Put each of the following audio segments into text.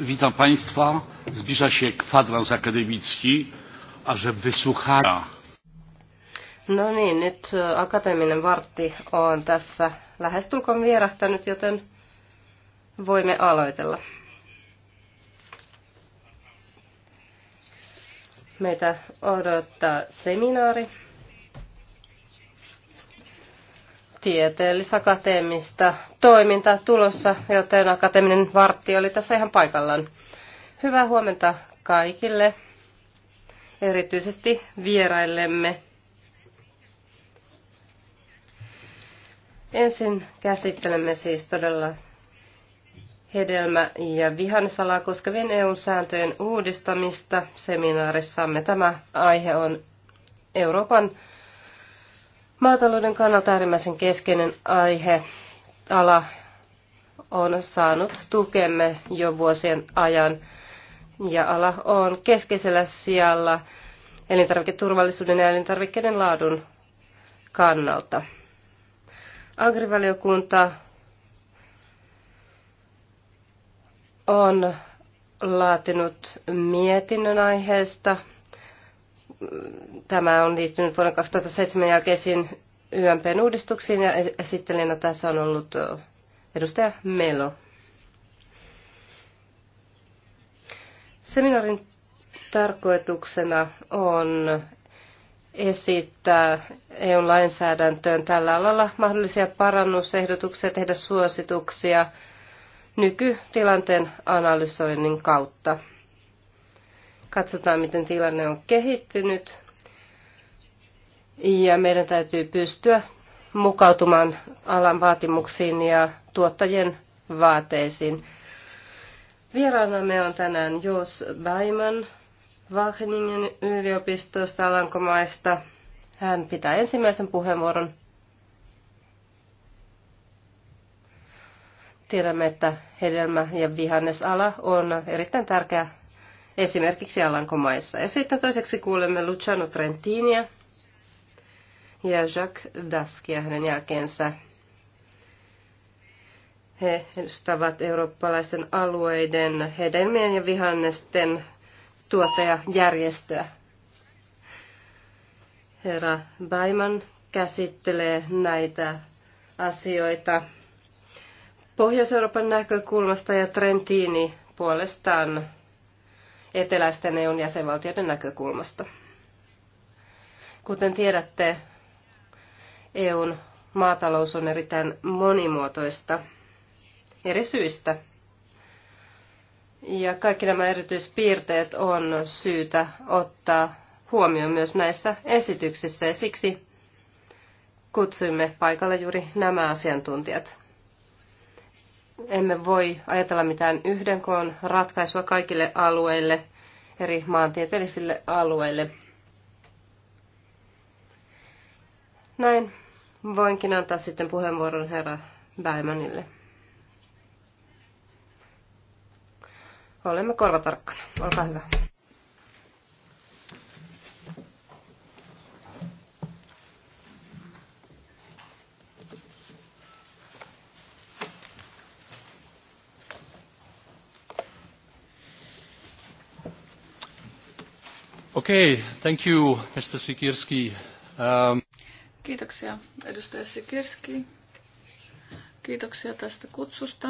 witam państwa zbliża się kwadrans akademicki a że wysłuchania No niin, nyt e, akateeminen vartti on tässä lähestulkoon vierähtänyt, joten voimme aloitella. Meitä odottaa seminaari, tieteellisakateemista toimintaa tulossa, joten akateeminen vartti oli tässä ihan paikallaan. Hyvää huomenta kaikille, erityisesti vieraillemme. Ensin käsittelemme siis todella hedelmä- ja vihansalaa koskevien EU-sääntöjen uudistamista seminaarissamme. Tämä aihe on Euroopan Maatalouden kannalta äärimmäisen keskeinen aihe ala on saanut tukemme jo vuosien ajan ja ala on keskeisellä sijalla elintarviketurvallisuuden ja elintarvikkeiden laadun kannalta. Agrivaliokunta on laatinut mietinnön aiheesta Tämä on liittynyt vuoden 2007 jälkeisiin YMPn uudistuksiin ja esittelijänä tässä on ollut edustaja Melo. Seminaarin tarkoituksena on esittää eu lainsäädäntöön tällä alalla mahdollisia parannusehdotuksia, tehdä suosituksia nykytilanteen analysoinnin kautta katsotaan, miten tilanne on kehittynyt. Ja meidän täytyy pystyä mukautumaan alan vaatimuksiin ja tuottajien vaateisiin. me on tänään Jos Baiman Wageningen yliopistosta Alankomaista. Hän pitää ensimmäisen puheenvuoron. Tiedämme, että hedelmä- ja vihannesala on erittäin tärkeä esimerkiksi Alankomaissa. Ja sitten toiseksi kuulemme Luciano Trentinia ja Jacques Daskia hänen jälkeensä. He edustavat eurooppalaisten alueiden hedelmien ja vihannesten tuottajajärjestöä. Herra Baiman käsittelee näitä asioita Pohjois-Euroopan näkökulmasta ja Trentini puolestaan eteläisten EUn jäsenvaltioiden näkökulmasta. Kuten tiedätte, EUn maatalous on erittäin monimuotoista eri syistä. Ja kaikki nämä erityispiirteet on syytä ottaa huomioon myös näissä esityksissä ja siksi kutsuimme paikalle juuri nämä asiantuntijat emme voi ajatella mitään yhden koon ratkaisua kaikille alueille, eri maantieteellisille alueille. Näin voinkin antaa sitten puheenvuoron herra Bäimanille. Olemme korvatarkkana. Olkaa hyvä. Okei, thank you, Mr. Sikirski. Um... Kiitoksia, edustaja Sikirski. Kiitoksia tästä kutsusta.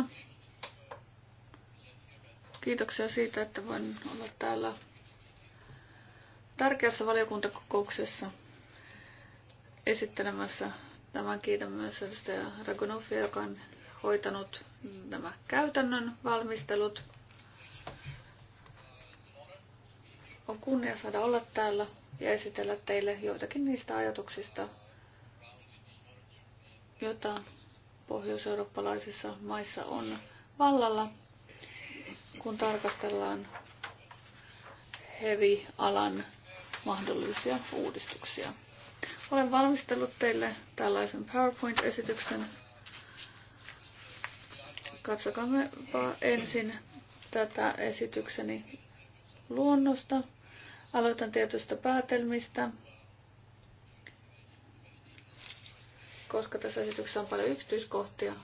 Kiitoksia siitä, että voin olla täällä tärkeässä valiokuntakokouksessa esittelemässä tämän. Kiitän myös edustaja Ragunoffia, joka on hoitanut nämä käytännön valmistelut. On kunnia saada olla täällä ja esitellä teille joitakin niistä ajatuksista, joita pohjoiseurooppalaisissa maissa on vallalla, kun tarkastellaan hevi-alan mahdollisia uudistuksia. Olen valmistellut teille tällaisen PowerPoint-esityksen. Katsokaa ensin tätä esitykseni luonnosta. Aloitan tietystä päätelmistä. Koska tässä esityksessä on paljon yksityiskohtia,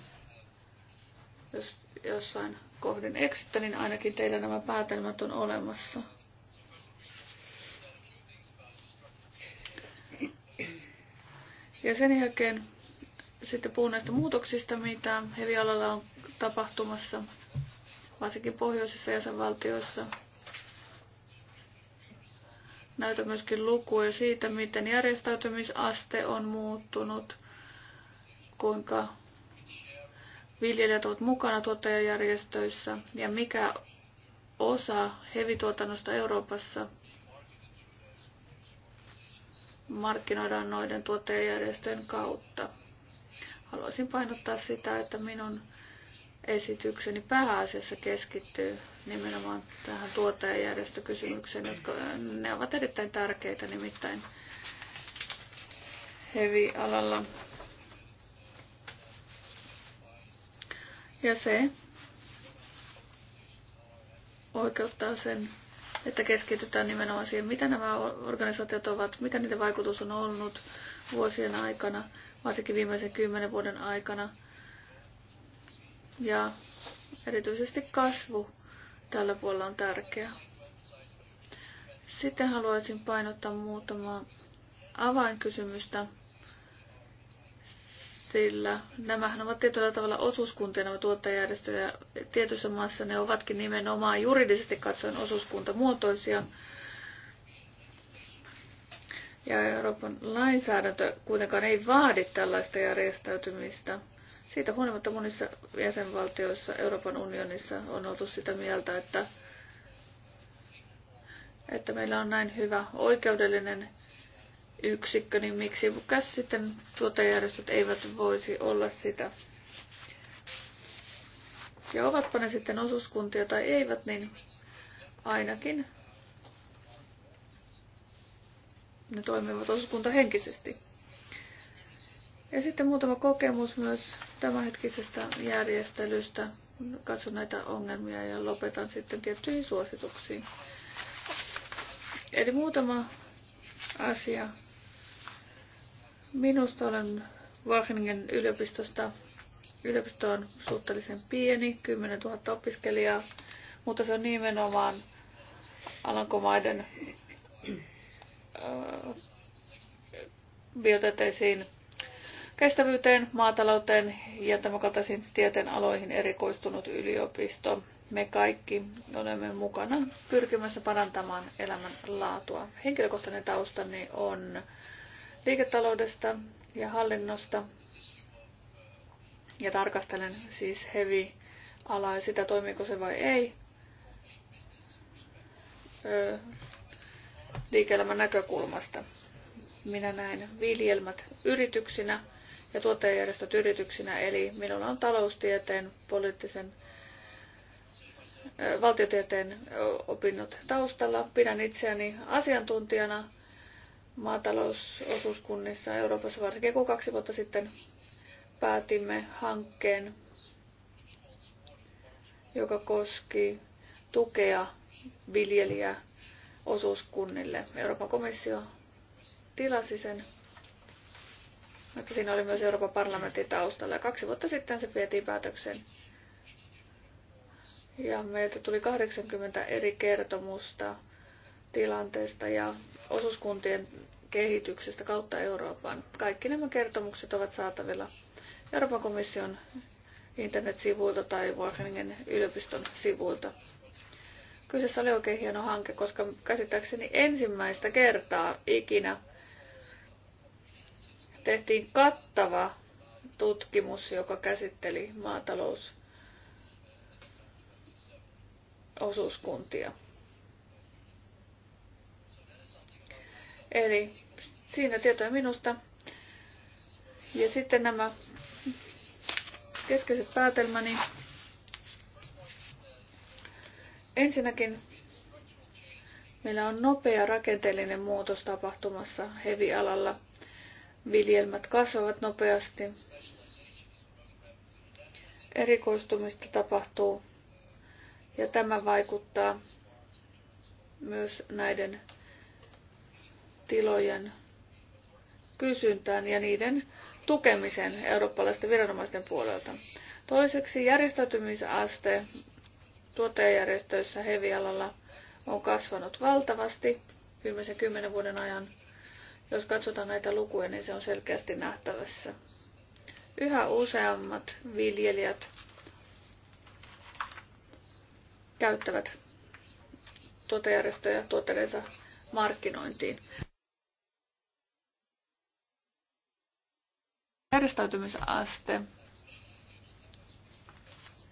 jos jossain kohden eksyttä, niin ainakin teillä nämä päätelmät on olemassa. Ja sen jälkeen sitten puhun näistä muutoksista, mitä hevialalla on tapahtumassa, varsinkin pohjoisissa jäsenvaltioissa näytä myöskin lukuja siitä, miten järjestäytymisaste on muuttunut, kuinka viljelijät ovat mukana tuottajajärjestöissä ja mikä osa hevituotannosta Euroopassa markkinoidaan noiden tuottajajärjestöjen kautta. Haluaisin painottaa sitä, että minun esitykseni pääasiassa keskittyy nimenomaan tähän tuottajajärjestökysymykseen, jotka ne ovat erittäin tärkeitä nimittäin heavy-alalla. Ja se oikeuttaa sen, että keskitytään nimenomaan siihen, mitä nämä organisaatiot ovat, mikä niiden vaikutus on ollut vuosien aikana, varsinkin viimeisen kymmenen vuoden aikana – ja erityisesti kasvu tällä puolella on tärkeää. Sitten haluaisin painottaa muutamaa avainkysymystä, sillä nämähän ovat tietyllä tavalla osuuskuntia, nämä tuottajajärjestöjä. Tietyssä maassa ne ovatkin nimenomaan juridisesti katsoen osuuskuntamuotoisia. Ja Euroopan lainsäädäntö kuitenkaan ei vaadi tällaista järjestäytymistä – siitä huolimatta monissa jäsenvaltioissa Euroopan unionissa on oltu sitä mieltä, että, että meillä on näin hyvä oikeudellinen yksikkö, niin miksi sitten tuotejärjestöt eivät voisi olla sitä. Ja ovatpa ne sitten osuuskuntia tai eivät, niin ainakin ne toimivat osuuskuntahenkisesti. henkisesti. Ja sitten muutama kokemus myös tämänhetkisestä järjestelystä. Katson näitä ongelmia ja lopetan sitten tiettyihin suosituksiin. Eli muutama asia. Minusta olen Wageningen yliopistosta. Yliopisto on suhteellisen pieni, 10 000 opiskelijaa, mutta se on nimenomaan Alankomaiden äh, bioteteisiin kestävyyteen, maatalouteen ja tämänkaltaisiin tieteen aloihin erikoistunut yliopisto. Me kaikki olemme mukana pyrkimässä parantamaan elämänlaatua. Henkilökohtainen taustani on liiketaloudesta ja hallinnosta ja tarkastelen siis hevi alaa ja sitä toimiiko se vai ei. Öö, liike-elämän näkökulmasta. Minä näen viljelmät yrityksinä ja tuottajajärjestöt yrityksinä. Eli minulla on taloustieteen, poliittisen, valtiotieteen opinnot taustalla. Pidän itseäni asiantuntijana maatalousosuuskunnissa Euroopassa, varsinkin kun kaksi vuotta sitten päätimme hankkeen, joka koski tukea viljelijä osuuskunnille. Euroopan komissio tilasi sen vaikka siinä oli myös Euroopan parlamentin taustalla. Ja kaksi vuotta sitten se vietiin päätökseen. Ja meiltä tuli 80 eri kertomusta tilanteesta ja osuuskuntien kehityksestä kautta Euroopan. Kaikki nämä kertomukset ovat saatavilla Euroopan komission internetsivuilta tai Wageningen yliopiston sivuilta. Kyseessä oli oikein hieno hanke, koska käsittääkseni ensimmäistä kertaa ikinä tehtiin kattava tutkimus, joka käsitteli maatalousosuuskuntia. Eli siinä tietoja minusta. Ja sitten nämä keskeiset päätelmäni. Ensinnäkin meillä on nopea rakenteellinen muutos tapahtumassa hevialalla – viljelmät kasvavat nopeasti. Erikoistumista tapahtuu ja tämä vaikuttaa myös näiden tilojen kysyntään ja niiden tukemisen eurooppalaisten viranomaisten puolelta. Toiseksi järjestäytymisaste tuottajajärjestöissä hevialalla on kasvanut valtavasti viimeisen kymmenen vuoden ajan – jos katsotaan näitä lukuja, niin se on selkeästi nähtävässä. Yhä useammat viljelijät käyttävät tuotejärjestöjä tuotteidensa markkinointiin. Järjestäytymisaste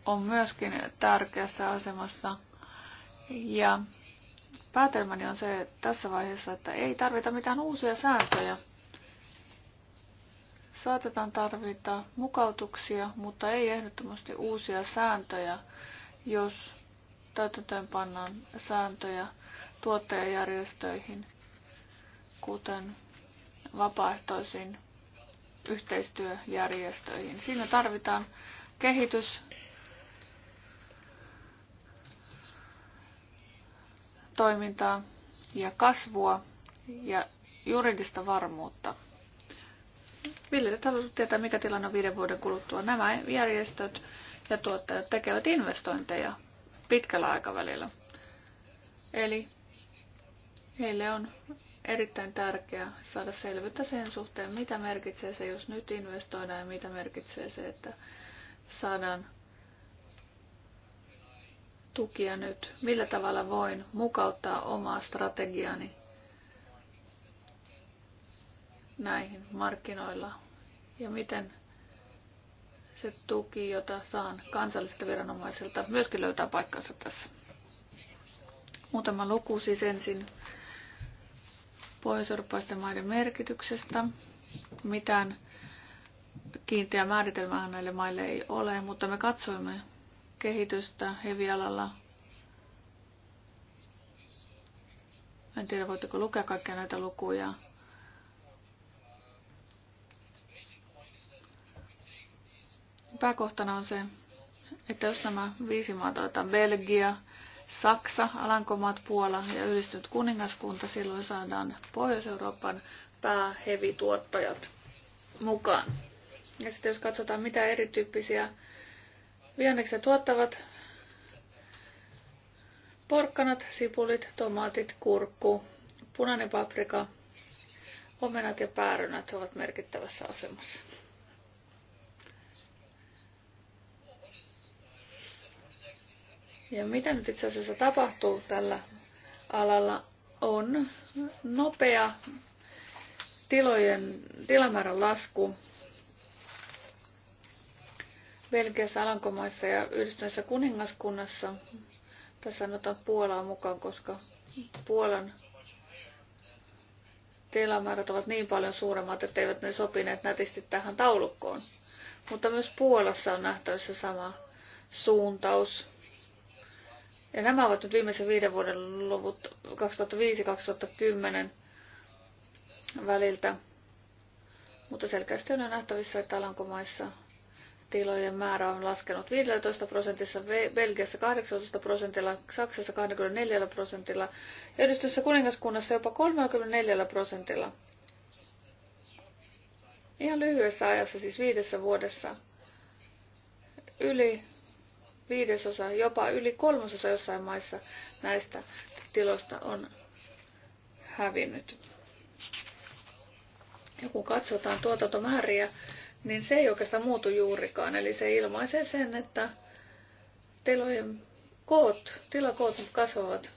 on myöskin tärkeässä asemassa ja Päätelmäni on se tässä vaiheessa, että ei tarvita mitään uusia sääntöjä. Saatetaan tarvita mukautuksia, mutta ei ehdottomasti uusia sääntöjä, jos täytäntöön pannaan sääntöjä tuottajajärjestöihin, kuten vapaaehtoisiin yhteistyöjärjestöihin. Siinä tarvitaan kehitys- toimintaa ja kasvua ja juridista varmuutta. Viljelijät haluavat tietää, mikä tilanne on viiden vuoden kuluttua. Nämä järjestöt ja tuottajat tekevät investointeja pitkällä aikavälillä. Eli heille on erittäin tärkeää saada selvyyttä sen suhteen, mitä merkitsee se, jos nyt investoidaan ja mitä merkitsee se, että saadaan tukia nyt? Millä tavalla voin mukauttaa omaa strategiani näihin markkinoilla? Ja miten se tuki, jota saan kansallisilta viranomaisilta, myöskin löytää paikkansa tässä? Muutama luku siis ensin pohjois maiden merkityksestä. Mitään kiinteää määritelmää näille maille ei ole, mutta me katsoimme kehitystä hevialalla. En tiedä, voitteko lukea kaikkia näitä lukuja. Pääkohtana on se, että jos nämä viisi maata otetaan Belgia, Saksa, Alankomaat, Puola ja yhdistynyt kuningaskunta, silloin saadaan Pohjois-Euroopan päähevituottajat mukaan. Ja sitten jos katsotaan, mitä erityyppisiä Vihannekset tuottavat porkkanat, sipulit, tomaatit, kurkku, punainen paprika, omenat ja päärynät ovat merkittävässä asemassa. Ja mitä nyt itse asiassa tapahtuu tällä alalla on nopea tilojen, tilamäärän lasku Belgiassa, Alankomaissa ja Yhdistyneessä kuningaskunnassa. Tässä sanotaan Puolaa mukaan, koska Puolan tilamäärät ovat niin paljon suuremmat, että eivät ne sopineet nätisti tähän taulukkoon. Mutta myös Puolassa on nähtävissä sama suuntaus. Ja nämä ovat nyt viimeisen viiden vuoden luvut 2005-2010 väliltä. Mutta selkeästi on nähtävissä, että Alankomaissa tilojen määrä on laskenut 15 prosentissa, Belgiassa 18 prosentilla, Saksassa 24 prosentilla ja yhdistyssä kuningaskunnassa jopa 34 prosentilla. Ihan lyhyessä ajassa, siis viidessä vuodessa, yli viidesosa, jopa yli kolmasosa jossain maissa näistä tiloista on hävinnyt. Ja kun katsotaan tuotantomääriä, niin se ei oikeastaan muutu juurikaan. Eli se ilmaisee sen, että tilojen koot, tilakoot kasvavat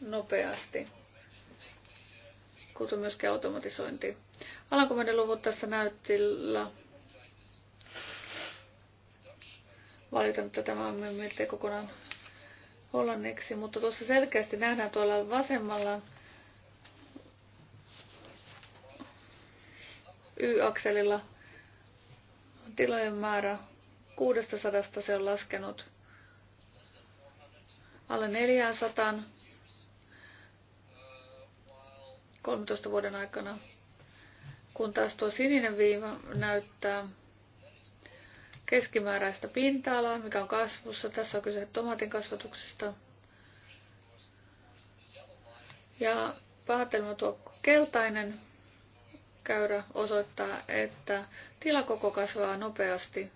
nopeasti, kuten myöskin automatisointi. Alankomainen luvut tässä näyttillä. Valitan, että tämä on miltei kokonaan hollanniksi, mutta tuossa selkeästi nähdään tuolla vasemmalla Y-akselilla tilojen määrä 600 se on laskenut alle 400 13 vuoden aikana, kun taas tuo sininen viiva näyttää keskimääräistä pinta-alaa, mikä on kasvussa. Tässä on kyse tomaatin kasvatuksesta. Ja päätelmä tuo keltainen käyrä osoittaa, että tilakoko kasvaa nopeasti.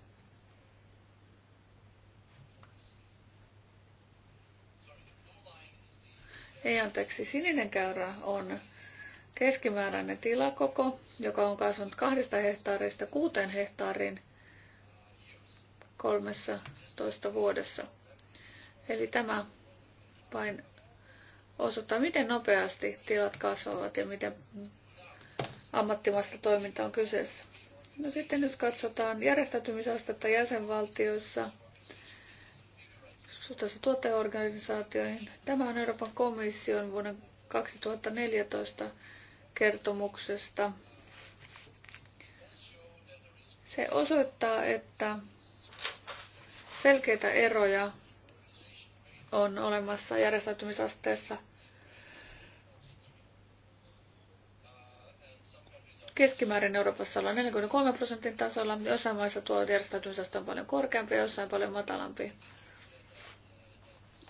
Ei anteeksi, sininen käyrä on keskimääräinen tilakoko, joka on kasvanut kahdesta hehtaarista kuuteen hehtaarin 13 vuodessa. Eli tämä vain osoittaa, miten nopeasti tilat kasvavat ja miten ammattimaista toiminta on kyseessä. No sitten jos katsotaan järjestäytymisastetta jäsenvaltioissa suhteessa tuoteorganisaatioihin, tämä on Euroopan komission vuoden 2014 kertomuksesta. Se osoittaa, että selkeitä eroja on olemassa järjestäytymisasteessa – keskimäärin Euroopassa ollaan 43 prosentin tasolla. Jossain maissa tuo järjestäytymisaste on paljon korkeampi ja jossain paljon matalampi.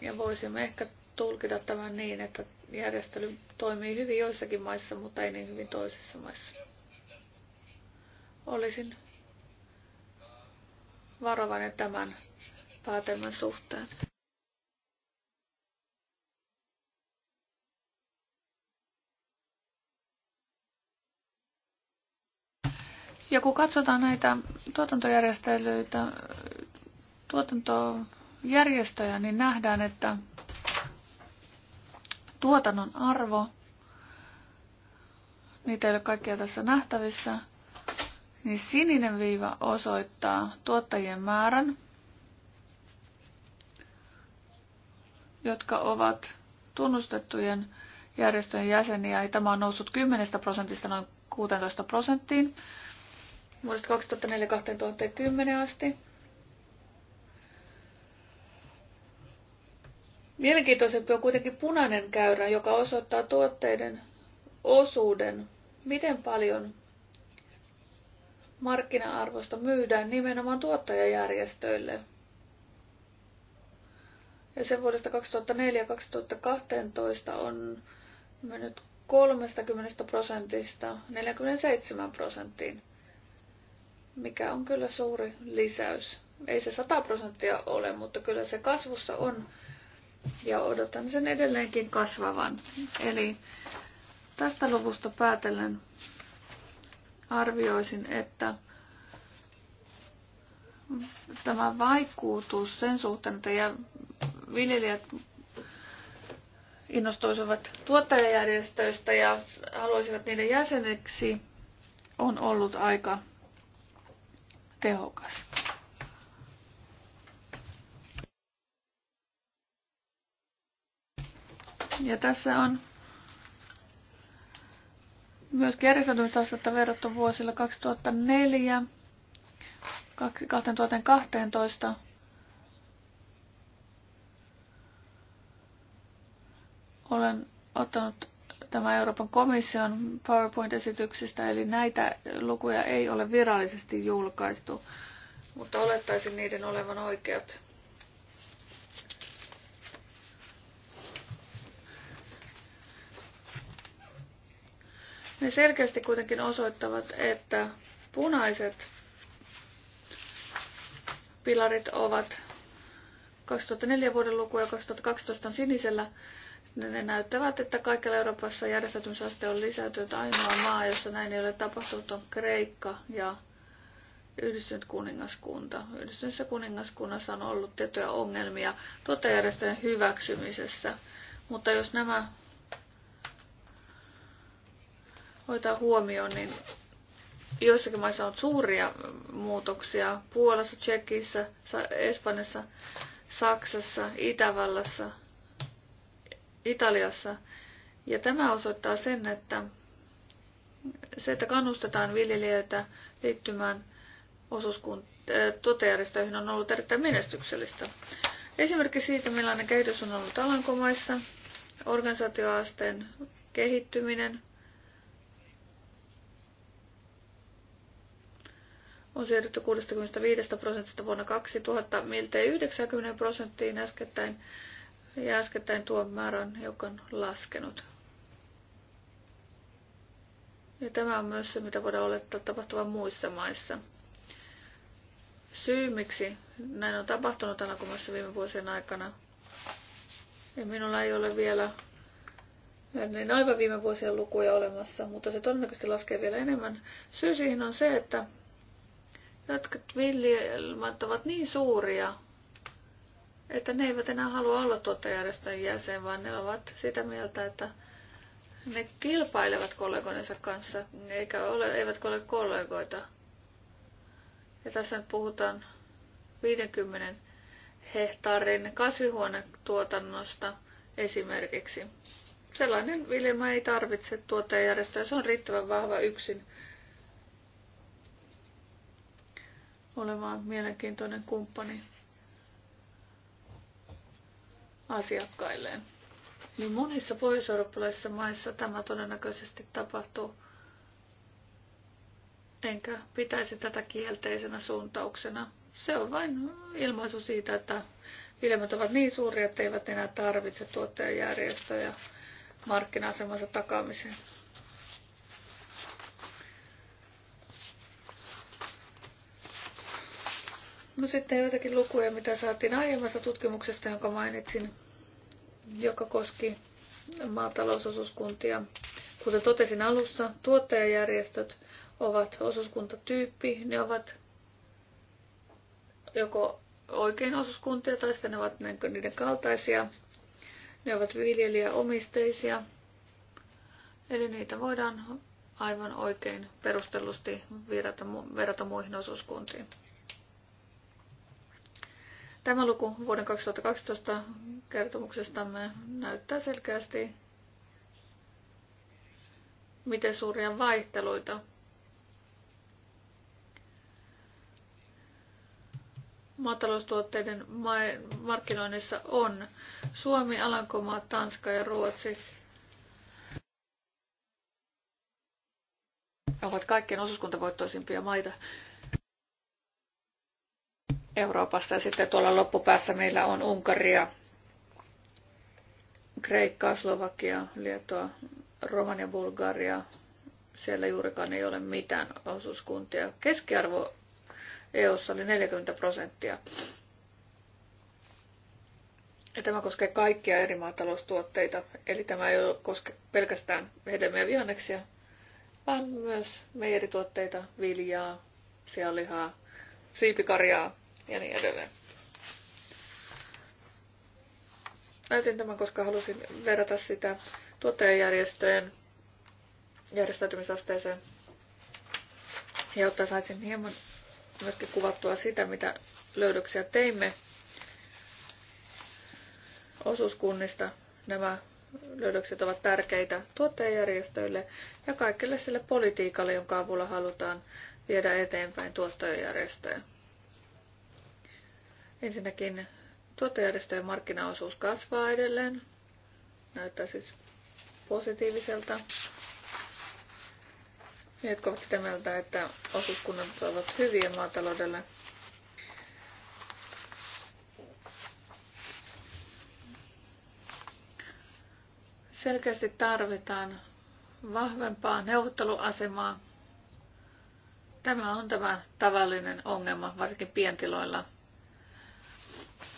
Ja voisimme ehkä tulkita tämän niin, että järjestely toimii hyvin joissakin maissa, mutta ei niin hyvin toisissa maissa. Olisin varovainen tämän päätelmän suhteen. Ja kun katsotaan näitä tuotantojärjestelyitä, tuotantojärjestöjä, niin nähdään, että tuotannon arvo, niitä ei ole kaikkia tässä nähtävissä, niin sininen viiva osoittaa tuottajien määrän, jotka ovat tunnustettujen järjestöjen jäseniä. Tämä on noussut 10 prosentista noin 16 prosenttiin vuodesta 2004-2010 asti. Mielenkiintoisempi on kuitenkin punainen käyrä, joka osoittaa tuotteiden osuuden, miten paljon markkina-arvosta myydään nimenomaan tuottajajärjestöille. Ja sen vuodesta 2004-2012 on mennyt 30 prosentista 47 prosenttiin mikä on kyllä suuri lisäys. Ei se 100 prosenttia ole, mutta kyllä se kasvussa on ja odotan sen edelleenkin kasvavan. Eli tästä luvusta päätellen arvioisin, että tämä vaikutus sen suhteen, että viljelijät innostuisivat tuottajajärjestöistä ja haluaisivat niiden jäseneksi, on ollut aika tehokas. Ja tässä on myös järjestäytymisastetta verrattu vuosilla 2004 2012 olen ottanut tämä Euroopan komission PowerPoint-esityksistä, eli näitä lukuja ei ole virallisesti julkaistu, mutta olettaisin niiden olevan oikeat. Ne selkeästi kuitenkin osoittavat, että punaiset pilarit ovat 2004 vuoden luku ja 2012 on sinisellä ne näyttävät, että kaikilla Euroopassa järjestäytymisaste on lisääntynyt. Ainoa maa, jossa näin ei ole tapahtunut, on Kreikka ja Yhdistynyt kuningaskunta. Yhdistyneessä kuningaskunnassa on ollut tiettyjä ongelmia tuottajärjestöjen hyväksymisessä. Mutta jos nämä hoitaa huomioon, niin joissakin maissa on suuria muutoksia. Puolassa, Tsekissä, Espanjassa, Saksassa, Itävallassa – Italiassa. Ja tämä osoittaa sen, että se, että kannustetaan viljelijöitä liittymään osuuskuntien äh, on ollut erittäin menestyksellistä. Esimerkki siitä, millainen kehitys on ollut Alankomaissa, organisaatioasteen kehittyminen, on siirrytty 65 prosentista vuonna 2000 miltei 90 prosenttiin äskettäin ja äskettäin tuo määrä on hiukan laskenut. Ja tämä on myös se, mitä voidaan olettaa tapahtuvan muissa maissa. Syy, miksi näin on tapahtunut alakomassa viime vuosien aikana, ja minulla ei ole vielä niin aivan viime vuosien lukuja olemassa, mutta se todennäköisesti laskee vielä enemmän. Syy siihen on se, että jotkut viljelmät ovat niin suuria, että ne eivät enää halua olla tuottajärjestön jäsen, vaan ne ovat sitä mieltä, että ne kilpailevat kollegoidensa kanssa, eikä ole, eivät ole kollegoita. Ja tässä nyt puhutaan 50 hehtaarin kasvihuonetuotannosta esimerkiksi. Sellainen viljelmä ei tarvitse tuottajajärjestöä, se on riittävän vahva yksin olemaan mielenkiintoinen kumppani asiakkailleen. Niin monissa pohjois-eurooppalaisissa maissa tämä todennäköisesti tapahtuu. Enkä pitäisi tätä kielteisenä suuntauksena. Se on vain ilmaisu siitä, että ilmat ovat niin suuria, että eivät enää tarvitse tuottajajärjestöjä markkina-asemansa takaamiseen. No sitten joitakin lukuja, mitä saatiin aiemmassa tutkimuksesta, jonka mainitsin, joka koski maatalousosuuskuntia. Kuten totesin alussa, tuottajajärjestöt ovat osuuskuntatyyppi. Ne ovat joko oikein osuuskuntia tai sitten ne ovat niiden kaltaisia. Ne ovat viljelijäomisteisia. Eli niitä voidaan aivan oikein perustellusti verrata muihin osuuskuntiin. Tämä luku vuoden 2012 kertomuksestamme näyttää selkeästi, miten suuria vaihteluita maataloustuotteiden markkinoinnissa on. Suomi, Alankomaa, Tanska ja Ruotsi ovat kaikkein osuuskuntavoittoisimpia maita. Euroopassa. Ja sitten tuolla loppupäässä meillä on Unkaria, Kreikkaa, Slovakia, Lietoa, Romania, Bulgaria. Siellä juurikaan ei ole mitään osuuskuntia. Keskiarvo EU:ssa oli 40 prosenttia. Ja tämä koskee kaikkia eri maataloustuotteita, eli tämä ei koske pelkästään hedelmiä ja vihanneksia, vaan myös meijerituotteita, viljaa, sianlihaa, siipikarjaa, ja niin edelleen. Näytin tämän, koska halusin verrata sitä tuottajajärjestöjen järjestäytymisasteeseen. Ja jotta saisin hieman myöskin kuvattua sitä, mitä löydöksiä teimme osuuskunnista. Nämä löydökset ovat tärkeitä tuottajajärjestöille ja kaikille sille politiikalle, jonka avulla halutaan viedä eteenpäin tuottajajärjestöjä. Ensinnäkin tuottojärjestöjen markkinaosuus kasvaa edelleen. Näyttää siis positiiviselta. Nyt ovat sitä mieltä, että osuuskunnat ovat hyviä maataloudelle. Selkeästi tarvitaan vahvempaa neuvotteluasemaa. Tämä on tämä tavallinen ongelma, varsinkin pientiloilla –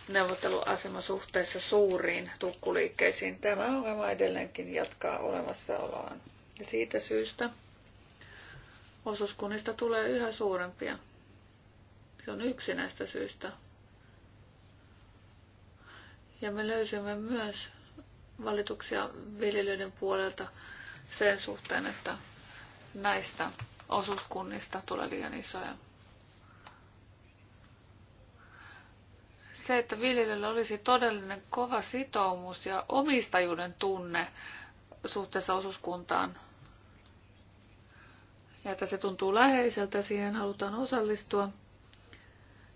neuvotteluasema suhteessa suuriin tukkuliikkeisiin. Tämä ongelma edelleenkin jatkaa olemassaoloaan. Ja siitä syystä osuuskunnista tulee yhä suurempia. Se on yksi näistä syistä. Ja me löysimme myös valituksia viljelijöiden puolelta sen suhteen, että näistä osuuskunnista tulee liian isoja. se, että viljelijöillä olisi todellinen kova sitoumus ja omistajuuden tunne suhteessa osuuskuntaan. Ja että se tuntuu läheiseltä, siihen halutaan osallistua.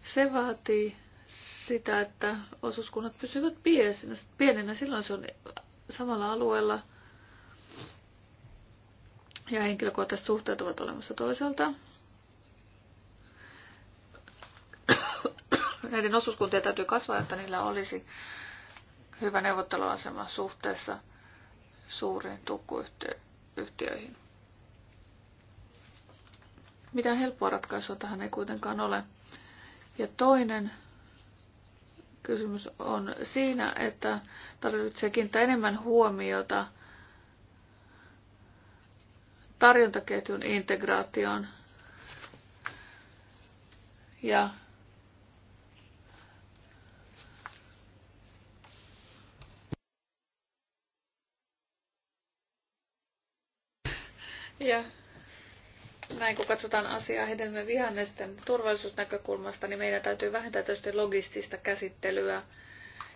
Se vaatii sitä, että osuuskunnat pysyvät pieninä. Silloin se on samalla alueella ja henkilökohtaiset suhteet ovat olemassa toisaalta. näiden osuuskuntien täytyy kasvaa, jotta niillä olisi hyvä neuvotteluasema suhteessa suuriin tukkuyhtiöihin. Mitään helppoa ratkaisua tähän ei kuitenkaan ole. Ja toinen kysymys on siinä, että tarvitsee kiinnittää enemmän huomiota tarjontaketjun integraatioon ja Ja näin kun katsotaan asiaa hedelmän vihannesten turvallisuusnäkökulmasta, niin meidän täytyy vähentää tietysti logistista käsittelyä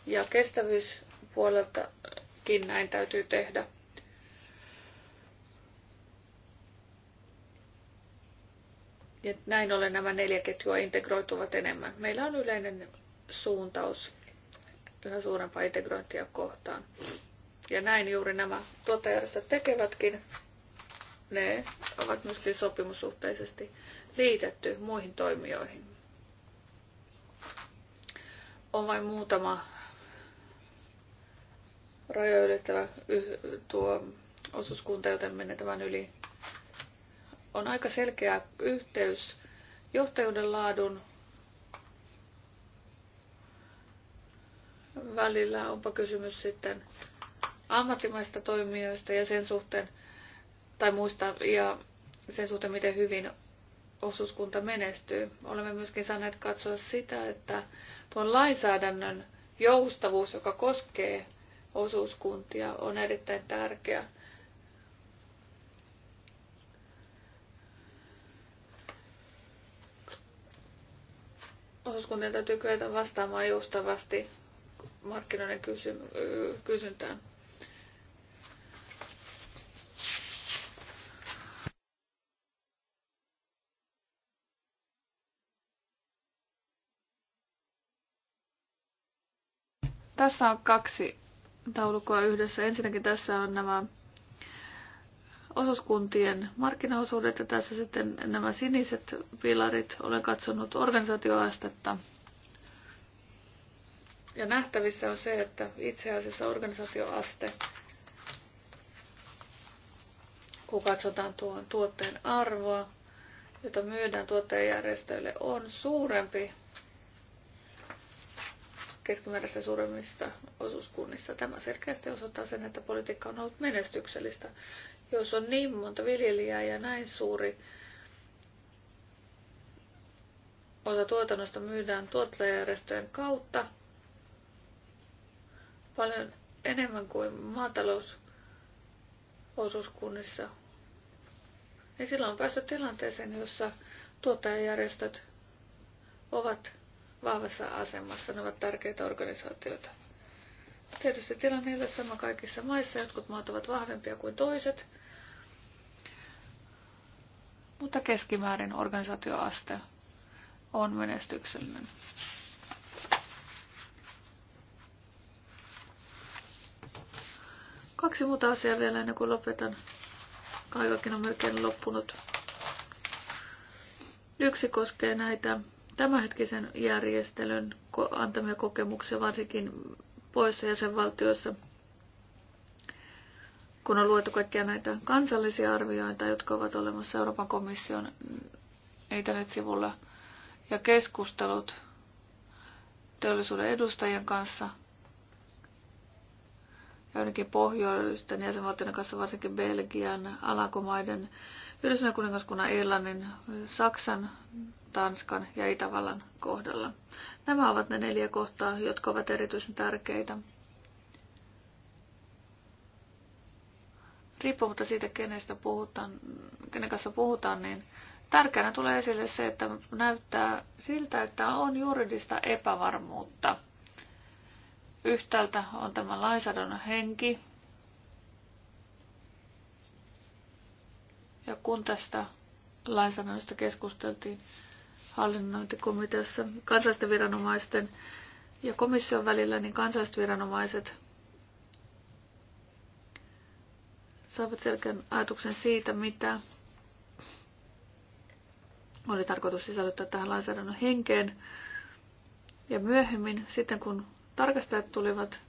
ja kestävyyspuoleltakin näin täytyy tehdä. Ja näin ollen nämä neljä ketjua integroituvat enemmän. Meillä on yleinen suuntaus yhä suurempaa integrointia kohtaan. Ja näin juuri nämä tuottajärjestöt tekevätkin ne ovat myöskin sopimussuhteisesti liitetty muihin toimijoihin. On vain muutama rajo ylittävä tuo osuuskunta, joten menee tämän yli. On aika selkeä yhteys johtajuuden laadun välillä, onpa kysymys sitten ammattimaista toimijoista ja sen suhteen, tai muista ja sen suhteen, miten hyvin osuuskunta menestyy. Olemme myöskin saaneet katsoa sitä, että tuon lainsäädännön joustavuus, joka koskee osuuskuntia, on erittäin tärkeä. Osuuskuntien täytyy kyetä vastaamaan joustavasti markkinoiden kysyntään. Tässä on kaksi taulukkoa yhdessä. Ensinnäkin tässä on nämä osuuskuntien markkinaosuudet ja tässä sitten nämä siniset pilarit. Olen katsonut organisaatioastetta. Ja nähtävissä on se, että itse asiassa organisaatioaste, kun katsotaan tuon tuotteen arvoa, jota myydään tuottajajärjestöille, on suurempi keskimääräistä suuremmista osuuskunnissa. Tämä selkeästi osoittaa sen, että politiikka on ollut menestyksellistä. Jos on niin monta viljelijää ja näin suuri osa tuotannosta myydään tuottajajärjestöjen kautta, paljon enemmän kuin maatalousosuuskunnissa, niin silloin on päässyt tilanteeseen, jossa tuottajajärjestöt ovat vahvassa asemassa. Ne ovat tärkeitä organisaatioita. Tietysti tilanne ei ole sama kaikissa maissa. Jotkut maat ovat vahvempia kuin toiset. Mutta keskimäärin organisaatioaste on menestyksellinen. Kaksi muuta asiaa vielä ennen kuin lopetan. Kaikakin on melkein loppunut. Yksi koskee näitä tämänhetkisen järjestelyn antamia kokemuksia, varsinkin poissa jäsenvaltioissa, kun on luettu kaikkia näitä kansallisia arvioita, jotka ovat olemassa Euroopan komission internetsivulla, ja keskustelut teollisuuden edustajien kanssa, ja ainakin pohjoisten jäsenvaltioiden kanssa, varsinkin Belgian, Alankomaiden, Yhdysvallan kuningaskunnan, Irlannin, Saksan, Tanskan ja Itävallan kohdalla. Nämä ovat ne neljä kohtaa, jotka ovat erityisen tärkeitä. Riippumatta siitä, kenestä puhutaan, kenen kanssa puhutaan, niin tärkeänä tulee esille se, että näyttää siltä, että on juridista epävarmuutta. Yhtäältä on tämä lainsäädännön henki, Ja kun tästä lainsäädännöstä keskusteltiin hallinnointikomiteassa kansallisten viranomaisten ja komission välillä, niin kansalliset viranomaiset saivat selkeän ajatuksen siitä, mitä oli tarkoitus sisällyttää tähän lainsäädännön henkeen. Ja myöhemmin, sitten kun tarkastajat tulivat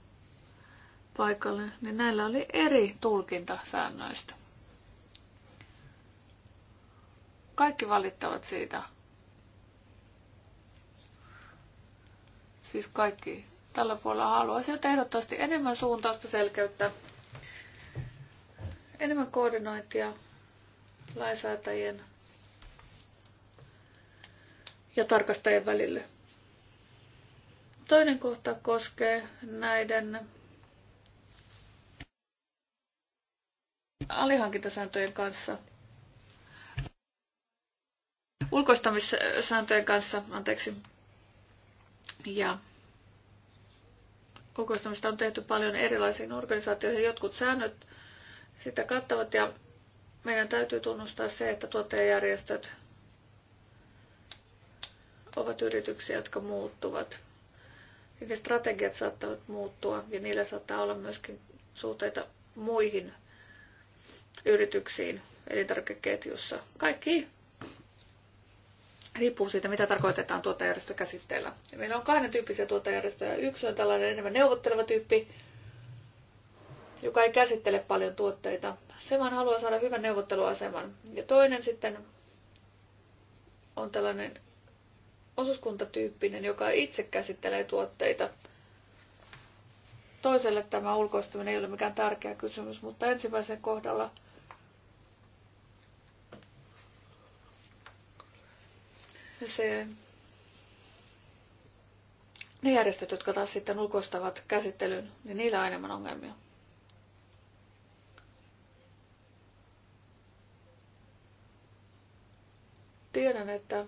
paikalle, niin näillä oli eri tulkinta säännöistä. Kaikki valittavat siitä. Siis kaikki tällä puolella haluaisivat ehdottomasti enemmän suuntausta selkeyttä, enemmän koordinointia lainsäätäjien ja tarkastajien välille. Toinen kohta koskee näiden alihankintasääntöjen kanssa – ulkoistamissääntöjen kanssa, anteeksi, ja ulkoistamista on tehty paljon erilaisiin organisaatioihin. Jotkut säännöt sitä kattavat ja meidän täytyy tunnustaa se, että tuottajajärjestöt ovat yrityksiä, jotka muuttuvat. Niiden strategiat saattavat muuttua ja niillä saattaa olla myöskin suhteita muihin yrityksiin elintarvikeketjussa. Kaikki riippuu siitä, mitä tarkoitetaan tuottajärjestökäsitteellä. Ja meillä on kahden tyyppisiä tuottajärjestöjä. Yksi on tällainen enemmän neuvotteleva tyyppi, joka ei käsittele paljon tuotteita. Se vaan haluaa saada hyvän neuvotteluaseman. Ja toinen sitten on tällainen osuuskuntatyyppinen, joka itse käsittelee tuotteita. Toiselle tämä ulkoistaminen ei ole mikään tärkeä kysymys, mutta ensimmäisen kohdalla – se, ne järjestöt, jotka taas sitten ulkoistavat käsittelyn, niin niillä on enemmän ongelmia. Tiedän, että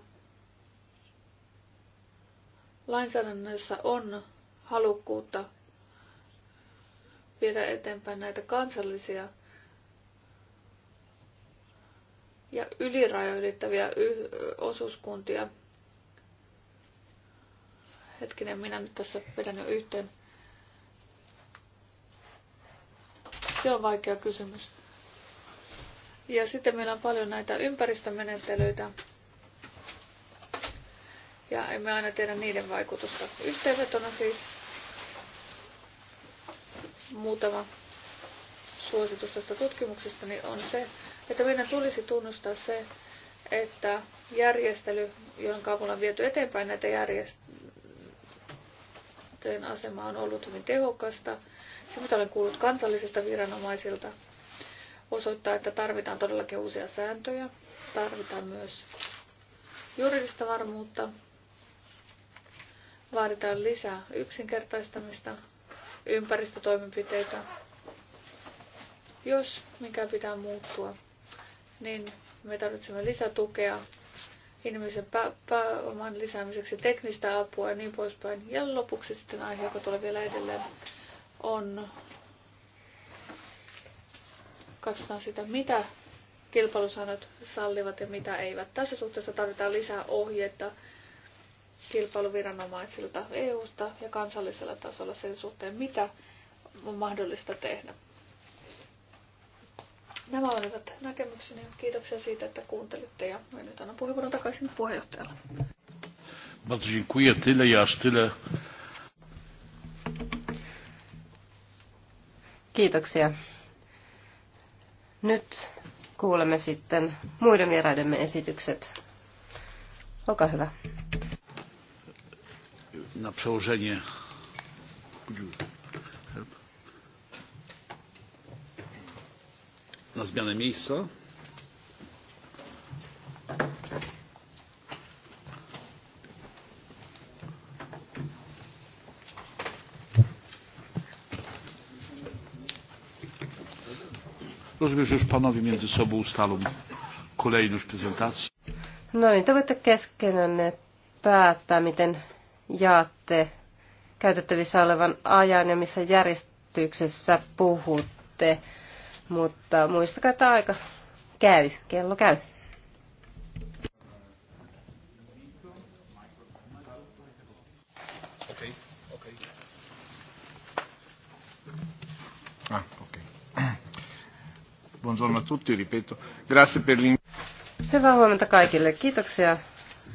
lainsäädännössä on halukkuutta viedä eteenpäin näitä kansallisia ja ylirajoitettavia osuuskuntia. Hetkinen, minä nyt tässä vedän jo yhteen. Se on vaikea kysymys. Ja sitten meillä on paljon näitä ympäristömenettelyitä. Ja emme aina tiedä niiden vaikutusta. Yhteenvetona siis muutama suositus tästä tutkimuksesta niin on se, että meidän tulisi tunnustaa se, että järjestely, jonka avulla on viety eteenpäin näitä järjestöjen asemaa, on ollut hyvin tehokasta. Se, mitä olen kuullut kansallisista viranomaisilta, osoittaa, että tarvitaan todellakin uusia sääntöjä. Tarvitaan myös juridista varmuutta. Vaaditaan lisää yksinkertaistamista, ympäristötoimenpiteitä, jos mikä pitää muuttua niin me tarvitsemme lisätukea ihmisen pää- pääoman lisäämiseksi, teknistä apua ja niin poispäin. Ja lopuksi sitten aihe, joka tulee vielä edelleen, on katsotaan sitä, mitä kilpailusäännöt sallivat ja mitä eivät. Tässä suhteessa tarvitaan lisää ohjeita kilpailuviranomaisilta EU-sta ja kansallisella tasolla sen suhteen, mitä on mahdollista tehdä. Nämä olivat näkemykseni. Kiitoksia siitä, että kuuntelitte ja nyt annan puheenvuoron takaisin puheenjohtajalle. Bardzo dziękuję. Tyle ja aż tyle. Kiitoksia. Nyt kuulemme sitten muiden vieraidemme esitykset. Olkaa hyvä. Na przełożenie. Dziękuję. na zmianę miejsca. Rozumiem, że już panowie między sobą ustalą kolejność prezentacji. No niin, te voitte keskenänne päättää, miten jaatte käytettävissä olevan ajan ja missä järjestyksessä puhutte. Mutta muistakaa, että aika käy, kello käy. Ah, Buongiorno a tutti, ripeto. Grazie per Hyvää huomenta kaikille. Kiitoksia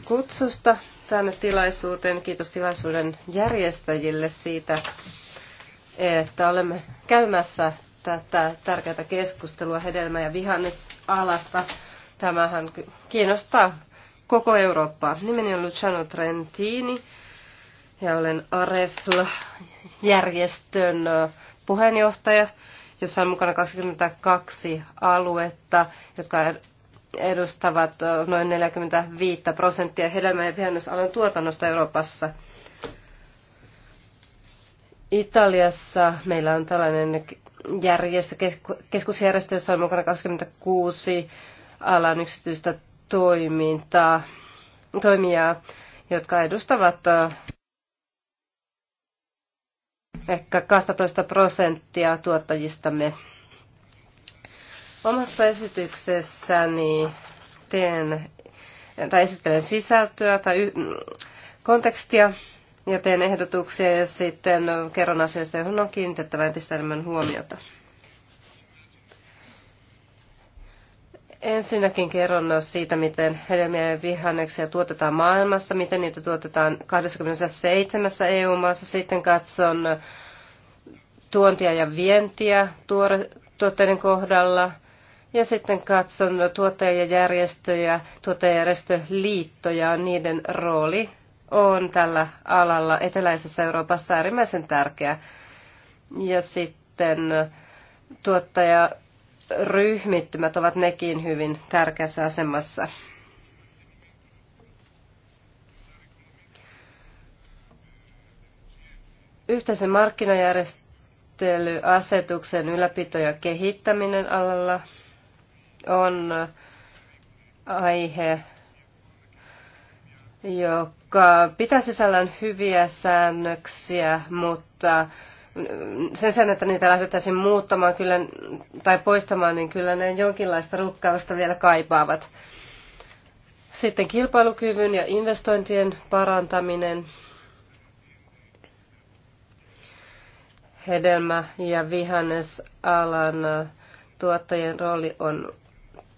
kutsusta tänne tilaisuuteen. Kiitos tilaisuuden järjestäjille siitä, että olemme käymässä tätä tärkeää keskustelua hedelmä- ja vihannesalasta. Tämähän kiinnostaa koko Eurooppaa. Nimeni on Luciano Trentini ja olen AREFL-järjestön puheenjohtaja, jossa on mukana 22 aluetta, jotka edustavat noin 45 prosenttia hedelmä- ja vihannesalan tuotannosta Euroopassa. Italiassa meillä on tällainen järjestö, keskusjärjestö, jossa on mukana 26 alan yksityistä toimintaa, toimijaa, jotka edustavat ehkä 12 prosenttia tuottajistamme. Omassa esityksessäni teen, tai esittelen sisältöä tai kontekstia ja teen ehdotuksia ja sitten kerron asioista, joihin on kiinnitettävä entistä enemmän huomiota. Ensinnäkin kerron siitä, miten hedelmiä ja vihanneksia tuotetaan maailmassa, miten niitä tuotetaan 27 EU-maassa. Sitten katson tuontia ja vientiä tuore, tuotteiden kohdalla. Ja sitten katson tuottajajärjestöjä, tuottajajärjestöliittoja, niiden rooli on tällä alalla eteläisessä Euroopassa äärimmäisen tärkeä. Ja sitten tuottajaryhmittymät ovat nekin hyvin tärkeässä asemassa. Yhteisen markkinajärjestelyasetuksen ylläpito ja kehittäminen alalla on aihe, joka joka pitää sisällään hyviä säännöksiä, mutta sen sen, että niitä lähdettäisiin muuttamaan kyllä, tai poistamaan, niin kyllä ne jonkinlaista rukkausta vielä kaipaavat. Sitten kilpailukyvyn ja investointien parantaminen. Hedelmä- ja vihannesalan tuottajien rooli on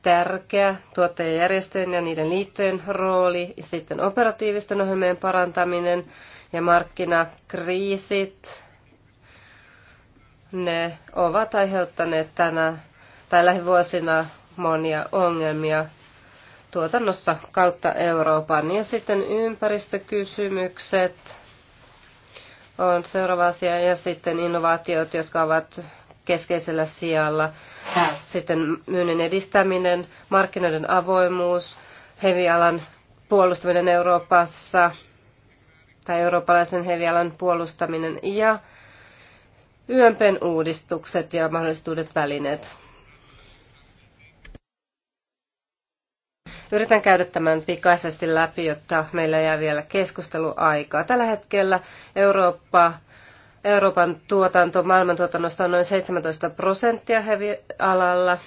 tärkeä tuottajajärjestöjen ja niiden liittojen rooli, ja sitten operatiivisten ohjelmien parantaminen ja markkinakriisit. Ne ovat aiheuttaneet tänä tai lähivuosina monia ongelmia tuotannossa kautta Euroopan. Ja sitten ympäristökysymykset on seuraava asia. Ja sitten innovaatiot, jotka ovat keskeisellä sijalla. Sitten myynnin edistäminen, markkinoiden avoimuus, hevialan puolustaminen Euroopassa tai eurooppalaisen hevialan puolustaminen ja YMPn uudistukset ja mahdollisuudet välineet. Yritän käydä tämän pikaisesti läpi, jotta meillä jää vielä keskusteluaikaa. Tällä hetkellä Eurooppa Euroopan tuotanto maailmantuotannosta on noin 17 prosenttia hevialalla.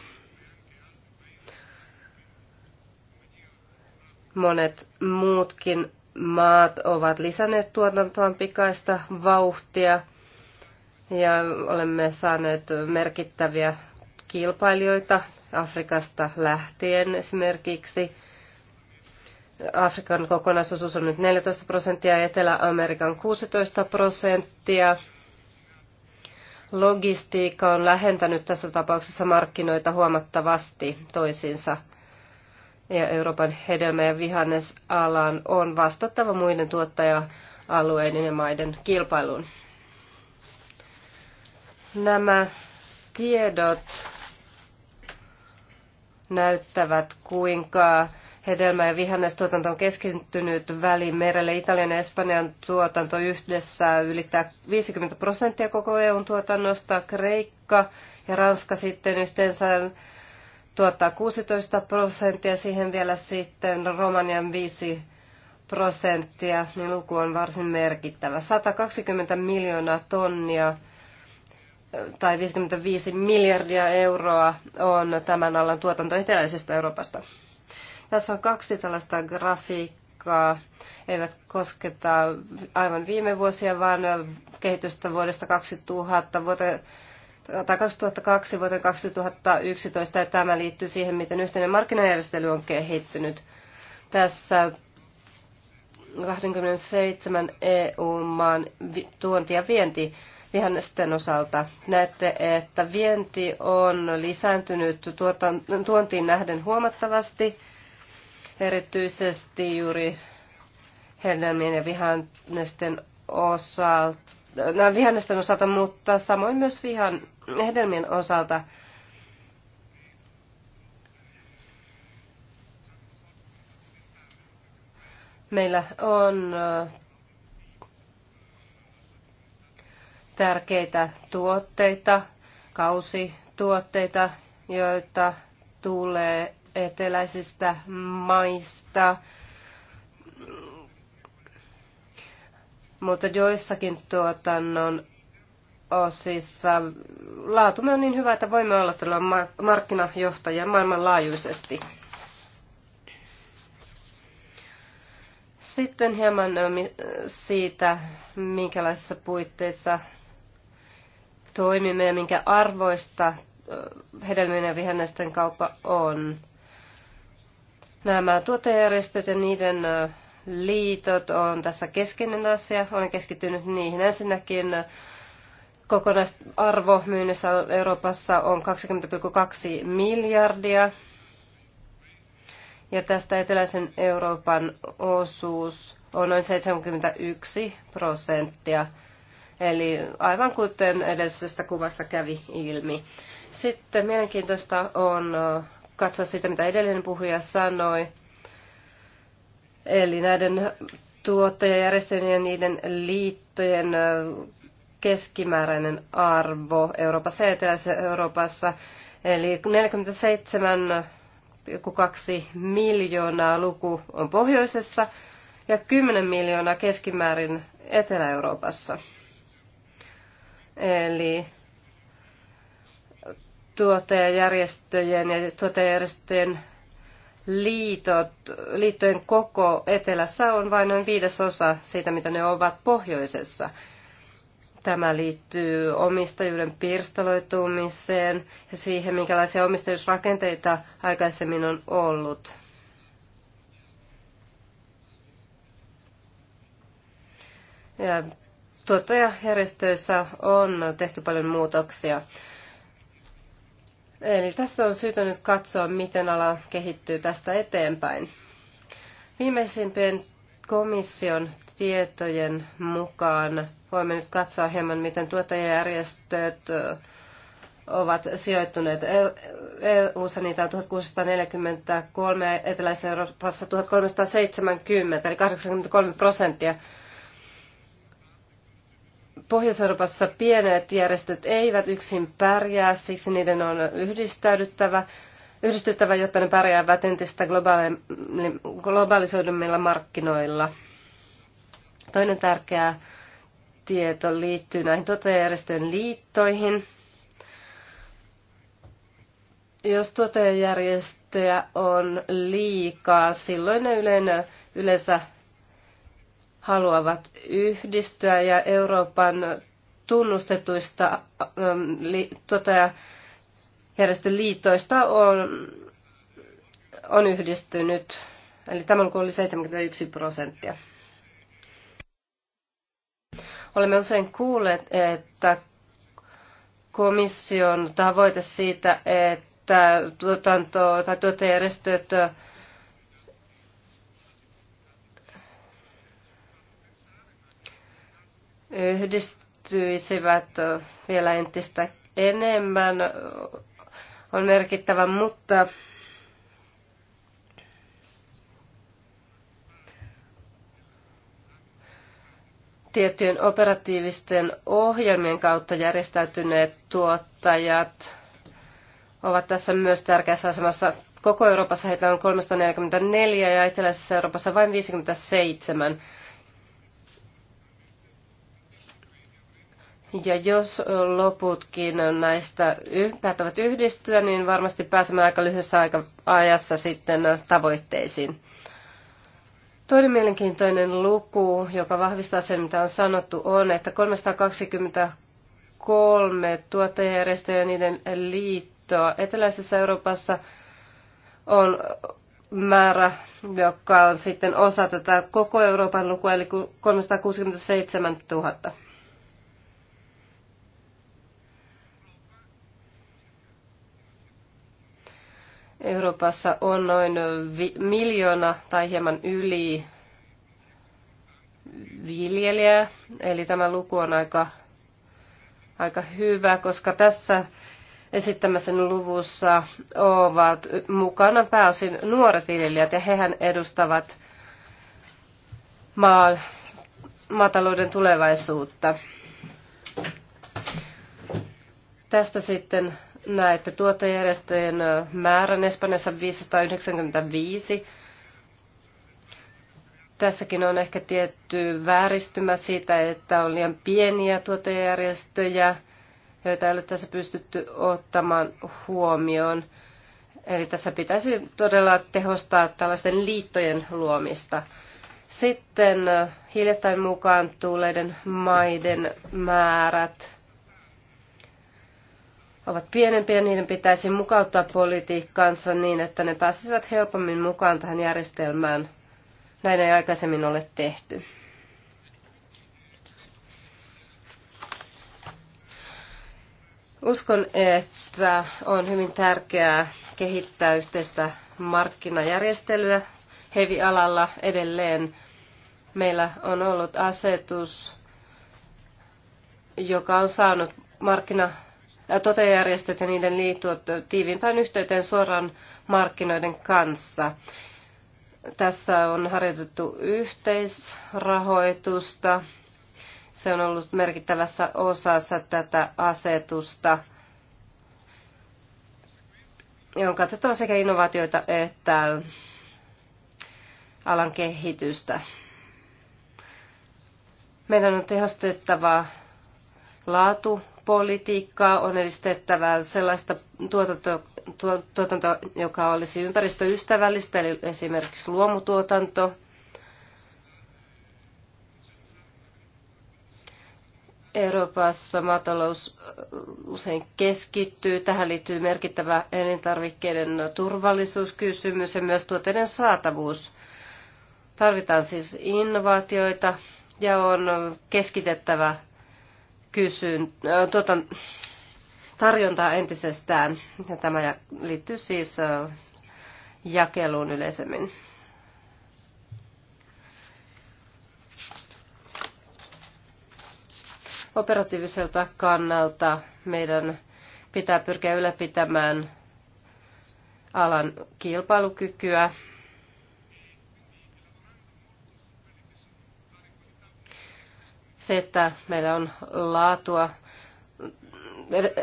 Monet muutkin maat ovat lisänneet tuotantoaan pikaista vauhtia ja olemme saaneet merkittäviä kilpailijoita Afrikasta lähtien esimerkiksi – Afrikan kokonaisosuus on nyt 14 prosenttia ja Etelä-Amerikan 16 prosenttia. Logistiikka on lähentänyt tässä tapauksessa markkinoita huomattavasti toisiinsa. Ja Euroopan hedelmä- ja vihannesalan on vastattava muiden tuottaja-alueiden ja maiden kilpailuun. Nämä tiedot näyttävät, kuinka hedelmä- ja vihannestuotanto on keskittynyt välimerelle. Italian ja Espanjan tuotanto yhdessä ylittää 50 prosenttia koko EUn tuotannosta. Kreikka ja Ranska sitten yhteensä tuottaa 16 prosenttia, siihen vielä sitten Romanian 5 prosenttia, niin luku on varsin merkittävä. 120 miljoonaa tonnia tai 55 miljardia euroa on tämän alan tuotanto eteläisestä Euroopasta. Tässä on kaksi tällaista grafiikkaa, eivät kosketa aivan viime vuosia, vaan kehitystä vuodesta 2000 vuoteen tai 2002 vuoteen 2011, ja tämä liittyy siihen, miten yhteinen markkinajärjestely on kehittynyt. Tässä 27 EU-maan tuonti ja vienti vihannesten osalta. Näette, että vienti on lisääntynyt tuontiin nähden huomattavasti erityisesti juuri hedelmien ja vihannesten osalta, no, vihannesten osalta, mutta samoin myös vihan, hedelmien osalta. Meillä on äh, tärkeitä tuotteita, kausituotteita, joita tulee eteläisistä maista, mutta joissakin tuotannon osissa laatumme on niin hyvä, että voimme olla tällä markkinajohtajia maailmanlaajuisesti. Sitten hieman siitä, minkälaisissa puitteissa toimimme ja minkä arvoista hedelmien ja vihannesten kauppa on. Nämä tuottajajärjestöt ja niiden liitot on tässä keskeinen asia. Olen keskittynyt niihin. Ensinnäkin kokonaisarvo myynnissä Euroopassa on 20,2 miljardia. Ja tästä eteläisen Euroopan osuus on noin 71 prosenttia. Eli aivan kuten edellisestä kuvasta kävi ilmi. Sitten mielenkiintoista on katsoa sitä, mitä edellinen puhuja sanoi. Eli näiden tuottajajärjestöjen ja niiden liittojen keskimääräinen arvo Euroopassa ja Eteläisessä Euroopassa. Eli 47,2 miljoonaa luku on pohjoisessa ja 10 miljoonaa keskimäärin Etelä-Euroopassa. Eli tuottajajärjestöjen ja tuottajajärjestöjen liitot, liittojen koko etelässä on vain noin viidesosa siitä, mitä ne ovat pohjoisessa. Tämä liittyy omistajuuden pirstaloitumiseen ja siihen, minkälaisia omistajuusrakenteita aikaisemmin on ollut. Ja tuottajajärjestöissä on tehty paljon muutoksia. Eli tässä on syytä nyt katsoa, miten ala kehittyy tästä eteenpäin. Viimeisimpien komission tietojen mukaan voimme nyt katsoa hieman, miten tuottajajärjestöt ovat sijoittuneet EU-ssa e-, e-, niitä on 1643 ja Etelä-Euroopassa 1370, eli 83 prosenttia Pohjois-Euroopassa pienet järjestöt eivät yksin pärjää, siksi niiden on yhdistäydyttävä, yhdistyttävä jotta ne pärjäävät entistä globaalisoidumilla markkinoilla. Toinen tärkeä tieto liittyy näihin tuottajajärjestöjen liittoihin. Jos tuottajajärjestöjä on liikaa, silloin ne yleensä haluavat yhdistyä ja Euroopan tunnustetuista tuota, järjestöliitoista on, on yhdistynyt. Eli tämä luku oli 71 prosenttia. Olemme usein kuulleet, että komission tavoite siitä, että tuotanto- tai tuottajärjestöt yhdistyisivät vielä entistä enemmän on merkittävä, mutta tiettyjen operatiivisten ohjelmien kautta järjestäytyneet tuottajat ovat tässä myös tärkeässä asemassa. Koko Euroopassa heitä on 344 ja Eteläisessä Euroopassa vain 57. Ja jos loputkin näistä päättävät yhdistyä, niin varmasti pääsemme aika lyhyessä aika ajassa sitten tavoitteisiin. Toinen mielenkiintoinen luku, joka vahvistaa sen, mitä on sanottu, on, että 323 tuottajajärjestöjä ja niiden liittoa eteläisessä Euroopassa on määrä, joka on sitten osa tätä koko Euroopan lukua, eli 367 000. Euroopassa on noin miljoona tai hieman yli viljelijää, eli tämä luku on aika, aika hyvä, koska tässä esittämässä luvussa ovat mukana pääosin nuoret viljelijät, ja hehän edustavat maa, maatalouden tulevaisuutta. Tästä sitten näette tuottajärjestöjen määrän Espanjassa 595. Tässäkin on ehkä tietty vääristymä siitä, että on liian pieniä tuottajärjestöjä, joita ei ole tässä pystytty ottamaan huomioon. Eli tässä pitäisi todella tehostaa tällaisten liittojen luomista. Sitten hiljattain mukaan tulleiden maiden määrät ovat pienempiä, niiden pitäisi mukauttaa politiikkaansa niin, että ne pääsisivät helpommin mukaan tähän järjestelmään. Näin ei aikaisemmin ole tehty. Uskon, että on hyvin tärkeää kehittää yhteistä markkinajärjestelyä hevialalla edelleen. Meillä on ollut asetus, joka on saanut markkina totejärjestöt ja niiden liitot tiiviimpään yhteyteen suoraan markkinoiden kanssa. Tässä on harjoitettu yhteisrahoitusta. Se on ollut merkittävässä osassa tätä asetusta, Ja on katsottava sekä innovaatioita että alan kehitystä. Meidän on tehostettava laatu politiikkaa, on edistettävä sellaista tuotantoa, joka olisi ympäristöystävällistä, eli esimerkiksi luomutuotanto. Euroopassa maatalous äh, usein keskittyy. Tähän liittyy merkittävä elintarvikkeiden turvallisuuskysymys ja myös tuotteiden saatavuus. Tarvitaan siis innovaatioita ja on keskitettävä kysyn, äh, tuota, tarjontaa entisestään. Ja tämä liittyy siis äh, jakeluun yleisemmin. Operatiiviselta kannalta meidän pitää pyrkiä ylläpitämään alan kilpailukykyä Se, että meillä on laatua,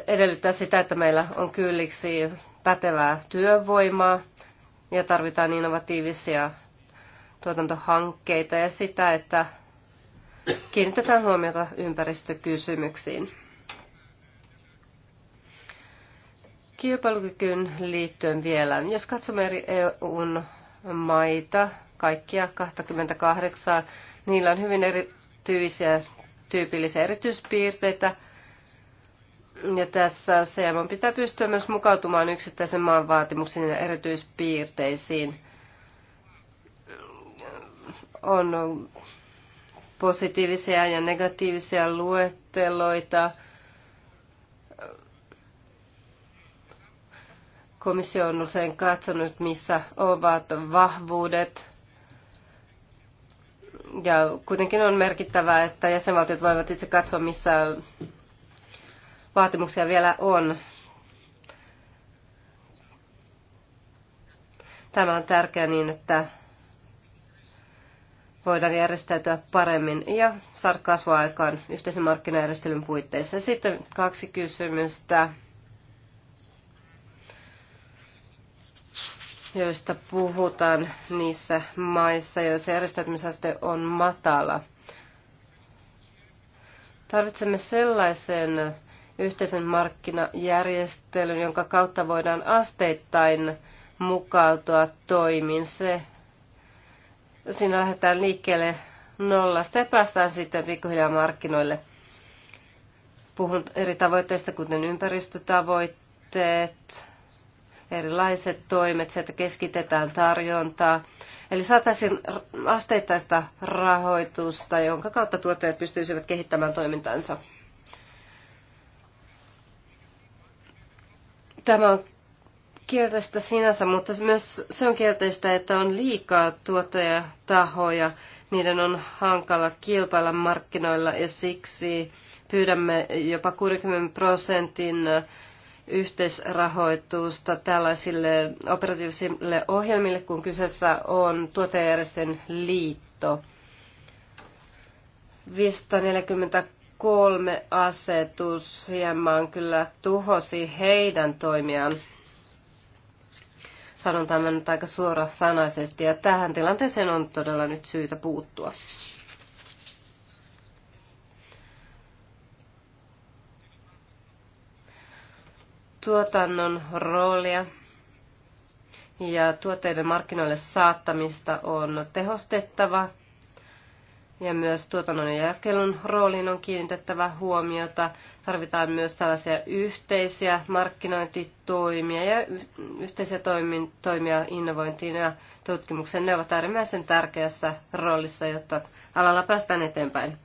edellyttää sitä, että meillä on kylliksi pätevää työvoimaa ja tarvitaan innovatiivisia tuotantohankkeita ja sitä, että kiinnitetään huomiota ympäristökysymyksiin. Kilpailukykyyn liittyen vielä, jos katsomme eri EUn maita, kaikkia 28, niillä on hyvin eri, tyyppisiä tyypillisiä erityispiirteitä. Ja tässä CMO pitää pystyä myös mukautumaan yksittäisen maan vaatimuksiin ja erityispiirteisiin. On positiivisia ja negatiivisia luetteloita. Komissio on usein katsonut, missä ovat vahvuudet ja kuitenkin on merkittävää, että jäsenvaltiot voivat itse katsoa, missä vaatimuksia vielä on. Tämä on tärkeää niin, että voidaan järjestäytyä paremmin ja saada kasvua aikaan yhteisen markkinajärjestelyn puitteissa. Sitten kaksi kysymystä joista puhutaan niissä maissa, joissa järjestäytymisaste on matala. Tarvitsemme sellaisen yhteisen markkinajärjestelyn, jonka kautta voidaan asteittain mukautua toimiin. Se, siinä lähdetään liikkeelle nollasta ja päästään sitten pikkuhiljaa markkinoille. Puhun eri tavoitteista, kuten ympäristötavoitteet, erilaiset toimet, se, että keskitetään tarjontaa. Eli saataisiin asteittaista rahoitusta, jonka kautta tuottajat pystyisivät kehittämään toimintansa. Tämä on kielteistä sinänsä, mutta myös se on kielteistä, että on liikaa tuottajatahoja. Niiden on hankala kilpailla markkinoilla ja siksi pyydämme jopa 60 prosentin yhteisrahoitusta tällaisille operatiivisille ohjelmille, kun kyseessä on tuottajajärjestön liitto. 543 asetus hieman kyllä tuhosi heidän toimiaan. Sanon tämän nyt aika suorasanaisesti ja tähän tilanteeseen on todella nyt syytä puuttua. Tuotannon roolia ja tuotteiden markkinoille saattamista on tehostettava ja myös tuotannon ja jakelun rooliin on kiinnitettävä huomiota. Tarvitaan myös tällaisia yhteisiä markkinointitoimia ja yhteisiä toimia innovointiin ja tutkimukseen. Ne ovat äärimmäisen tärkeässä roolissa, jotta alalla päästään eteenpäin.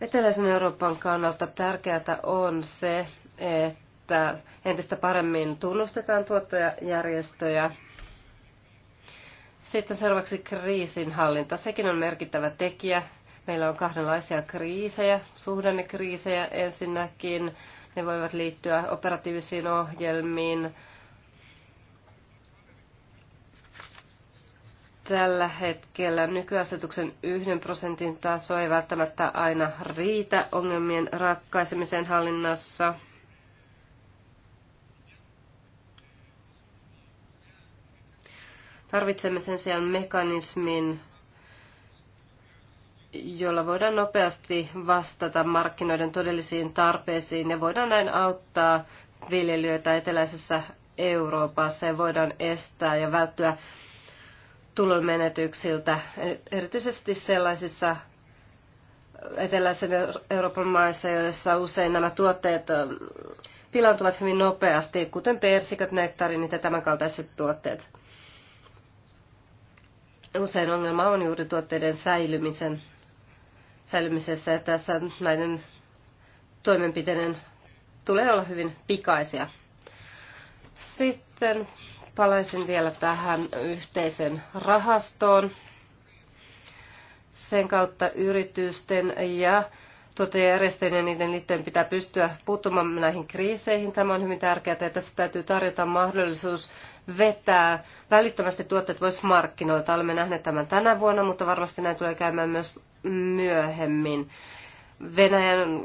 Eteläisen Euroopan kannalta tärkeää on se, että entistä paremmin tunnustetaan tuottajajärjestöjä. Sitten seuraavaksi kriisinhallinta. Sekin on merkittävä tekijä. Meillä on kahdenlaisia kriisejä, suhdannekriisejä ensinnäkin. Ne voivat liittyä operatiivisiin ohjelmiin. Tällä hetkellä nykyasetuksen yhden prosentin taso ei välttämättä aina riitä ongelmien ratkaisemisen hallinnassa. Tarvitsemme sen sijaan mekanismin, jolla voidaan nopeasti vastata markkinoiden todellisiin tarpeisiin ja voidaan näin auttaa viljelijöitä eteläisessä Euroopassa ja voidaan estää ja välttyä tulonmenetyksiltä, erityisesti sellaisissa eteläisen Euroopan maissa, joissa usein nämä tuotteet pilaantuvat hyvin nopeasti, kuten persikat, nektarinit ja tämänkaltaiset tuotteet. Usein ongelma on juuri tuotteiden säilymisen, säilymisessä ja tässä näiden toimenpiteiden tulee olla hyvin pikaisia. Sitten palaisin vielä tähän yhteisen rahastoon. Sen kautta yritysten ja tuottajajärjestöjen ja niiden liittojen pitää pystyä puuttumaan näihin kriiseihin. Tämä on hyvin tärkeää, että tässä täytyy tarjota mahdollisuus vetää välittömästi tuotteet pois markkinoilta. Olemme nähneet tämän tänä vuonna, mutta varmasti näin tulee käymään myös myöhemmin. Venäjän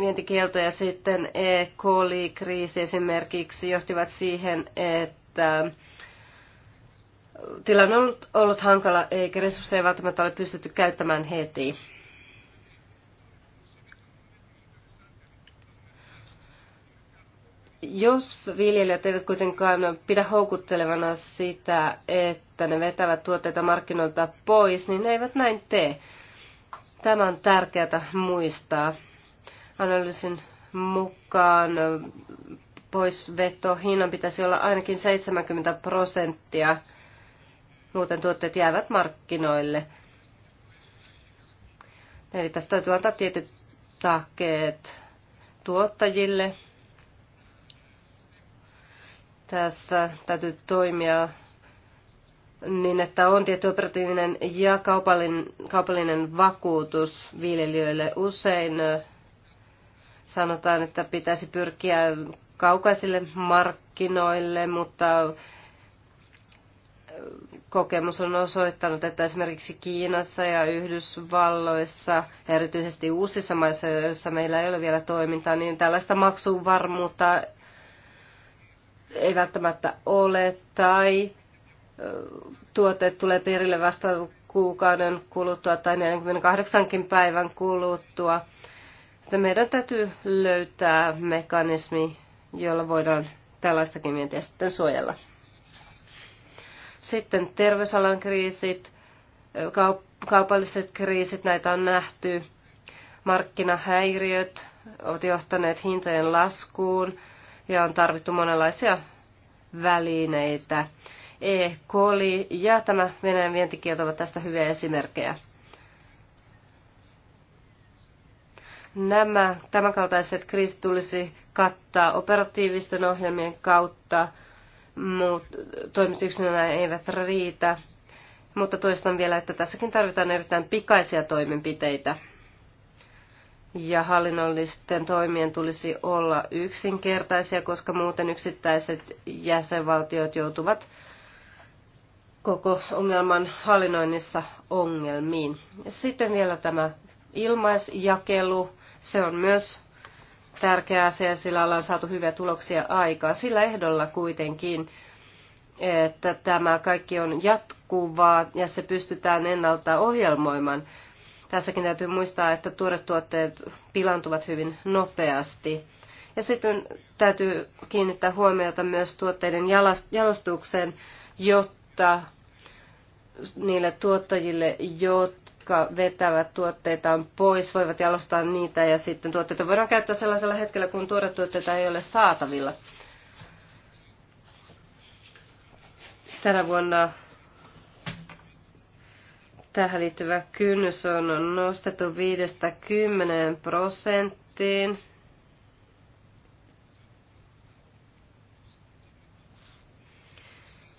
vientikielto ja sitten E. coli-kriisi esimerkiksi johtivat siihen, että tilanne on ollut hankala eikä resursseja välttämättä ole pystytty käyttämään heti. Jos viljelijät eivät kuitenkaan pidä houkuttelevana sitä, että ne vetävät tuotteita markkinoilta pois, niin ne eivät näin tee. Tämä on tärkeää muistaa. Analyysin mukaan poisveto hinnan pitäisi olla ainakin 70 prosenttia, muuten tuotteet jäävät markkinoille. Eli tästä täytyy antaa tietyt takeet tuottajille tässä täytyy toimia niin, että on tietty operatiivinen ja kaupallinen, kaupallinen vakuutus viljelijöille. Usein sanotaan, että pitäisi pyrkiä kaukaisille markkinoille, mutta kokemus on osoittanut, että esimerkiksi Kiinassa ja Yhdysvalloissa, erityisesti uusissa maissa, joissa meillä ei ole vielä toimintaa, niin tällaista maksuvarmuutta ei välttämättä ole tai tuote tulee perille vasta kuukauden kuluttua tai 48 päivän kuluttua. että meidän täytyy löytää mekanismi, jolla voidaan tällaistakin vientiä sitten suojella. Sitten terveysalan kriisit, kaupalliset kriisit, näitä on nähty. Markkinahäiriöt ovat johtaneet hintojen laskuun ja on tarvittu monenlaisia välineitä. E-koli ja tämä Venäjän vientikielto ovat tästä hyviä esimerkkejä. Nämä tämänkaltaiset kriisit tulisi kattaa operatiivisten ohjelmien kautta. mutta toimet eivät riitä. Mutta toistan vielä, että tässäkin tarvitaan erittäin pikaisia toimenpiteitä ja hallinnollisten toimien tulisi olla yksinkertaisia, koska muuten yksittäiset jäsenvaltiot joutuvat koko ongelman hallinnoinnissa ongelmiin. Ja sitten vielä tämä ilmaisjakelu. Se on myös tärkeä asia, sillä ollaan saatu hyviä tuloksia aikaa. Sillä ehdolla kuitenkin, että tämä kaikki on jatkuvaa ja se pystytään ennalta ohjelmoimaan Tässäkin täytyy muistaa, että tuoret tuotteet pilantuvat hyvin nopeasti. Ja sitten täytyy kiinnittää huomiota myös tuotteiden jalostukseen, jotta niille tuottajille, jotka vetävät tuotteitaan pois, voivat jalostaa niitä ja sitten tuotteita voidaan käyttää sellaisella hetkellä, kun tuoret tuotteita ei ole saatavilla. Tänä vuonna Tähän liittyvä kynnys on nostettu 50 prosenttiin.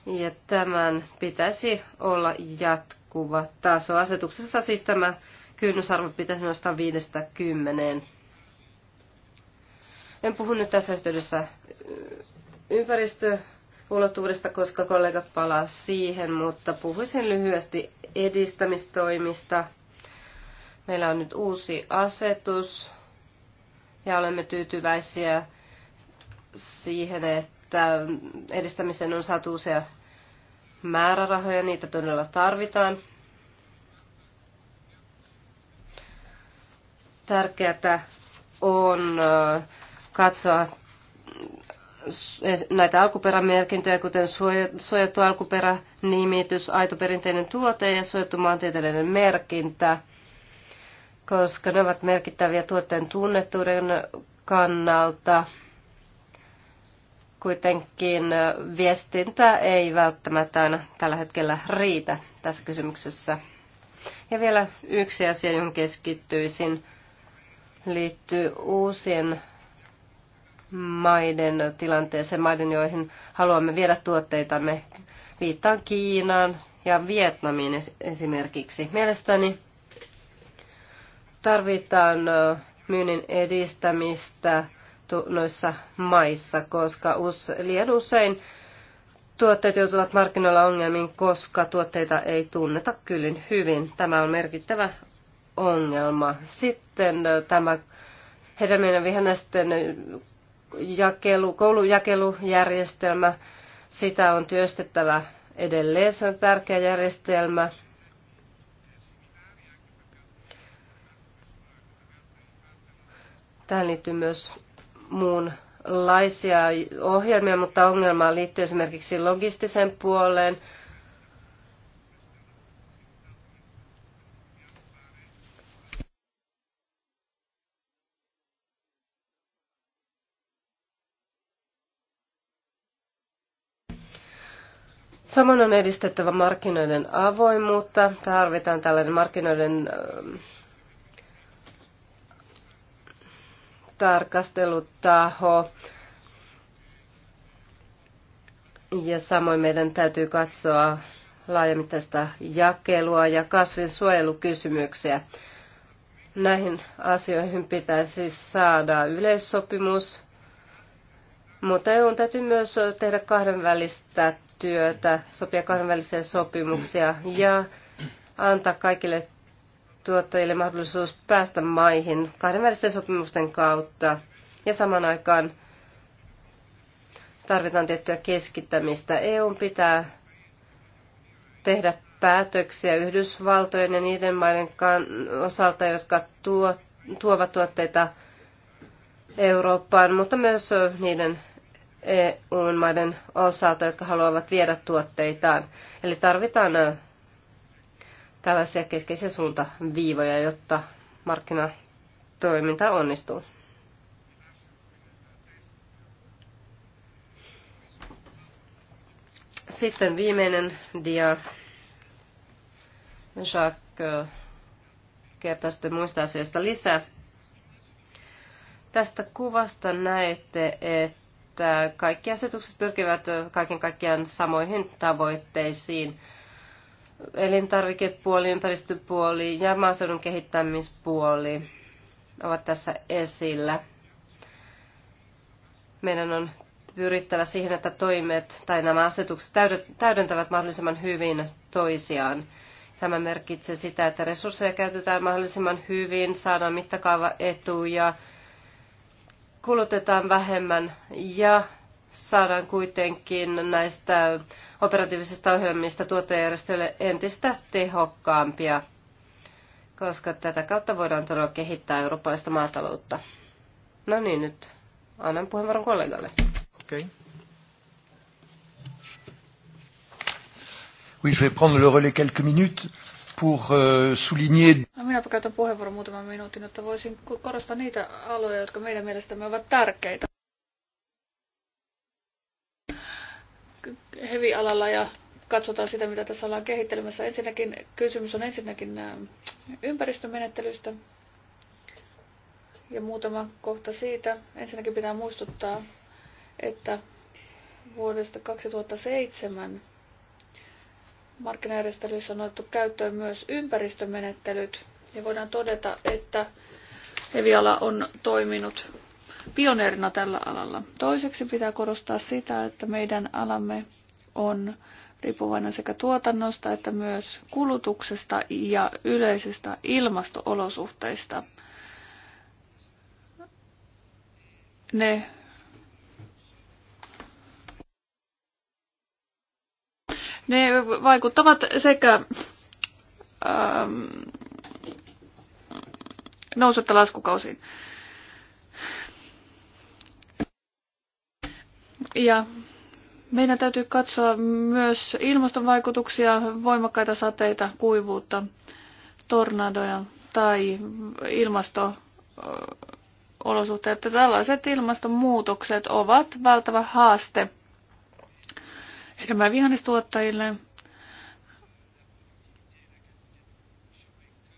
Ja tämän pitäisi olla jatkuva taso. Asetuksessa siis tämä kynnysarvo pitäisi nostaa 50. En puhu nyt tässä yhteydessä ympäristö- ulottuvuudesta, koska kollega palaa siihen, mutta puhuisin lyhyesti edistämistoimista. Meillä on nyt uusi asetus ja olemme tyytyväisiä siihen, että edistämisen on saatu uusia määrärahoja, niitä todella tarvitaan. Tärkeää on katsoa näitä alkuperämerkintöjä, kuten suojattu alkuperänimitys, aito perinteinen tuote ja suojattu maantieteellinen merkintä, koska ne ovat merkittäviä tuotteen tunnettuuden kannalta. Kuitenkin viestintä ei välttämättä aina tällä hetkellä riitä tässä kysymyksessä. Ja vielä yksi asia, johon keskittyisin, liittyy uusien maiden tilanteeseen, maiden, joihin haluamme viedä tuotteitamme. Viittaan Kiinaan ja Vietnamiin esimerkiksi. Mielestäni tarvitaan myynnin edistämistä noissa maissa, koska liian usein tuotteet joutuvat markkinoilla ongelmiin, koska tuotteita ei tunneta kyllin hyvin. Tämä on merkittävä ongelma. Sitten tämä hedelmien ja vihannesten jakelu, koulujakelujärjestelmä, sitä on työstettävä edelleen, se on tärkeä järjestelmä. Tähän liittyy myös muunlaisia ohjelmia, mutta ongelma liittyy esimerkiksi logistiseen puoleen, Samoin on edistettävä markkinoiden avoimuutta. Tarvitaan tällainen markkinoiden ähm, tarkastelutaho. Ja samoin meidän täytyy katsoa laajamittaista jakelua ja kasvinsuojelukysymyksiä. Näihin asioihin pitäisi saada yleissopimus mutta EU täytyy myös tehdä kahdenvälistä työtä, sopia kahdenvälisiä sopimuksia ja antaa kaikille tuottajille mahdollisuus päästä maihin kahdenvälisten sopimusten kautta. Ja saman aikaan tarvitaan tiettyä keskittämistä. EU pitää tehdä päätöksiä Yhdysvaltojen ja niiden maiden osalta, jotka tuo, tuovat tuotteita Eurooppaan, mutta myös niiden EU-maiden osalta, jotka haluavat viedä tuotteitaan. Eli tarvitaan tällaisia keskeisiä suuntaviivoja, jotta markkinatoiminta onnistuu. Sitten viimeinen dia. Jacques kertoo sitten muista asioista lisää. Tästä kuvasta näette, että että kaikki asetukset pyrkivät kaiken kaikkiaan samoihin tavoitteisiin. Elintarvikepuoli, ympäristöpuoli ja maaseudun kehittämispuoli ovat tässä esillä. Meidän on pyrittävä siihen, että toimet tai nämä asetukset täydentävät mahdollisimman hyvin toisiaan. Tämä merkitsee sitä, että resursseja käytetään mahdollisimman hyvin, saadaan mittakaava etuja kulutetaan vähemmän ja saadaan kuitenkin näistä operatiivisista ohjelmista tuottajajärjestöille entistä tehokkaampia, koska tätä kautta voidaan todella kehittää eurooppalaista maataloutta. No niin, nyt annan puheenvuoron kollegalle. Okay. Oui, je vais prendre le relais quelques minutes pour euh, souligner... No, Minä käytän puheenvuoron muutaman minuutin, että voisin korostaa niitä aloja, jotka meidän mielestämme ovat tärkeitä. Hevialalla ja katsotaan sitä, mitä tässä ollaan kehittelemässä. Ensinnäkin, kysymys on ensinnäkin ympäristömenettelystä ja muutama kohta siitä. Ensinnäkin pitää muistuttaa, että vuodesta 2007 markkinajärjestelyissä on otettu käyttöön myös ympäristömenettelyt ja voidaan todeta, että Eviala on toiminut pioneerina tällä alalla. Toiseksi pitää korostaa sitä, että meidän alamme on riippuvainen sekä tuotannosta että myös kulutuksesta ja yleisistä ilmastoolosuhteista. Ne Ne vaikuttavat sekä ähm, nousu- laskukausiin. Ja meidän täytyy katsoa myös ilmaston vaikutuksia, voimakkaita sateita, kuivuutta, tornadoja tai ilmastoolosuhteita. Äh, Tällaiset ilmastonmuutokset ovat valtava haaste – enemmän vihannestuottajille.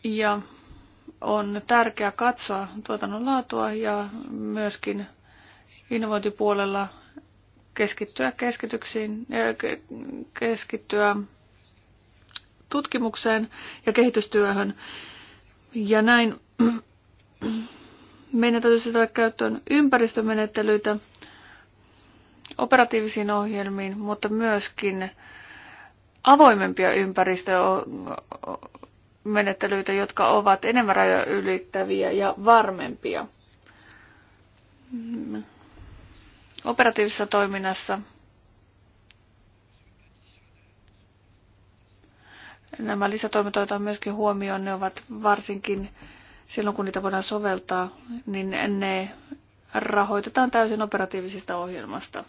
Ja on tärkeää katsoa tuotannon laatua ja myöskin innovointipuolella keskittyä keskityksiin, äh, keskittyä tutkimukseen ja kehitystyöhön. Ja näin meidän täytyisi saada käyttöön ympäristömenettelyitä, operatiivisiin ohjelmiin, mutta myöskin avoimempia ympäristömenettelyitä, jotka ovat enemmän rajoja ylittäviä ja varmempia. Operatiivisessa toiminnassa nämä lisätoimet otetaan myöskin huomioon, ne ovat varsinkin silloin kun niitä voidaan soveltaa, niin ne rahoitetaan täysin operatiivisista ohjelmasta.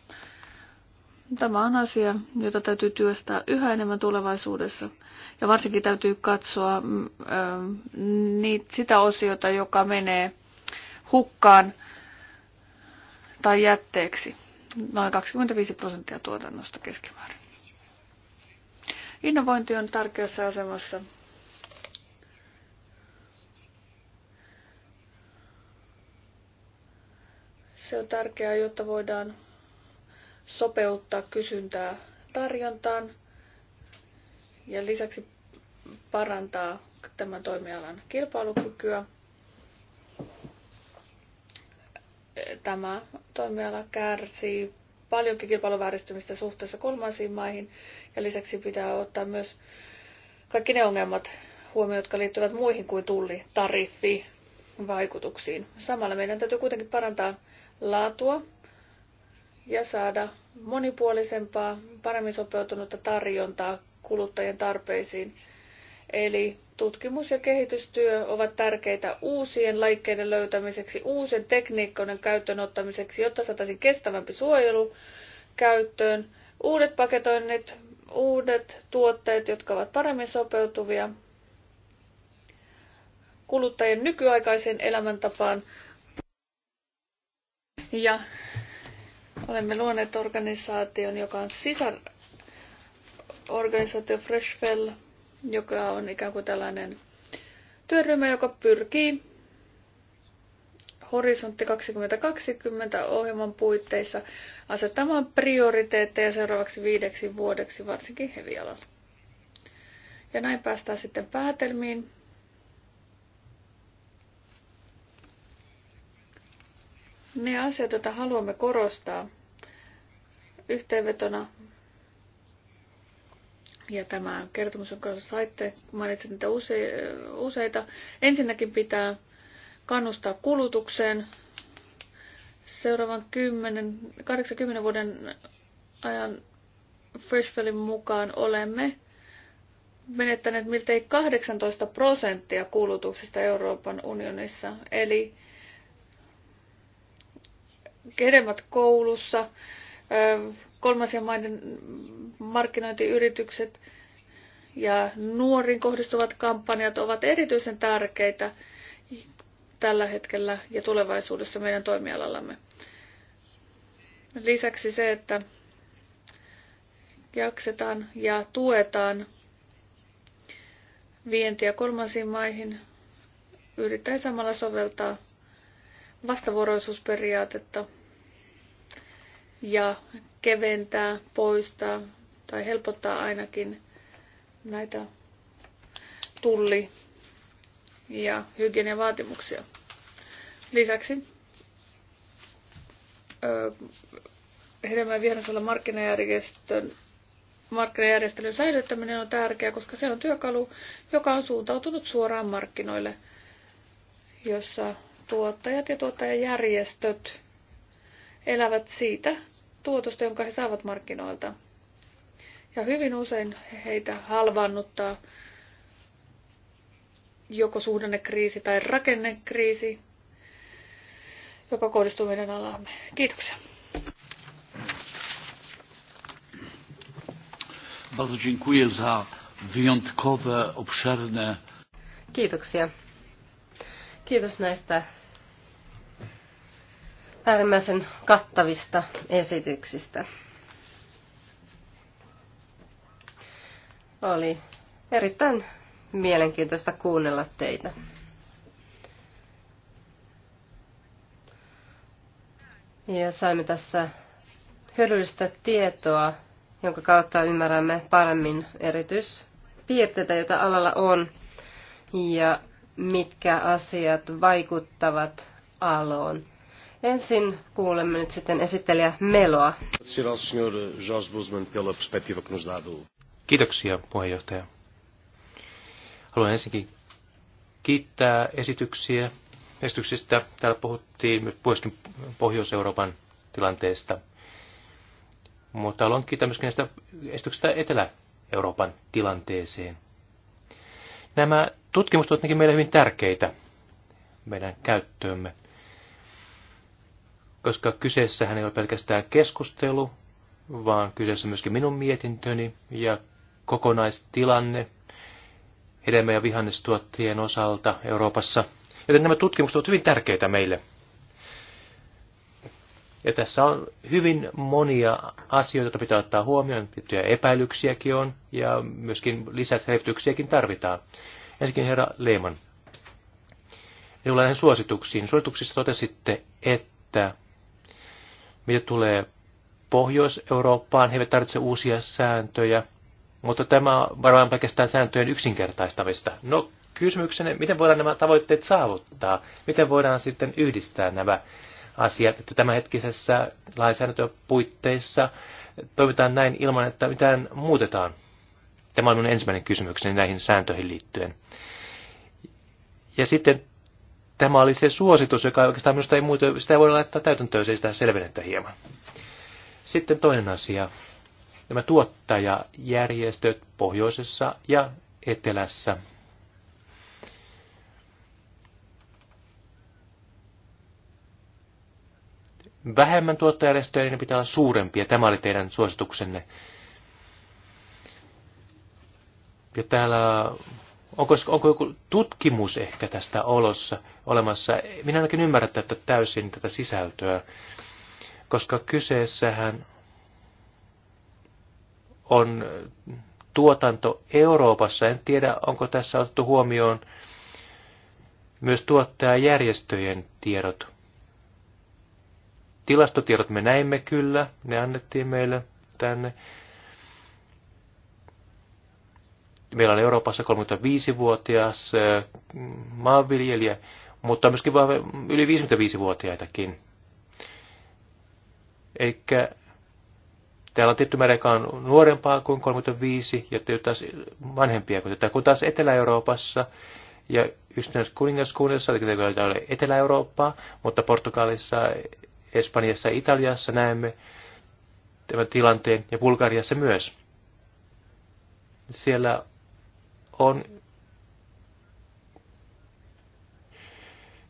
Tämä on asia, jota täytyy työstää yhä enemmän tulevaisuudessa. Ja varsinkin täytyy katsoa mm, niitä, sitä osiota, joka menee hukkaan tai jätteeksi. Noin 25 prosenttia tuotannosta keskimäärin. Innovointi on tärkeässä asemassa Se on tärkeää, jotta voidaan sopeuttaa kysyntää tarjontaan ja lisäksi parantaa tämän toimialan kilpailukykyä. Tämä toimiala kärsii paljonkin kilpailuvääristymistä suhteessa kolmansiin maihin ja lisäksi pitää ottaa myös kaikki ne ongelmat huomioon, jotka liittyvät muihin kuin tulli, tariffi, vaikutuksiin. Samalla meidän täytyy kuitenkin parantaa laatua ja saada monipuolisempaa, paremmin sopeutunutta tarjontaa kuluttajien tarpeisiin. Eli tutkimus ja kehitystyö ovat tärkeitä uusien laikkeiden löytämiseksi, uusien tekniikkojen käyttöön ottamiseksi, jotta saataisiin kestävämpi suojelu käyttöön, uudet paketoinnit, uudet tuotteet, jotka ovat paremmin sopeutuvia kuluttajien nykyaikaiseen elämäntapaan ja olemme luoneet organisaation, joka on sisarorganisaatio Freshfell, joka on ikään kuin tällainen työryhmä, joka pyrkii Horisontti 2020 ohjelman puitteissa asettamaan prioriteetteja seuraavaksi viideksi vuodeksi, varsinkin hevialalla. Ja näin päästään sitten päätelmiin ne asiat, joita haluamme korostaa yhteenvetona, ja tämä kertomus, jonka saitte, mainitsin niitä useita. Ensinnäkin pitää kannustaa kulutukseen. Seuraavan 10, 80 vuoden ajan Freshfellin mukaan olemme menettäneet miltei 18 prosenttia kulutuksesta Euroopan unionissa. Eli enemmät koulussa, kolmansien maiden markkinointiyritykset ja nuoriin kohdistuvat kampanjat ovat erityisen tärkeitä tällä hetkellä ja tulevaisuudessa meidän toimialallamme. Lisäksi se, että jaksetaan ja tuetaan vientiä kolmansiin maihin, yrittäen samalla soveltaa vastavuoroisuusperiaatetta ja keventää, poistaa tai helpottaa ainakin näitä tulli- ja hygieniavaatimuksia. Lisäksi hedelmä- vihannesolla markkinajärjestön markkinajärjestelyn säilyttäminen on tärkeää, koska se on työkalu, joka on suuntautunut suoraan markkinoille, jossa tuottajat ja tuottajajärjestöt elävät siitä tuotosta, jonka he saavat markkinoilta. Ja hyvin usein heitä halvannuttaa joko suhdannekriisi tai rakennekriisi, joka kohdistuu meidän alamme. Kiitoksia. Bardzo dziękuję za wyjątkowe, obszerne. Kiitoksia Kiitos näistä äärimmäisen kattavista esityksistä. Oli erittäin mielenkiintoista kuunnella teitä. Ja saimme tässä hyödyllistä tietoa, jonka kautta ymmärrämme paremmin erityispiirteitä, joita alalla on, ja mitkä asiat vaikuttavat aloon. Ensin kuulemme nyt sitten esittelijä Meloa. Kiitoksia puheenjohtaja. Haluan ensinnäkin kiittää esityksiä, esityksistä. Täällä puhuttiin myöskin Pohjois-Euroopan tilanteesta, mutta haluan kiittää myöskin näistä esityksistä Etelä-Euroopan tilanteeseen Nämä tutkimukset ovat meille hyvin tärkeitä meidän käyttöömme, koska kyseessähän ei ole pelkästään keskustelu, vaan kyseessä myöskin minun mietintöni ja kokonaistilanne hedelmä- ja vihannestuottajien osalta Euroopassa. Joten nämä tutkimukset ovat hyvin tärkeitä meille. Ja tässä on hyvin monia asioita, joita pitää ottaa huomioon, tiettyjä epäilyksiäkin on, ja myöskin lisäselvityksiäkin tarvitaan. Ensinnäkin herra Leeman, minulla näihin suosituksiin. Suosituksissa totesitte, että mitä tulee Pohjois-Eurooppaan, he eivät tarvitse uusia sääntöjä, mutta tämä on varmaan pelkästään sääntöjen yksinkertaistamista. No, kysymyksenne, miten voidaan nämä tavoitteet saavuttaa? Miten voidaan sitten yhdistää nämä asiat, että tämänhetkisessä lainsäädäntöpuitteissa toimitaan näin ilman, että mitään muutetaan. Tämä on minun ensimmäinen kysymykseni näihin sääntöihin liittyen. Ja sitten tämä oli se suositus, joka oikeastaan minusta ei muuta, sitä ei voi laittaa täytäntöön, se sitä selvennettä hieman. Sitten toinen asia. Nämä tuottajajärjestöt pohjoisessa ja etelässä vähemmän tuottojärjestöjä, niin ne pitää olla suurempia. Tämä oli teidän suosituksenne. Ja täällä, onko, onko joku tutkimus ehkä tästä olossa olemassa? Minä ainakin ymmärrän tätä täysin tätä sisältöä, koska kyseessähän on tuotanto Euroopassa. En tiedä, onko tässä otettu huomioon myös tuottajajärjestöjen tiedot tilastotiedot me näimme kyllä, ne annettiin meille tänne. Meillä on Euroopassa 35-vuotias maanviljelijä, mutta myöskin yli 55-vuotiaitakin. Eli täällä on tietty määrä, joka on nuorempaa kuin 35 ja taas vanhempia kuin tätä, kun taas Etelä-Euroopassa ja just kuningaskunnassa, eli täällä on Etelä-Eurooppaa, mutta Portugalissa, Espanjassa ja Italiassa näemme tämän tilanteen ja Bulgariassa myös. Siellä on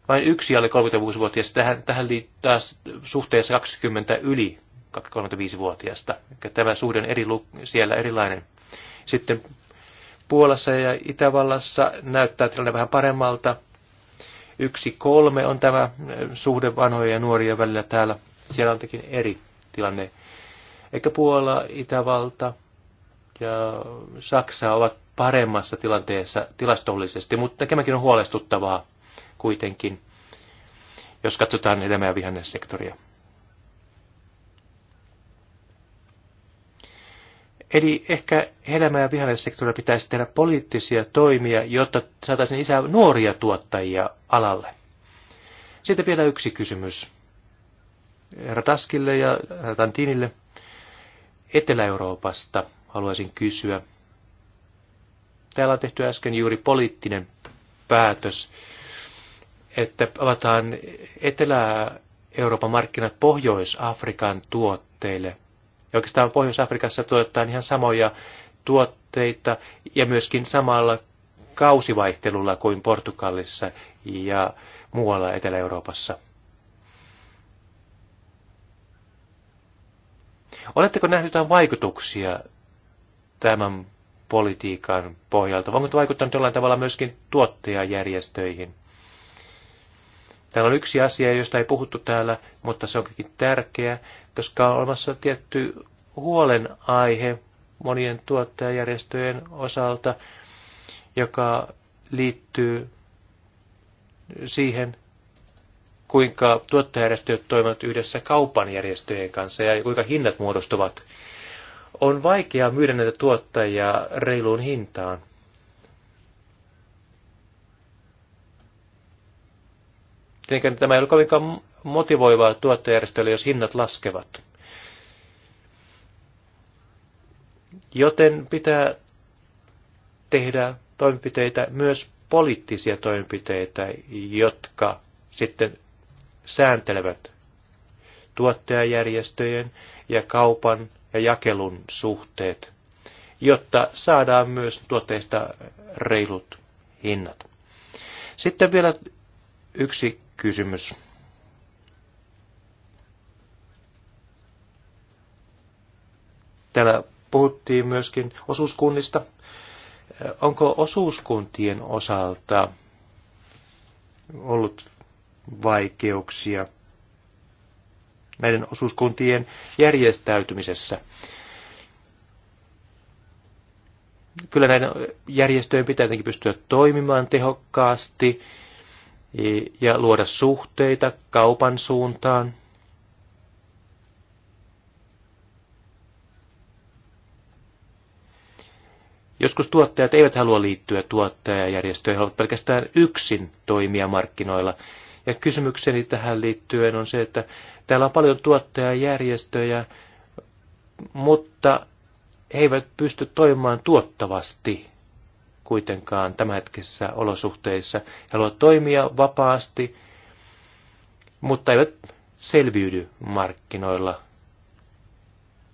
vain yksi alle 36-vuotias. Tähän, tähän taas suhteessa 20 yli 35 vuotiaista Tämä suhde on eri, siellä erilainen. Sitten Puolassa ja Itävallassa näyttää tilanne vähän paremmalta, Yksi kolme on tämä äh, suhde vanhoja ja nuoria välillä täällä. Siellä on tekin eri tilanne. Eikä Puola, Itävalta ja Saksa ovat paremmassa tilanteessa tilastollisesti, mutta tämäkin on huolestuttavaa kuitenkin, jos katsotaan elämä- ja vihannessektoria. Eli ehkä hedelmä- ja vihannessektorilla pitäisi tehdä poliittisia toimia, jotta saataisiin lisää nuoria tuottajia alalle. Sitten vielä yksi kysymys. Rataskille ja Ratantinille. Etelä-Euroopasta haluaisin kysyä. Täällä on tehty äsken juuri poliittinen päätös, että avataan Etelä-Euroopan markkinat Pohjois-Afrikan tuotteille – ja oikeastaan Pohjois-Afrikassa tuotetaan ihan samoja tuotteita ja myöskin samalla kausivaihtelulla kuin Portugalissa ja muualla Etelä-Euroopassa. Oletteko nähnyt jotain vaikutuksia tämän politiikan pohjalta? Onko vaikuttanut jollain tavalla myöskin tuottajajärjestöihin? Täällä on yksi asia, josta ei puhuttu täällä, mutta se onkin tärkeä, koska on olemassa tietty huolenaihe monien tuottajajärjestöjen osalta, joka liittyy siihen, kuinka tuottajajärjestöt toimivat yhdessä kaupan kanssa ja kuinka hinnat muodostuvat. On vaikea myydä näitä tuottajia reiluun hintaan. Tietenkään tämä ei ole kovinkaan motivoivaa tuottajärjestöille, jos hinnat laskevat. Joten pitää tehdä toimenpiteitä, myös poliittisia toimenpiteitä, jotka sitten sääntelevät tuottajajärjestöjen ja kaupan ja jakelun suhteet, jotta saadaan myös tuotteista reilut hinnat. Sitten vielä yksi kysymys. Täällä puhuttiin myöskin osuuskunnista. Onko osuuskuntien osalta ollut vaikeuksia näiden osuuskuntien järjestäytymisessä? Kyllä näiden järjestöjen pitää jotenkin pystyä toimimaan tehokkaasti ja luoda suhteita kaupan suuntaan. Joskus tuottajat eivät halua liittyä tuottajajärjestöihin, haluavat pelkästään yksin toimia markkinoilla. Ja kysymykseni tähän liittyen on se, että täällä on paljon tuottajajärjestöjä, mutta he eivät pysty toimimaan tuottavasti kuitenkaan tämänhetkisissä olosuhteissa. He haluavat toimia vapaasti, mutta eivät selviydy markkinoilla.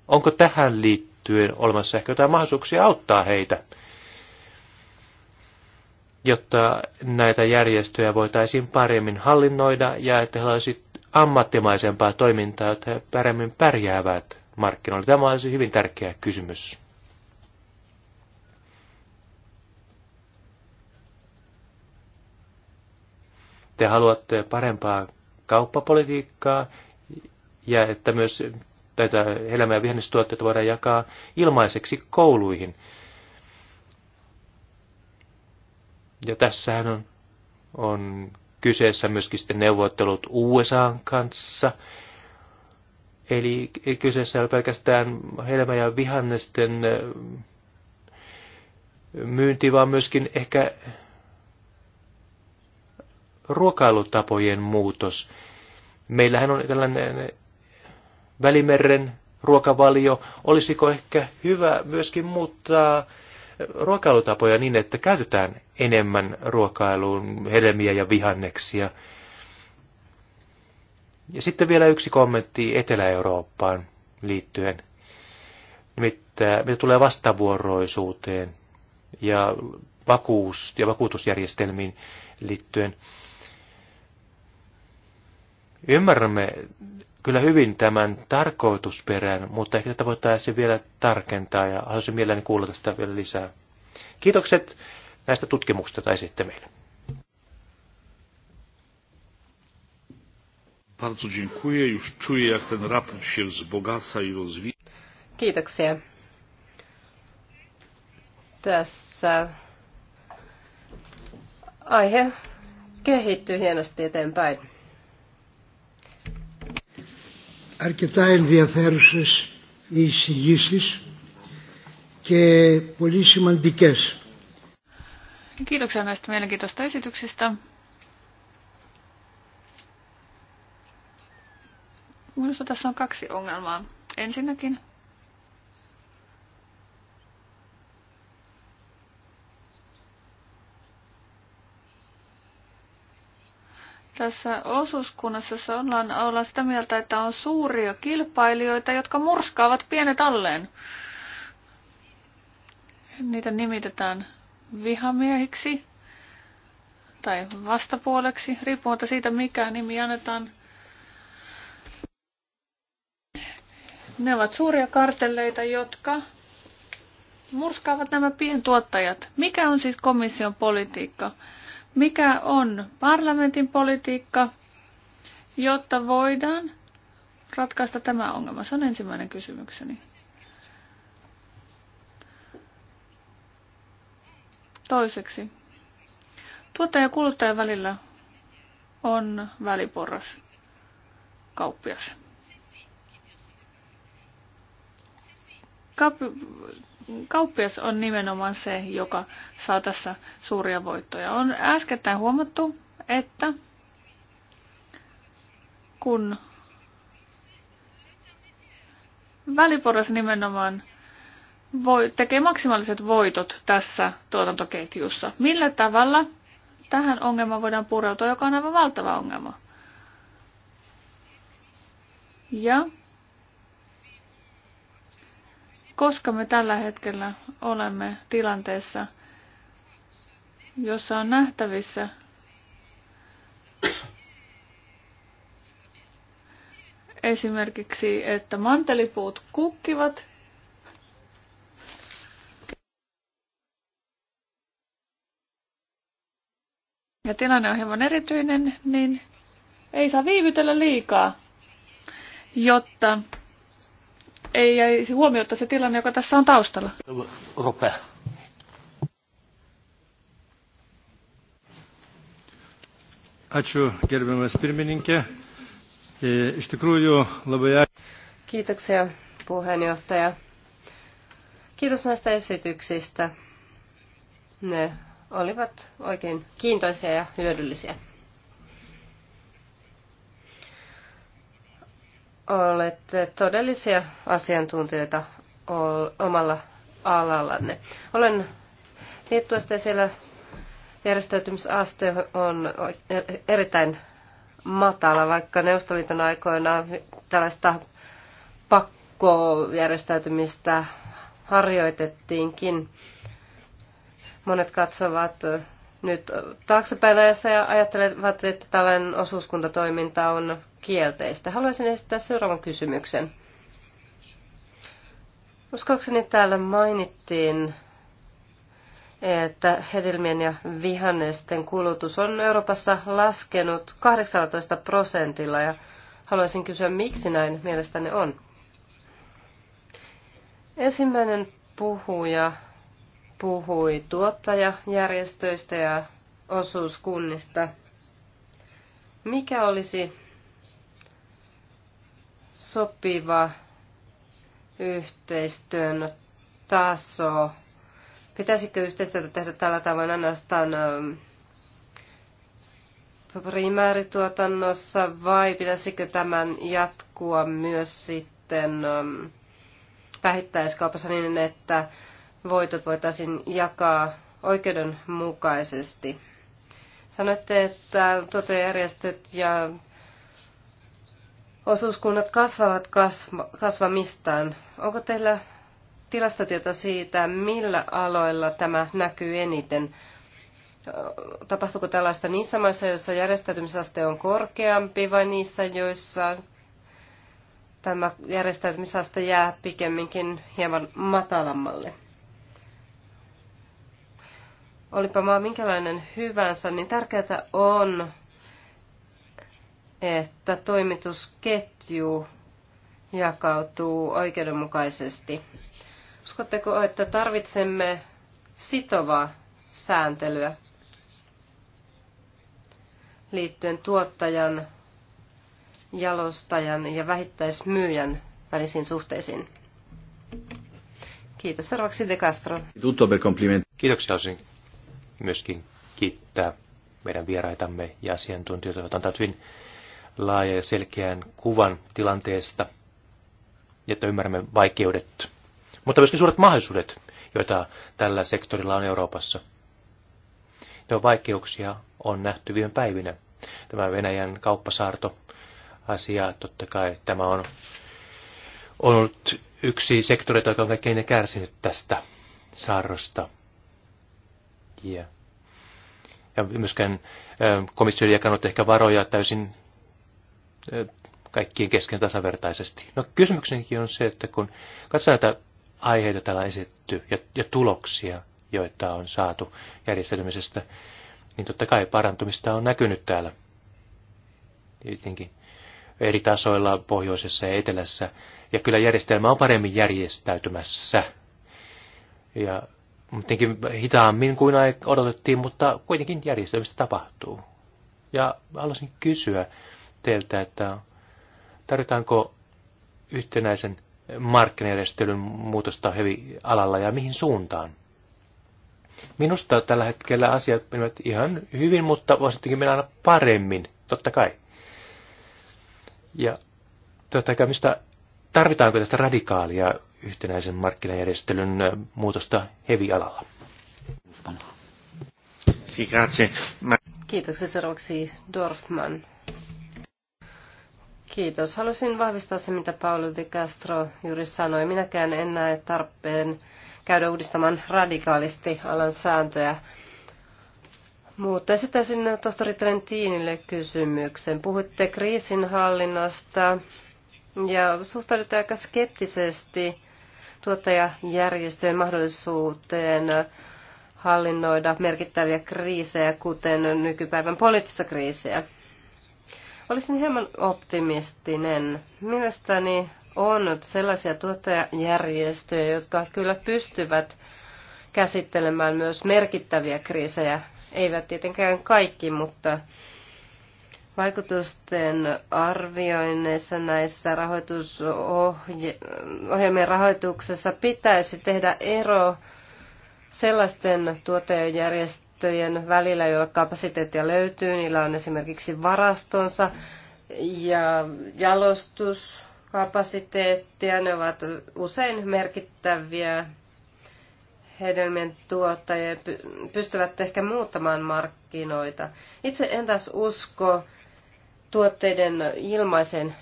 Onko tähän liittyen olemassa ehkä jotain mahdollisuuksia auttaa heitä, jotta näitä järjestöjä voitaisiin paremmin hallinnoida ja että he olisivat ammattimaisempaa toimintaa, jotta he paremmin pärjäävät markkinoilla? Tämä olisi hyvin tärkeä kysymys. te haluatte parempaa kauppapolitiikkaa ja että myös näitä elämä- ja vihannestuotteita voidaan jakaa ilmaiseksi kouluihin. Ja tässähän on, on kyseessä myöskin sitten neuvottelut USA kanssa. Eli kyseessä ei pelkästään helmä- ja vihannesten myynti, vaan myöskin ehkä ruokailutapojen muutos. Meillähän on tällainen välimeren ruokavalio. Olisiko ehkä hyvä myöskin muuttaa ruokailutapoja niin, että käytetään enemmän ruokailuun hedelmiä ja vihanneksia? Ja sitten vielä yksi kommentti Etelä-Eurooppaan liittyen. Nimittäin, mitä tulee vastavuoroisuuteen ja vakuus- ja vakuutusjärjestelmiin liittyen. Ymmärrämme kyllä hyvin tämän tarkoitusperän, mutta ehkä tätä voitaisiin vielä tarkentaa ja haluaisin mielelläni kuulla tästä vielä lisää. Kiitokset näistä tutkimuksista, tai sitten meille. Bardzo dziękuję. Już czuję, jak ten raport się wzbogaca i rozwija. Kiitoksia. Tässä aihe kehittyy hienosti eteenpäin αρκετά ενδιαφέρουσες εισηγήσεις και πολύ σημαντικές. Kiitoksia näistä esityksistä. Minusta tässä on kaksi ongelmaa. Ensinnäkin tässä osuuskunnassa ollaan, ollaan sitä mieltä, että on suuria kilpailijoita, jotka murskaavat pienet alleen. Niitä nimitetään vihamiehiksi tai vastapuoleksi, riippumatta siitä mikä nimi annetaan. Ne ovat suuria kartelleita, jotka murskaavat nämä pientuottajat. Mikä on siis komission politiikka? mikä on parlamentin politiikka, jotta voidaan ratkaista tämä ongelma? Se on ensimmäinen kysymykseni. Toiseksi. Tuottaja ja kuluttaja välillä on väliporras kauppias. kauppias on nimenomaan se, joka saa tässä suuria voittoja. On äskettäin huomattu, että kun väliporras nimenomaan voi, tekee maksimaaliset voitot tässä tuotantoketjussa. Millä tavalla tähän ongelmaan voidaan pureutua, joka on aivan valtava ongelma? Ja koska me tällä hetkellä olemme tilanteessa, jossa on nähtävissä esimerkiksi, että mantelipuut kukkivat ja tilanne on hieman erityinen, niin ei saa viivytellä liikaa, jotta ei jäisi huomiota se tilanne, joka tässä on taustalla. Rupea. Ačiū, gerbiamas pirmininkė. E, iš tikrųjų labai... Kiitoksia, puheenjohtaja. Kiitos näistä esityksistä. Ne olivat oikein kiintoisia ja hyödyllisiä. olette todellisia asiantuntijoita omalla alallanne. Olen liittyvästä siellä järjestäytymisaste on erittäin matala, vaikka Neuvostoliiton aikoina tällaista pakkojärjestäytymistä harjoitettiinkin. Monet katsovat nyt taaksepäin ajassa ja ajattelevat, että tällainen osuuskuntatoiminta on kielteistä. Haluaisin esittää seuraavan kysymyksen. Uskoakseni täällä mainittiin, että hedelmien ja vihannesten kulutus on Euroopassa laskenut 18 prosentilla ja haluaisin kysyä, miksi näin mielestäni on. Ensimmäinen puhuja puhui tuottajajärjestöistä ja osuuskunnista. Mikä olisi sopiva yhteistyön taso. Pitäisikö yhteistyötä tehdä tällä tavoin ainoastaan ähm, primäärituotannossa vai pitäisikö tämän jatkua myös sitten ähm, vähittäiskaupassa niin, että voitot voitaisiin jakaa oikeudenmukaisesti? Sanoitte, että tuottajajärjestöt ja osuuskunnat kasvavat kasvamistaan. Onko teillä tilastotieto siitä, millä aloilla tämä näkyy eniten? Tapahtuuko tällaista niissä maissa, joissa järjestäytymisaste on korkeampi vai niissä, joissa tämä järjestäytymisaste jää pikemminkin hieman matalammalle? Olipa maa minkälainen hyvänsä, niin tärkeää on että toimitusketju jakautuu oikeudenmukaisesti. Uskotteko, että tarvitsemme sitovaa sääntelyä liittyen tuottajan, jalostajan ja vähittäismyyjän välisiin suhteisiin? Kiitos. Seuraavaksi De Castro. Kiitoksia. Olisin myöskin kiittää meidän vieraitamme ja asiantuntijoita, jotka antavat hyvin laajan ja selkeän kuvan tilanteesta, jotta ymmärrämme vaikeudet, mutta myöskin suuret mahdollisuudet, joita tällä sektorilla on Euroopassa. Tämä vaikeuksia on nähty viime päivinä. Tämä Venäjän kauppasaarto asia, totta kai tämä on, on ollut yksi sektori, joka on kaikkein kärsinyt tästä saarrosta. Yeah. Ja myöskään komissio ei jakanut ehkä varoja täysin Eh, kaikkien kesken tasavertaisesti. No kysymyksenkin on se, että kun katsotaan näitä aiheita täällä esitetty ja, ja tuloksia, joita on saatu järjestelmisestä, niin totta kai parantumista on näkynyt täällä. Tietenkin eri tasoilla pohjoisessa ja etelässä. Ja kyllä järjestelmä on paremmin järjestäytymässä. Ja tietenkin hitaammin kuin odotettiin, mutta kuitenkin järjestelmistä tapahtuu. Ja haluaisin kysyä, teiltä, että tarvitaanko yhtenäisen markkinajärjestelyn muutosta hevi alalla ja mihin suuntaan? Minusta tällä hetkellä asiat menevät ihan hyvin, mutta voisittekin mennä aina paremmin, totta kai. Ja totta kai, mistä tarvitaanko tästä radikaalia yhtenäisen markkinajärjestelyn muutosta hevialalla? Kiitoksia seuraavaksi Dorfman. Kiitos. Haluaisin vahvistaa se, mitä Paolo de Castro juuri sanoi. Minäkään en näe tarpeen käydä uudistamaan radikaalisti alan sääntöjä. Mutta esittäisin tohtori Trentinille kysymyksen. Puhuitte kriisinhallinnasta ja suhtaudutte aika skeptisesti tuottajajärjestöjen mahdollisuuteen hallinnoida merkittäviä kriisejä, kuten nykypäivän poliittista kriisiä. Olisin hieman optimistinen. Mielestäni on nyt sellaisia tuottajajärjestöjä, jotka kyllä pystyvät käsittelemään myös merkittäviä kriisejä. Eivät tietenkään kaikki, mutta vaikutusten arvioinneissa näissä rahoitusohjelmien rahoituksessa pitäisi tehdä ero sellaisten tuottajajärjestöjen järjestöjen välillä, joilla kapasiteettia löytyy. Niillä on esimerkiksi varastonsa ja jalostuskapasiteettia. Ne ovat usein merkittäviä hedelmien tuottajia pystyvät ehkä muuttamaan markkinoita. Itse en taas usko tuotteiden ilmaisen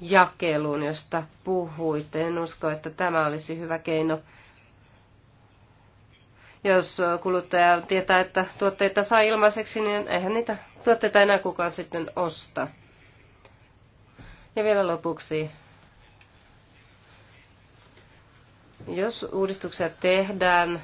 jakeluun, josta puhuitte. En usko, että tämä olisi hyvä keino jos kuluttaja tietää, että tuotteita saa ilmaiseksi, niin eihän niitä tuotteita enää kukaan sitten osta. Ja vielä lopuksi. Jos uudistuksia tehdään,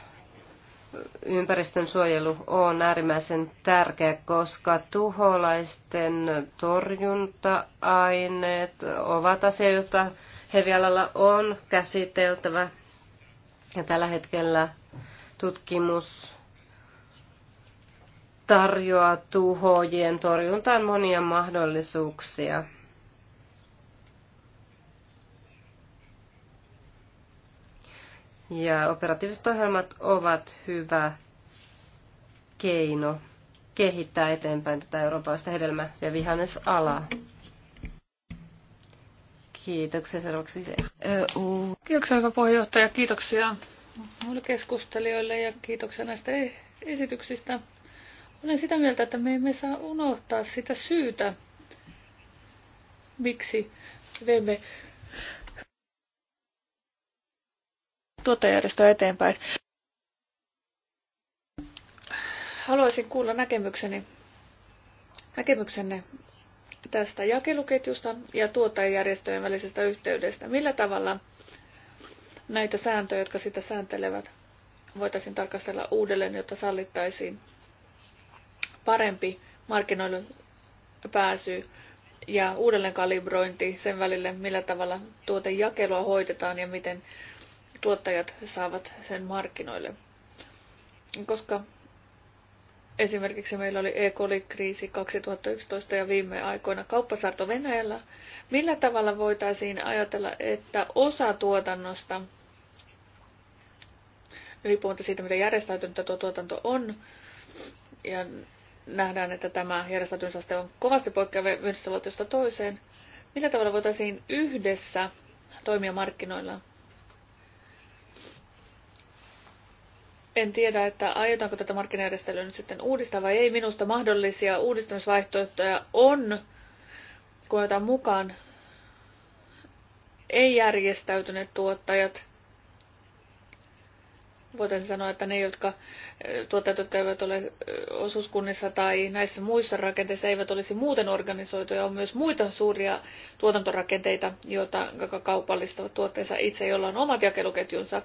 ympäristön suojelu on äärimmäisen tärkeä, koska tuholaisten torjunta-aineet ovat asia, jota hevialalla on käsiteltävä. Ja tällä hetkellä tutkimus tarjoaa tuhojen torjuntaan monia mahdollisuuksia. Ja operatiiviset ohjelmat ovat hyvä keino kehittää eteenpäin tätä eurooppalaista hedelmä- ja vihannesalaa. Kiitoksia seuraavaksi. Kiitoksia hyvä puheenjohtaja, kiitoksia muille keskustelijoille ja kiitoksia näistä e- esityksistä. Olen sitä mieltä, että me emme saa unohtaa sitä syytä, miksi teemme tuottajärjestöä eteenpäin. Haluaisin kuulla näkemykseni, näkemyksenne tästä jakeluketjusta ja tuottajajärjestöjen välisestä yhteydestä. Millä tavalla näitä sääntöjä, jotka sitä sääntelevät, voitaisiin tarkastella uudelleen, jotta sallittaisiin parempi markkinoille pääsy ja uudelleen kalibrointi sen välille, millä tavalla tuotejakelua hoitetaan ja miten tuottajat saavat sen markkinoille. Koska esimerkiksi meillä oli e kriisi 2011 ja viime aikoina kauppasaarto Venäjällä, millä tavalla voitaisiin ajatella, että osa tuotannosta – riippumatta siitä, mitä järjestäytynyt tuo tuotanto on. Ja nähdään, että tämä järjestäytymisaste on kovasti poikkeava yhdysvaltiosta toiseen. Millä tavalla voitaisiin yhdessä toimia markkinoilla? En tiedä, että aiotaanko tätä markkinajärjestelyä nyt sitten uudistaa vai ei. Minusta mahdollisia uudistamisvaihtoehtoja on, kun otetaan mukaan ei-järjestäytyneet tuottajat – voitaisiin sanoa, että ne jotka, äh, tuottajat, jotka eivät ole äh, osuuskunnissa tai näissä muissa rakenteissa eivät olisi muuten organisoituja, on myös muita suuria tuotantorakenteita, joita kaupallistavat tuotteensa itse, joilla on omat jakeluketjunsa.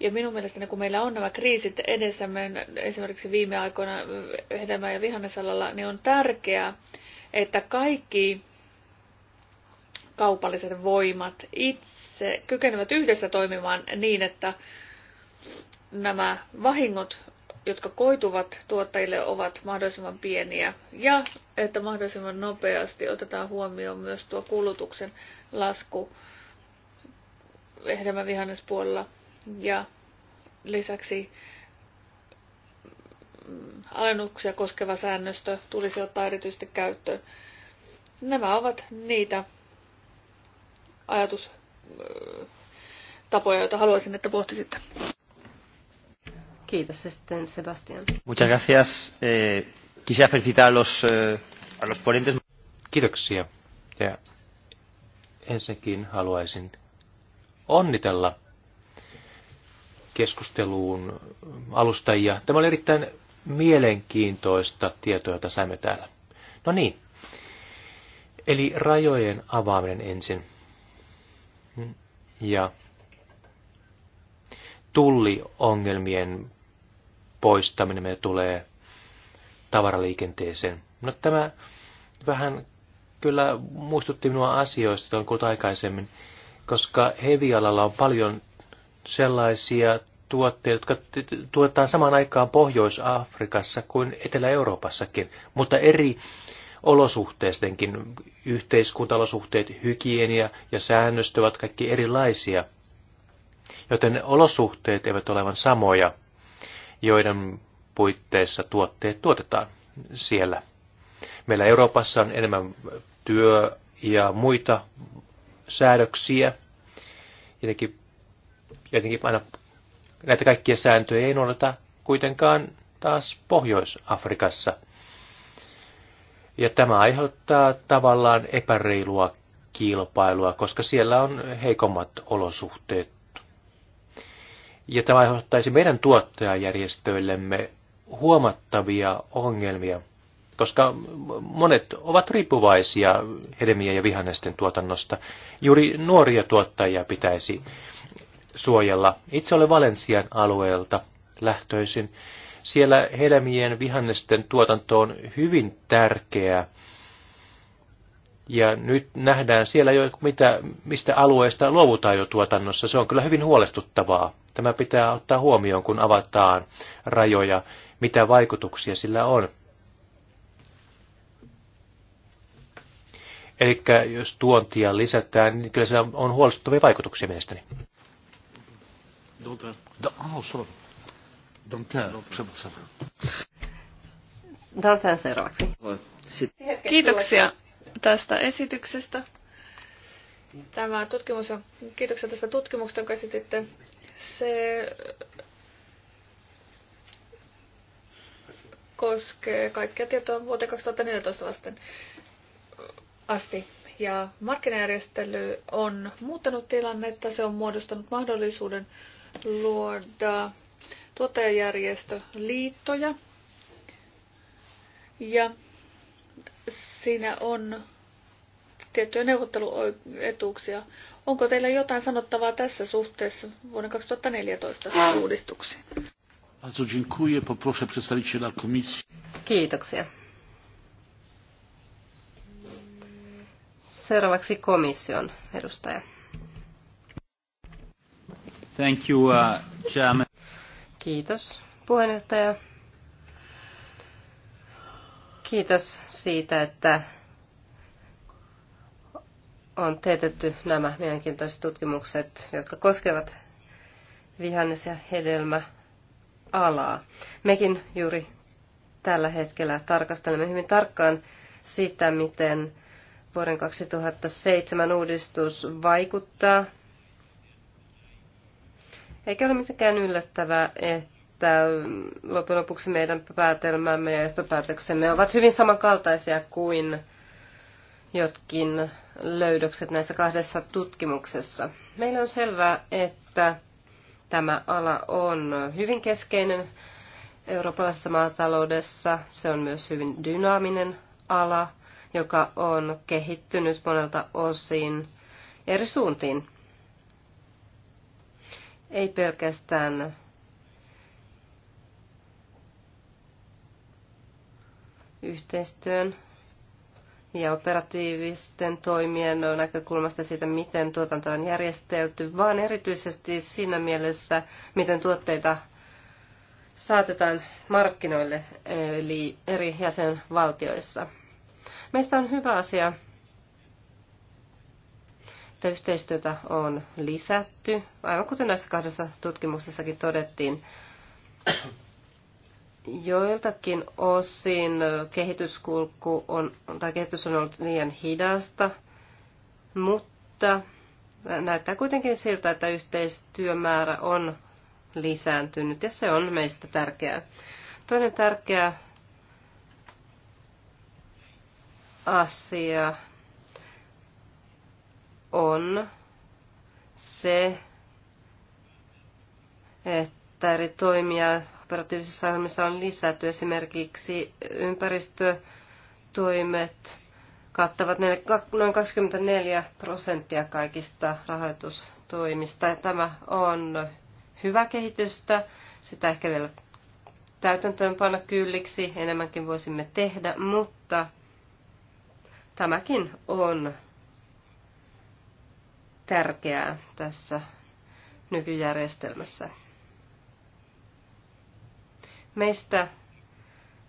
Ja minun mielestäni, kun meillä on nämä kriisit edessämme, esimerkiksi viime aikoina äh, hedelmä- ja vihannesalalla, niin on tärkeää, että kaikki kaupalliset voimat itse kykenevät yhdessä toimimaan niin, että nämä vahingot, jotka koituvat tuottajille, ovat mahdollisimman pieniä ja että mahdollisimman nopeasti otetaan huomioon myös tuo kulutuksen lasku hedelmän vihannespuolella ja lisäksi mm, alennuksia koskeva säännöstö tulisi ottaa erityisesti käyttöön. Nämä ovat niitä ajatustapoja, joita haluaisin, että pohtisitte. Kiitos sitten Sebastian. Muchas gracias. Eh, quisiera felicitar a los, eh, a los ponentes. Kiitoksia. Ja ensinnäkin haluaisin onnitella keskusteluun alustajia. Tämä oli erittäin mielenkiintoista tietoa, jota saimme täällä. No niin. Eli rajojen avaaminen ensin. Ja tulliongelmien poistaminen me tulee tavaraliikenteeseen. No tämä vähän kyllä muistutti minua asioista, joita on kuullut aikaisemmin, koska hevialalla on paljon sellaisia tuotteita, jotka tuotetaan samaan aikaan Pohjois-Afrikassa kuin Etelä-Euroopassakin, mutta eri olosuhteistenkin, yhteiskuntaolosuhteet, hygienia ja säännöstö ovat kaikki erilaisia, joten olosuhteet eivät ole samoja – joiden puitteissa tuotteet tuotetaan siellä. Meillä Euroopassa on enemmän työ- ja muita säädöksiä. Jotenkin, jotenkin aina näitä kaikkia sääntöjä ei noudata kuitenkaan taas Pohjois-Afrikassa. Ja tämä aiheuttaa tavallaan epäreilua kilpailua, koska siellä on heikommat olosuhteet ja tämä aiheuttaisi meidän tuottajajärjestöillemme huomattavia ongelmia, koska monet ovat riippuvaisia hedelmien ja vihannesten tuotannosta. Juuri nuoria tuottajia pitäisi suojella. Itse olen Valensian alueelta lähtöisin. Siellä hedelmien vihannesten tuotanto on hyvin tärkeää ja nyt nähdään siellä jo, mitä, mistä alueesta luovutaan jo tuotannossa. Se on kyllä hyvin huolestuttavaa. Tämä pitää ottaa huomioon, kun avataan rajoja, mitä vaikutuksia sillä on. Eli jos tuontia lisätään, niin kyllä se on huolestuttavia vaikutuksia mielestäni. Daltan seuraavaksi. Ah, Kiitoksia tästä esityksestä. Tämä tutkimus on, kiitoksia tästä tutkimuksesta, jonka esititte. Se koskee kaikkia tietoa vuoteen 2014 vasten asti. Ja markkinajärjestely on muuttanut tilannetta, se on muodostanut mahdollisuuden luoda tuottajajärjestöliittoja. Ja siinä on tiettyjä neuvotteluetuuksia. Onko teillä jotain sanottavaa tässä suhteessa vuoden 2014 uudistuksiin? Bardzo dziękuję. Poproszę przedstawiciela komisji. Kiitoksia. Seuraavaksi komission edustaja. Thank you, uh, chairman. Kiitos puheenjohtaja. Kiitos siitä, että on teetetty nämä mielenkiintoiset tutkimukset, jotka koskevat vihannes- ja hedelmäalaa. Mekin juuri tällä hetkellä tarkastelemme hyvin tarkkaan sitä, miten vuoden 2007 uudistus vaikuttaa. Eikä ole mitenkään yllättävää, että loppujen lopuksi meidän päätelmämme ja johtopäätöksemme ovat hyvin samankaltaisia kuin jotkin löydökset näissä kahdessa tutkimuksessa. Meillä on selvää, että tämä ala on hyvin keskeinen eurooppalaisessa maataloudessa. Se on myös hyvin dynaaminen ala, joka on kehittynyt monelta osin eri suuntiin. Ei pelkästään yhteistyön ja operatiivisten toimien näkökulmasta siitä, miten tuotanto on järjestelty, vaan erityisesti siinä mielessä, miten tuotteita saatetaan markkinoille eli eri jäsenvaltioissa. Meistä on hyvä asia, että yhteistyötä on lisätty, aivan kuten näissä kahdessa tutkimuksessakin todettiin joiltakin osin kehityskulku on, tai kehitys on ollut liian hidasta, mutta näyttää kuitenkin siltä, että yhteistyömäärä on lisääntynyt ja se on meistä tärkeää. Toinen tärkeä asia on se, että eri toimijat operatiivisissa ohjelmissa on lisätty. Esimerkiksi ympäristötoimet kattavat noin 24 prosenttia kaikista rahoitustoimista. Tämä on hyvä kehitystä. Sitä ehkä vielä täytäntöönpana kylliksi, enemmänkin voisimme tehdä, mutta tämäkin on tärkeää tässä nykyjärjestelmässä. Meistä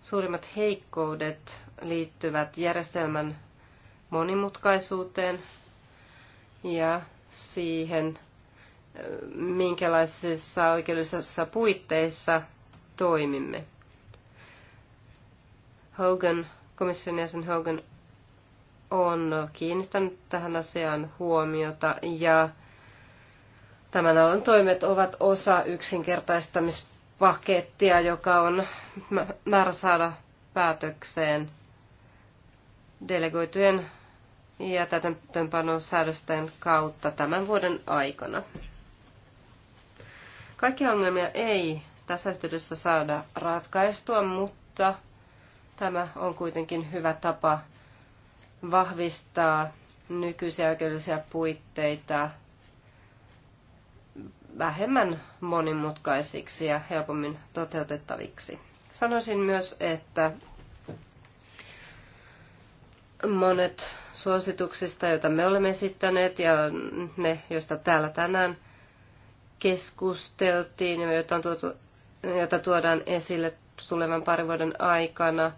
suurimmat heikkoudet liittyvät järjestelmän monimutkaisuuteen ja siihen, minkälaisissa oikeudellisissa puitteissa toimimme. Hogan, komission jäsen Hogan on kiinnittänyt tähän asiaan huomiota ja tämän alan toimet ovat osa yksinkertaistamista pakettia, joka on määrä saada päätökseen delegoitujen ja täytäntöönpanon säädösten kautta tämän vuoden aikana. Kaikkia ongelmia ei tässä yhteydessä saada ratkaistua, mutta tämä on kuitenkin hyvä tapa vahvistaa nykyisiä oikeudellisia puitteita vähemmän monimutkaisiksi ja helpommin toteutettaviksi. Sanoisin myös, että monet suosituksista, joita me olemme esittäneet ja ne, joista täällä tänään keskusteltiin ja joita, on tuotu, joita tuodaan esille tulevan parin vuoden aikana,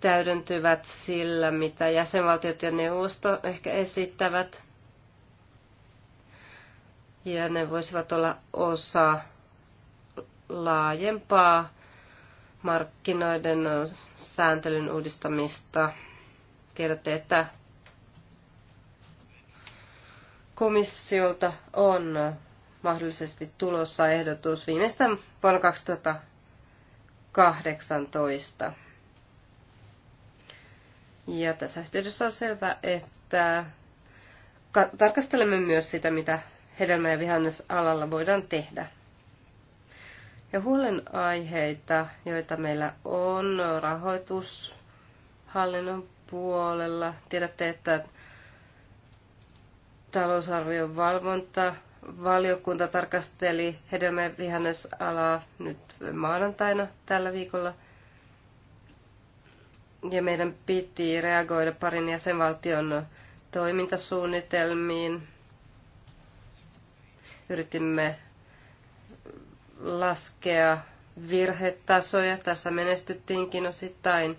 täydentyvät sillä, mitä jäsenvaltiot ja neuvosto ehkä esittävät – ja ne voisivat olla osa laajempaa markkinoiden sääntelyn uudistamista. Tiedätte, että komissiolta on mahdollisesti tulossa ehdotus viimeistään vuonna 2018. Ja tässä yhteydessä on selvä, että tarkastelemme myös sitä, mitä hedelmä- ja vihannesalalla voidaan tehdä. Ja huolenaiheita, joita meillä on rahoitushallinnon puolella. Tiedätte, että talousarvion valvonta valiokunta tarkasteli hedelmä- ja vihannesalaa nyt maanantaina tällä viikolla. Ja meidän piti reagoida parin jäsenvaltion toimintasuunnitelmiin Yritimme laskea virhetasoja. Tässä menestyttiinkin osittain.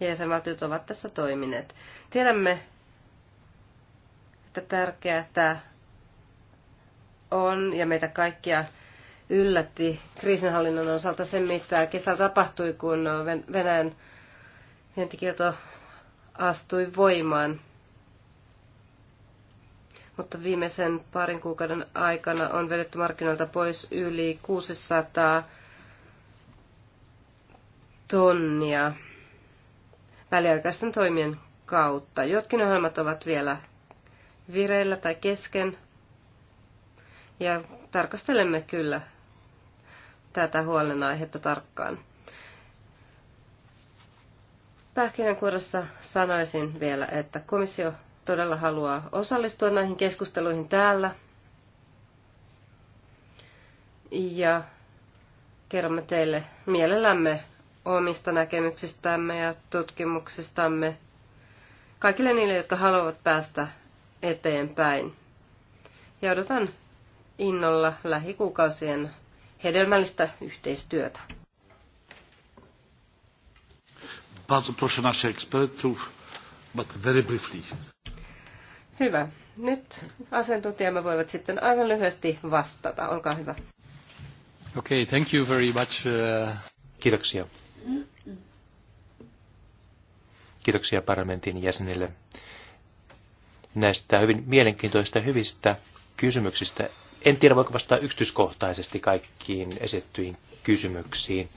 Ja jäsenvaltiot ovat tässä toimineet. Tiedämme, että tärkeää tämä on ja meitä kaikkia yllätti kriisinhallinnon osalta se, mitä kesällä tapahtui, kun Venäjän vientikielto astui voimaan mutta viimeisen parin kuukauden aikana on vedetty markkinoilta pois yli 600 tonnia väliaikaisten toimien kautta. Jotkin ohjelmat ovat vielä vireillä tai kesken. Ja tarkastelemme kyllä tätä huolenaihetta tarkkaan. Pähkinänkuoressa sanoisin vielä, että komissio todella haluaa osallistua näihin keskusteluihin täällä. Ja kerromme teille mielellämme omista näkemyksistämme ja tutkimuksistamme kaikille niille, jotka haluavat päästä eteenpäin. Ja odotan innolla lähikuukausien hedelmällistä yhteistyötä. Bardzo proszę naszych ekspertów, but very briefly. Hyvä. Nyt asiantuntijamme voivat sitten aivan lyhyesti vastata. Olkaa hyvä. Okay, thank you very much. Uh, Kiitoksia. Kiitoksia parlamentin jäsenille näistä hyvin mielenkiintoista hyvistä kysymyksistä. En tiedä, voiko vastata yksityiskohtaisesti kaikkiin esittyihin kysymyksiin,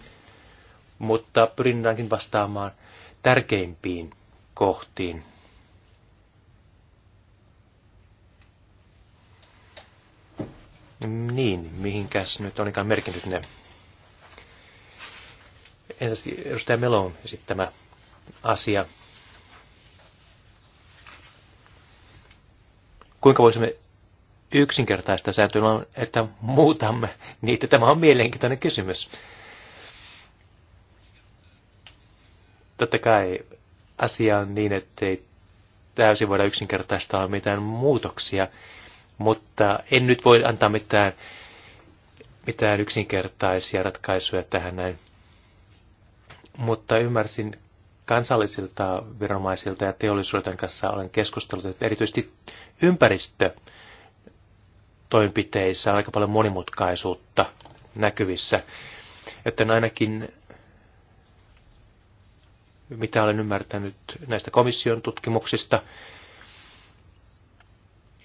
mutta pyrin ainakin vastaamaan tärkeimpiin kohtiin Niin, mihinkäs nyt ikään merkinnyt ne? Entäs edustaja Melon esittämä asia? Kuinka voisimme yksinkertaista sääntöä, että muutamme niitä? Tämä on mielenkiintoinen kysymys. Totta kai asia on niin, ettei täysin voida yksinkertaistaa mitään muutoksia, mutta en nyt voi antaa mitään, mitään yksinkertaisia ratkaisuja tähän näin. Mutta ymmärsin kansallisilta viranomaisilta ja teollisuuden kanssa olen keskustellut, että erityisesti ympäristö toimenpiteissä on aika paljon monimutkaisuutta näkyvissä. Joten ainakin, mitä olen ymmärtänyt näistä komission tutkimuksista,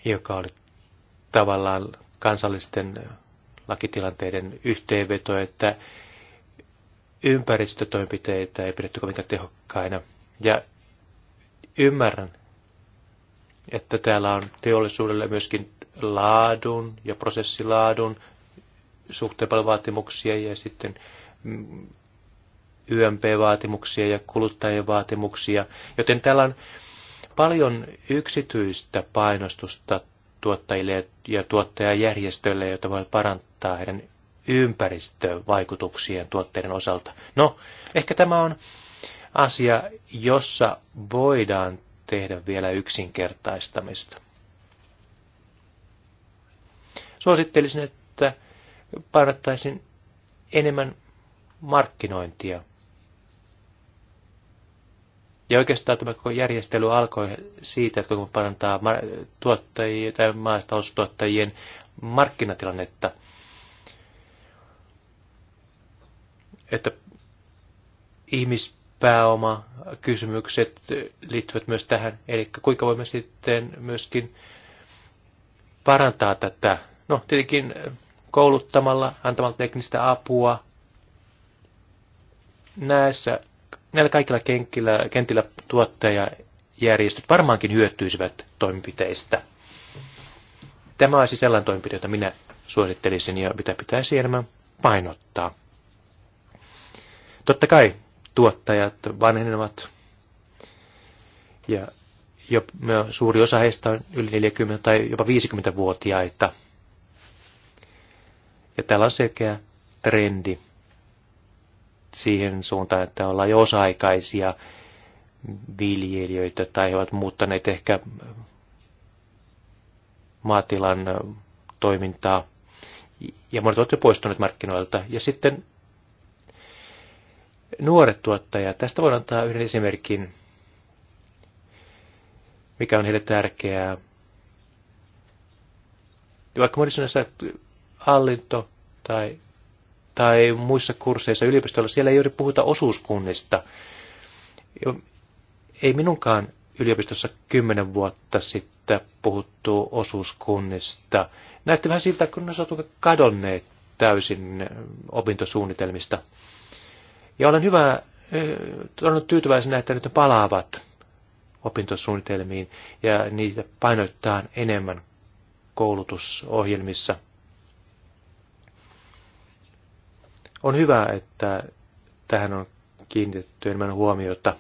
joka oli tavallaan kansallisten lakitilanteiden yhteenveto, että ympäristötoimenpiteitä ei pidetty kovin tehokkaina. Ja ymmärrän, että täällä on teollisuudelle myöskin laadun ja prosessilaadun suhteen paljon vaatimuksia ja sitten mm, YMP-vaatimuksia ja kuluttajien vaatimuksia. Joten täällä on paljon yksityistä painostusta tuottajille ja tuottajajärjestöille, jotta voi parantaa heidän ympäristövaikutuksien tuotteiden osalta. No, ehkä tämä on asia, jossa voidaan tehdä vielä yksinkertaistamista. Suosittelisin, että painottaisin enemmän markkinointia ja oikeastaan tämä koko järjestely alkoi siitä, että kun parantaa tuottajien tai maataloustuottajien markkinatilannetta, että ihmispääoma kysymykset liittyvät myös tähän, eli kuinka voimme sitten myöskin parantaa tätä, no tietenkin kouluttamalla, antamalla teknistä apua, näissä näillä kaikilla kenkillä, kentillä tuottajajärjestöt varmaankin hyötyisivät toimenpiteistä. Tämä olisi sellainen toimenpide, jota minä suosittelisin ja mitä pitäisi enemmän painottaa. Totta kai tuottajat vanhenevat ja jo, suuri osa heistä on yli 40 tai jopa 50-vuotiaita. Ja täällä on selkeä trendi siihen suuntaan, että ollaan jo osa-aikaisia viljelijöitä tai he ovat muuttaneet ehkä maatilan toimintaa ja monet ovat jo poistuneet markkinoilta. Ja sitten nuoret tuottajat, tästä voin antaa yhden esimerkin, mikä on heille tärkeää. Vaikka monissa hallinto tai tai muissa kursseissa yliopistolla, siellä ei juuri puhuta osuuskunnista. Ei minunkaan yliopistossa kymmenen vuotta sitten puhuttu osuuskunnista. Näytti vähän siltä, kun ne ovat tuota kadonneet täysin opintosuunnitelmista. Ja olen hyvä, olen tyytyväisenä, että nyt palaavat opintosuunnitelmiin ja niitä painoittaa enemmän koulutusohjelmissa – On hyvä, että tähän on kiinnitetty enemmän huomiota.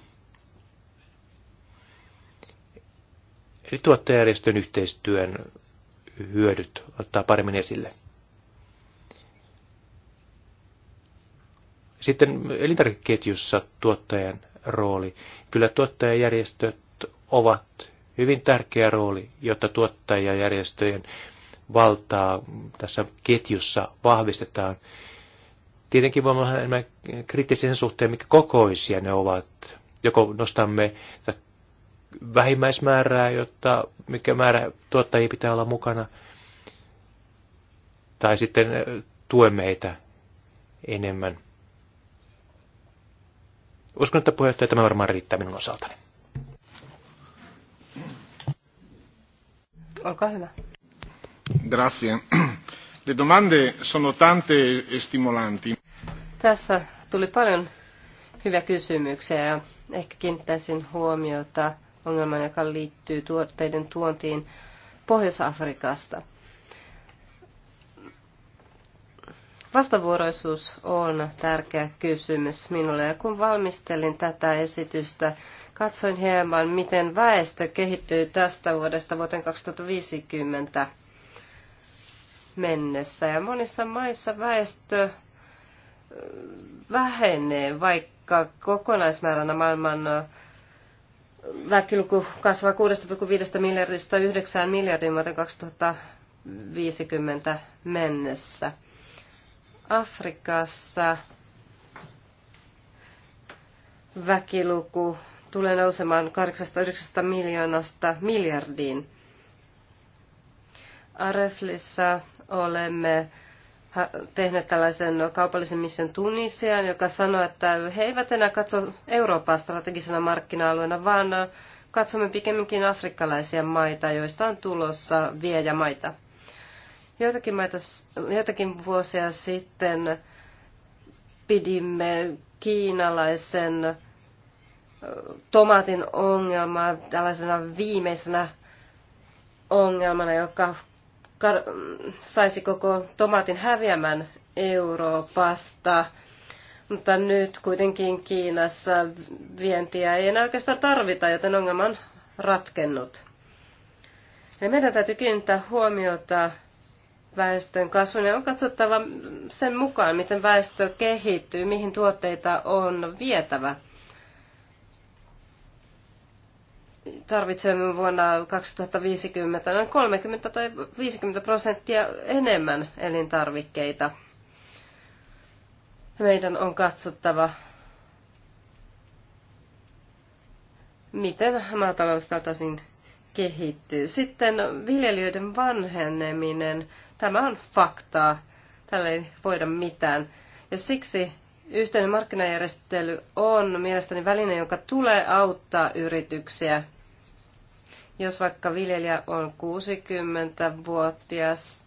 Eli tuottajärjestön yhteistyön hyödyt ottaa paremmin esille. Sitten elintarvikeketjussa tuottajan rooli. Kyllä tuottajajärjestöt ovat hyvin tärkeä rooli, jotta tuottajajärjestöjen valtaa tässä ketjussa vahvistetaan. Tietenkin voimme olla enemmän kriittisen suhteen, mikä kokoisia ne ovat. Joko nostamme vähimmäismäärää, jotta mikä määrä tuottajia pitää olla mukana, tai sitten eh, tuemme heitä enemmän. Uskon, että puheenjohtaja tämä varmaan riittää minun osaltani. Olkaa hyvä. Grazie. Le domande sono tante e stimolanti. Tässä tuli paljon hyviä kysymyksiä ja ehkä kiinnittäisin huomiota ongelmaan, joka liittyy tuotteiden tuontiin Pohjois-Afrikasta. Vastavuoroisuus on tärkeä kysymys minulle ja kun valmistelin tätä esitystä, katsoin hieman, miten väestö kehittyy tästä vuodesta vuoteen 2050 mennessä. Ja monissa maissa väestö vähenee, vaikka kokonaismääränä maailman väkiluku kasvaa 6,5 miljardista 9 miljardiin vuoteen 2050 mennessä. Afrikassa väkiluku tulee nousemaan 800-900 miljoonasta miljardiin. Areflissa olemme tehneet tällaisen kaupallisen mission Tunisiaan, joka sanoi, että he eivät enää katso Eurooppaa strategisena markkina-alueena, vaan katsomme pikemminkin afrikkalaisia maita, joista on tulossa viejämaita. Joitakin, maita, joitakin vuosia sitten pidimme kiinalaisen tomaatin ongelmaa tällaisena viimeisenä ongelmana, joka saisi koko tomaatin häviämään Euroopasta. Mutta nyt kuitenkin Kiinassa vientiä ei enää oikeastaan tarvita, joten ongelma on ratkennut. Eli meidän täytyy kiinnittää huomiota väestön kasvun ja on katsottava sen mukaan, miten väestö kehittyy, mihin tuotteita on vietävä tarvitsemme vuonna 2050 noin 30 tai 50 prosenttia enemmän elintarvikkeita. Meidän on katsottava, miten maatalous tältä osin kehittyy. Sitten viljelijöiden vanheneminen. Tämä on faktaa. Tällä ei voida mitään. Ja siksi yhteinen markkinajärjestely on mielestäni väline, joka tulee auttaa yrityksiä jos vaikka viljelijä on 60-vuotias,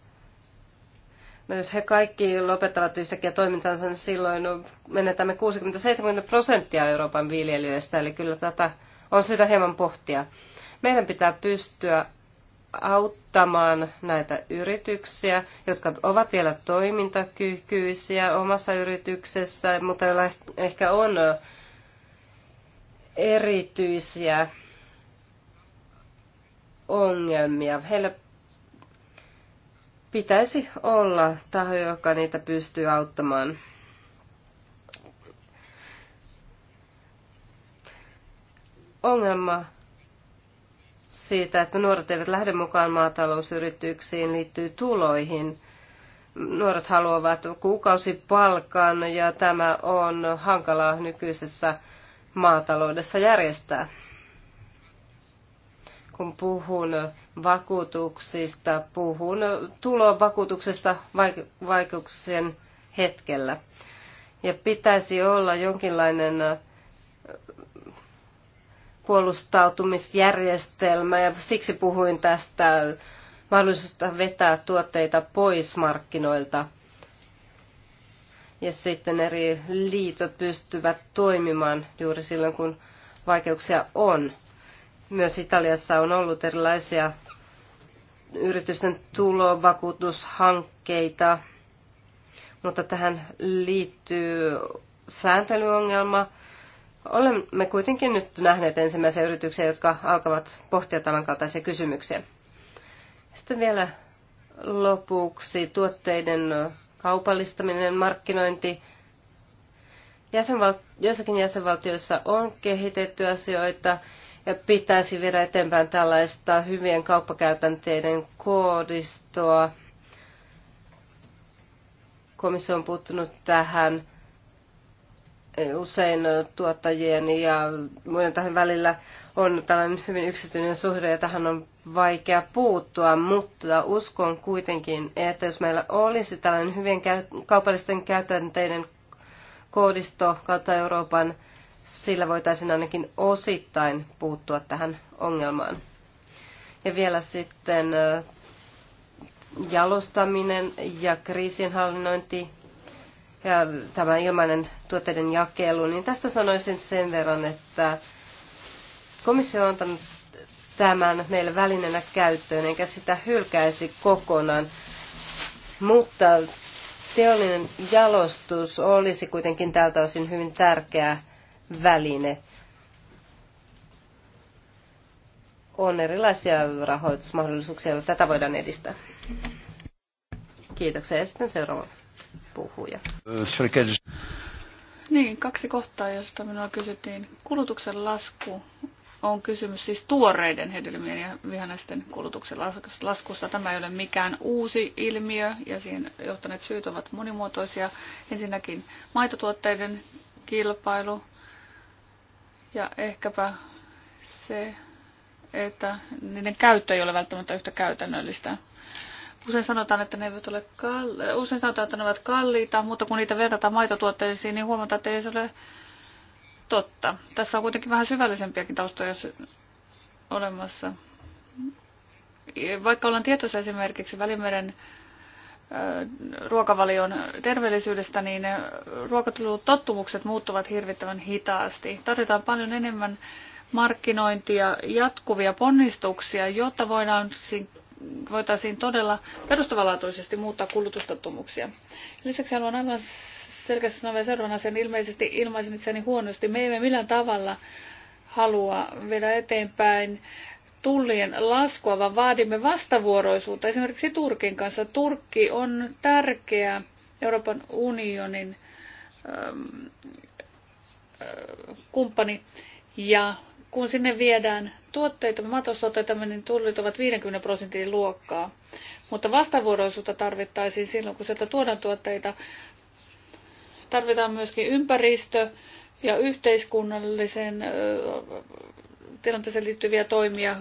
no jos he kaikki lopettavat yhtäkkiä toimintansa, niin silloin menetämme 60-70 prosenttia Euroopan viljelijöistä, eli kyllä tätä on syytä hieman pohtia. Meidän pitää pystyä auttamaan näitä yrityksiä, jotka ovat vielä toimintakykyisiä omassa yrityksessä, mutta joilla ehkä on erityisiä ongelmia. Heillä pitäisi olla taho, joka niitä pystyy auttamaan. Ongelma siitä, että nuoret eivät lähde mukaan maatalousyrityksiin, liittyy tuloihin. Nuoret haluavat kuukausipalkan ja tämä on hankalaa nykyisessä maataloudessa järjestää kun puhun vakuutuksista, puhun tulovakuutuksesta vaikeuksien hetkellä. Ja pitäisi olla jonkinlainen puolustautumisjärjestelmä ja siksi puhuin tästä mahdollisuudesta vetää tuotteita pois markkinoilta. Ja sitten eri liitot pystyvät toimimaan juuri silloin, kun vaikeuksia on. Myös Italiassa on ollut erilaisia yritysten tulovakuutushankkeita, mutta tähän liittyy sääntelyongelma. Olemme kuitenkin nyt nähneet ensimmäisiä yrityksiä, jotka alkavat pohtia tämän kaltaisia kysymyksiä. Sitten vielä lopuksi tuotteiden kaupallistaminen, markkinointi. Jäsenval- joissakin jäsenvaltioissa on kehitetty asioita, ja pitäisi viedä eteenpäin tällaista hyvien kauppakäytänteiden koodistoa. Komissio on puuttunut tähän usein tuottajien ja muiden tähän välillä on tällainen hyvin yksityinen suhde ja tähän on vaikea puuttua, mutta uskon kuitenkin, että jos meillä olisi tällainen hyvien kaupallisten käytänteiden koodisto kautta Euroopan, sillä voitaisiin ainakin osittain puuttua tähän ongelmaan. Ja vielä sitten jalostaminen ja kriisinhallinnointi ja tämä ilmainen tuotteiden jakelu, niin tästä sanoisin sen verran, että komissio on antanut tämän meille välineenä käyttöön, enkä sitä hylkäisi kokonaan. Mutta teollinen jalostus olisi kuitenkin tältä osin hyvin tärkeää väline. On erilaisia rahoitusmahdollisuuksia, joilla tätä voidaan edistää. Kiitoksia. Ja sitten seuraava puhuja. Niin, kaksi kohtaa, josta minua kysyttiin. Kulutuksen lasku on kysymys siis tuoreiden hedelmien ja vihannesten kulutuksen laskusta. Tämä ei ole mikään uusi ilmiö ja siihen johtaneet syyt ovat monimuotoisia. Ensinnäkin maitotuotteiden kilpailu, ja ehkäpä se, että niiden käyttö ei ole välttämättä yhtä käytännöllistä. Usein sanotaan, että ne eivät ole kalli- Usein sanotaan, että ne ovat kalliita, mutta kun niitä verrataan maitotuotteisiin, niin huomataan, että ei se ole totta. Tässä on kuitenkin vähän syvällisempiäkin taustoja olemassa. Vaikka ollaan tietoisia esimerkiksi Välimeren ruokavalion terveellisyydestä, niin ruokatottumukset muuttuvat hirvittävän hitaasti. Tarvitaan paljon enemmän markkinointia, jatkuvia ponnistuksia, jotta voidaan voitaisiin todella perustavanlaatuisesti muuttaa kulutustottumuksia. Lisäksi haluan aivan selkeästi sanoa seuraavan asian. Ilmeisesti ilmaisin itseäni huonosti. Me emme millään tavalla halua viedä eteenpäin tullien laskua, vaan vaadimme vastavuoroisuutta esimerkiksi Turkin kanssa. Turkki on tärkeä Euroopan unionin ähm, äh, kumppani ja kun sinne viedään tuotteita, maataloustuotteita, niin tullit ovat 50 prosentin luokkaa. Mutta vastavuoroisuutta tarvittaisiin silloin, kun sieltä tuodaan tuotteita. Tarvitaan myöskin ympäristö- ja yhteiskunnallisen äh, tilanteeseen liittyviä toimia,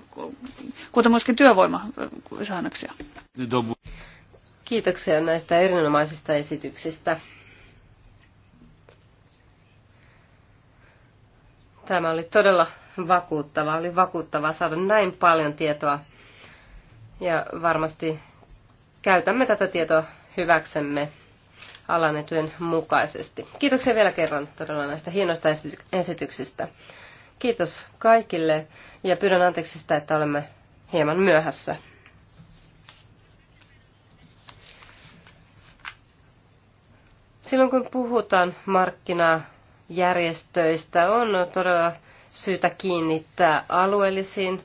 kuten myöskin työvoimasäännöksiä. Äh, Kiitoksia näistä erinomaisista esityksistä. Tämä oli todella vakuuttava, Oli vakuuttavaa saada näin paljon tietoa ja varmasti käytämme tätä tietoa hyväksemme alan mukaisesti. Kiitoksia vielä kerran todella näistä hienoista esityksistä. Kiitos kaikille ja pyydän anteeksi sitä, että olemme hieman myöhässä. Silloin kun puhutaan markkinajärjestöistä, on todella syytä kiinnittää alueellisiin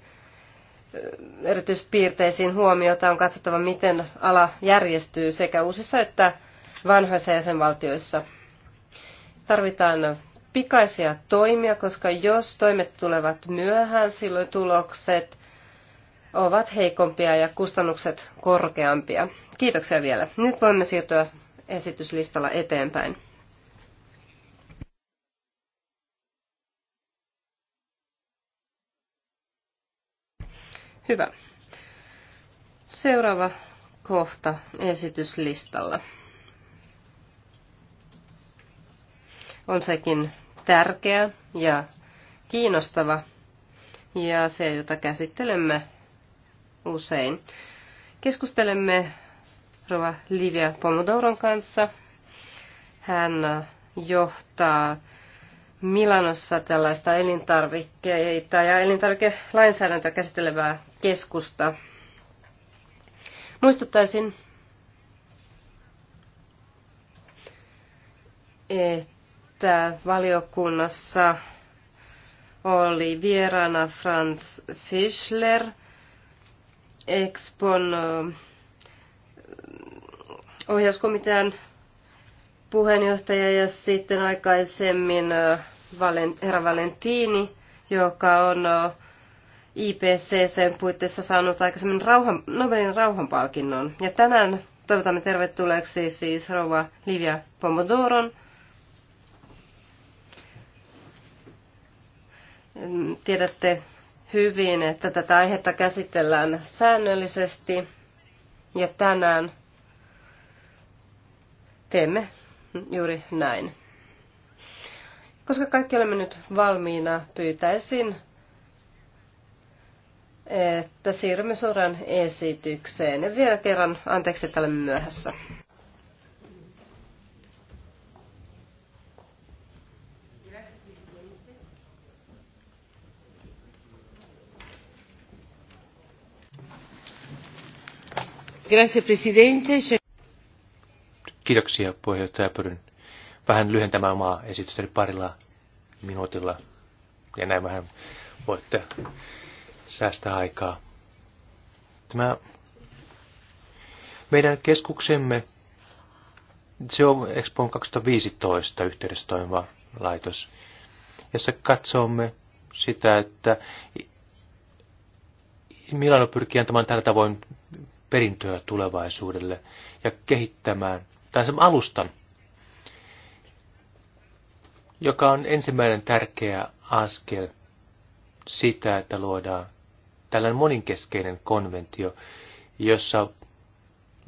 erityispiirteisiin huomiota. On katsottava, miten ala järjestyy sekä uusissa että vanhoissa jäsenvaltioissa. Tarvitaan pikaisia toimia, koska jos toimet tulevat myöhään, silloin tulokset ovat heikompia ja kustannukset korkeampia. Kiitoksia vielä. Nyt voimme siirtyä esityslistalla eteenpäin. Hyvä. Seuraava kohta esityslistalla on sekin tärkeä ja kiinnostava ja se, jota käsittelemme usein. Keskustelemme Rova Livia Pomodoron kanssa. Hän johtaa Milanossa tällaista elintarvikkeita ja elintarvikelainsäädäntöä käsittelevää keskusta. Muistuttaisin, että että valiokunnassa oli vieraana Franz Fischler, Expon ohjauskomitean puheenjohtaja ja sitten aikaisemmin herra Valentini, joka on IPCCn puitteissa saanut aikaisemmin rauhan, Nobelin rauhanpalkinnon. Ja tänään toivotamme tervetulleeksi siis rouva Livia Pomodoron – Tiedätte hyvin, että tätä aihetta käsitellään säännöllisesti ja tänään teemme juuri näin. Koska kaikki olemme nyt valmiina, pyytäisin, että siirrymme suoraan esitykseen. Ja vielä kerran anteeksi, että olemme myöhässä. Grazie, presidente. Kiitoksia puheenjohtaja. Pyrin vähän lyhentämään omaa esitystä parilla minuutilla. Ja näin vähän voitte säästää aikaa. Tämä meidän keskuksemme, se on Expo 2015 yhteydessä toimiva laitos, jossa katsomme sitä, että Milano pyrkii antamaan tällä tavoin perintöä tulevaisuudelle ja kehittämään tai sen alustan, joka on ensimmäinen tärkeä askel sitä, että luodaan tällainen moninkeskeinen konventio, jossa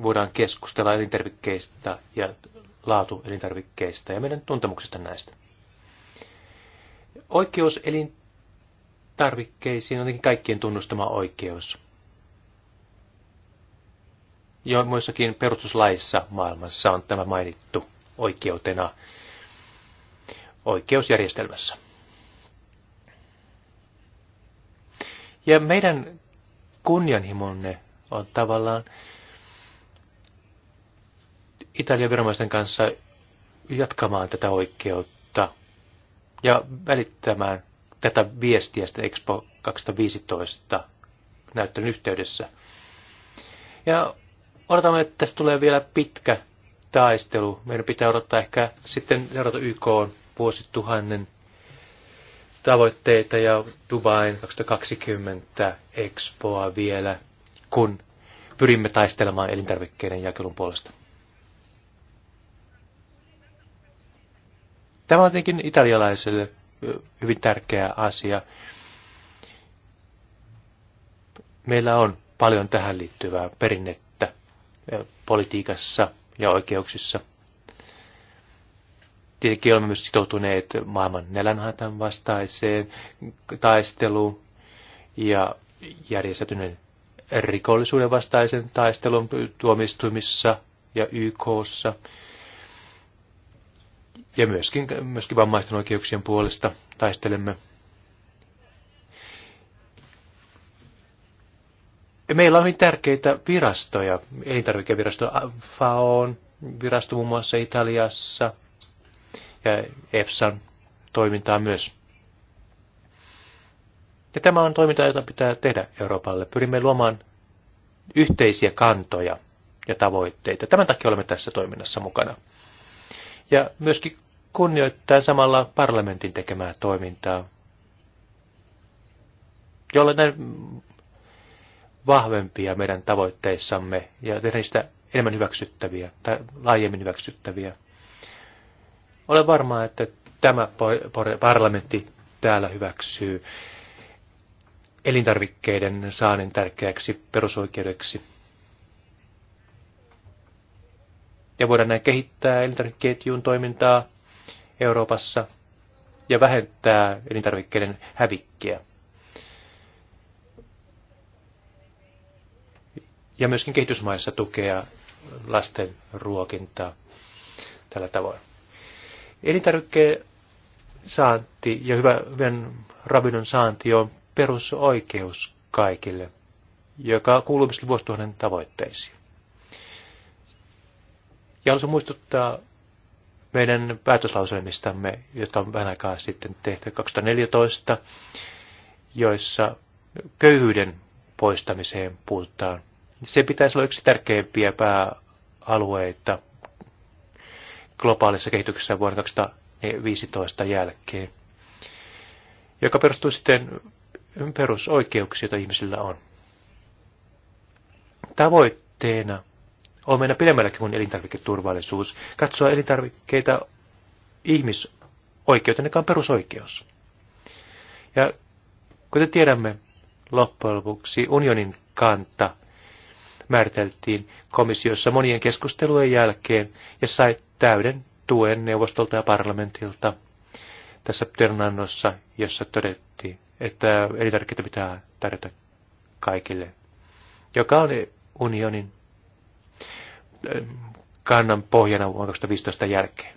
voidaan keskustella elintarvikkeista ja laatu elintarvikkeista ja meidän tuntemuksista näistä. Oikeus elintarvikkeisiin on kaikkien tunnustama oikeus jo muissakin perustuslaissa maailmassa on tämä mainittu oikeutena oikeusjärjestelmässä. Ja meidän kunnianhimonne on tavallaan Italian viranomaisten kanssa jatkamaan tätä oikeutta ja välittämään tätä viestiä sitä Expo 2015 näyttelyn yhteydessä. Ja odotamme, että tästä tulee vielä pitkä taistelu. Meidän pitää odottaa ehkä sitten seurata YK on vuosituhannen tavoitteita ja Dubain 2020 Expoa vielä, kun pyrimme taistelemaan elintarvikkeiden jakelun puolesta. Tämä on tietenkin italialaiselle hyvin tärkeä asia. Meillä on paljon tähän liittyvää perinnettä politiikassa ja oikeuksissa. Tietenkin olemme myös sitoutuneet maailman nälänhätän vastaiseen taisteluun ja järjestäytyneen rikollisuuden vastaisen taistelun tuomistumissa ja YKssa. Ja myöskin, myöskin vammaisten oikeuksien puolesta taistelemme. Meillä on hyvin tärkeitä virastoja, elintarvikevirasto äh, FAOn virasto muun muassa Italiassa ja EFSAn toimintaa myös. Ja tämä on toiminta, jota pitää tehdä Euroopalle. Pyrimme luomaan yhteisiä kantoja ja tavoitteita. Tämän takia olemme tässä toiminnassa mukana. Ja myöskin kunnioittaa samalla parlamentin tekemää toimintaa, jolle näin vahvempia meidän tavoitteissamme ja tehdä niistä enemmän hyväksyttäviä tai laajemmin hyväksyttäviä. Olen varma, että tämä parlamentti täällä hyväksyy elintarvikkeiden saannin tärkeäksi perusoikeudeksi. Ja voidaan näin kehittää elintarvikeketjun toimintaa Euroopassa ja vähentää elintarvikkeiden hävikkiä. ja myöskin kehitysmaissa tukea lasten ruokintaa tällä tavoin. Elintarvikkeen saanti ja hyvä, hyvän ravinnon saanti on perusoikeus kaikille, joka kuuluu myöskin vuosituhannen tavoitteisiin. Ja haluaisin muistuttaa meidän päätöslauselmistamme, jotka on vähän aikaa sitten tehty 2014, joissa köyhyyden poistamiseen puhutaan se pitäisi olla yksi tärkeimpiä pääalueita globaalissa kehityksessä vuonna 2015 jälkeen, joka perustuu sitten perusoikeuksiin, joita ihmisillä on. Tavoitteena on mennä pidemmälläkin kuin elintarviketurvallisuus, katsoa elintarvikkeita ihmisoikeuteen, joka on perusoikeus. Ja kuten tiedämme, loppujen lopuksi unionin kanta määriteltiin komissiossa monien keskustelujen jälkeen ja sai täyden tuen neuvostolta ja parlamentilta tässä tiedonannossa, jossa todettiin, että elintarvikkeita pitää tarjota kaikille, joka on unionin äh, kannan pohjana vuonna 2015 jälkeen.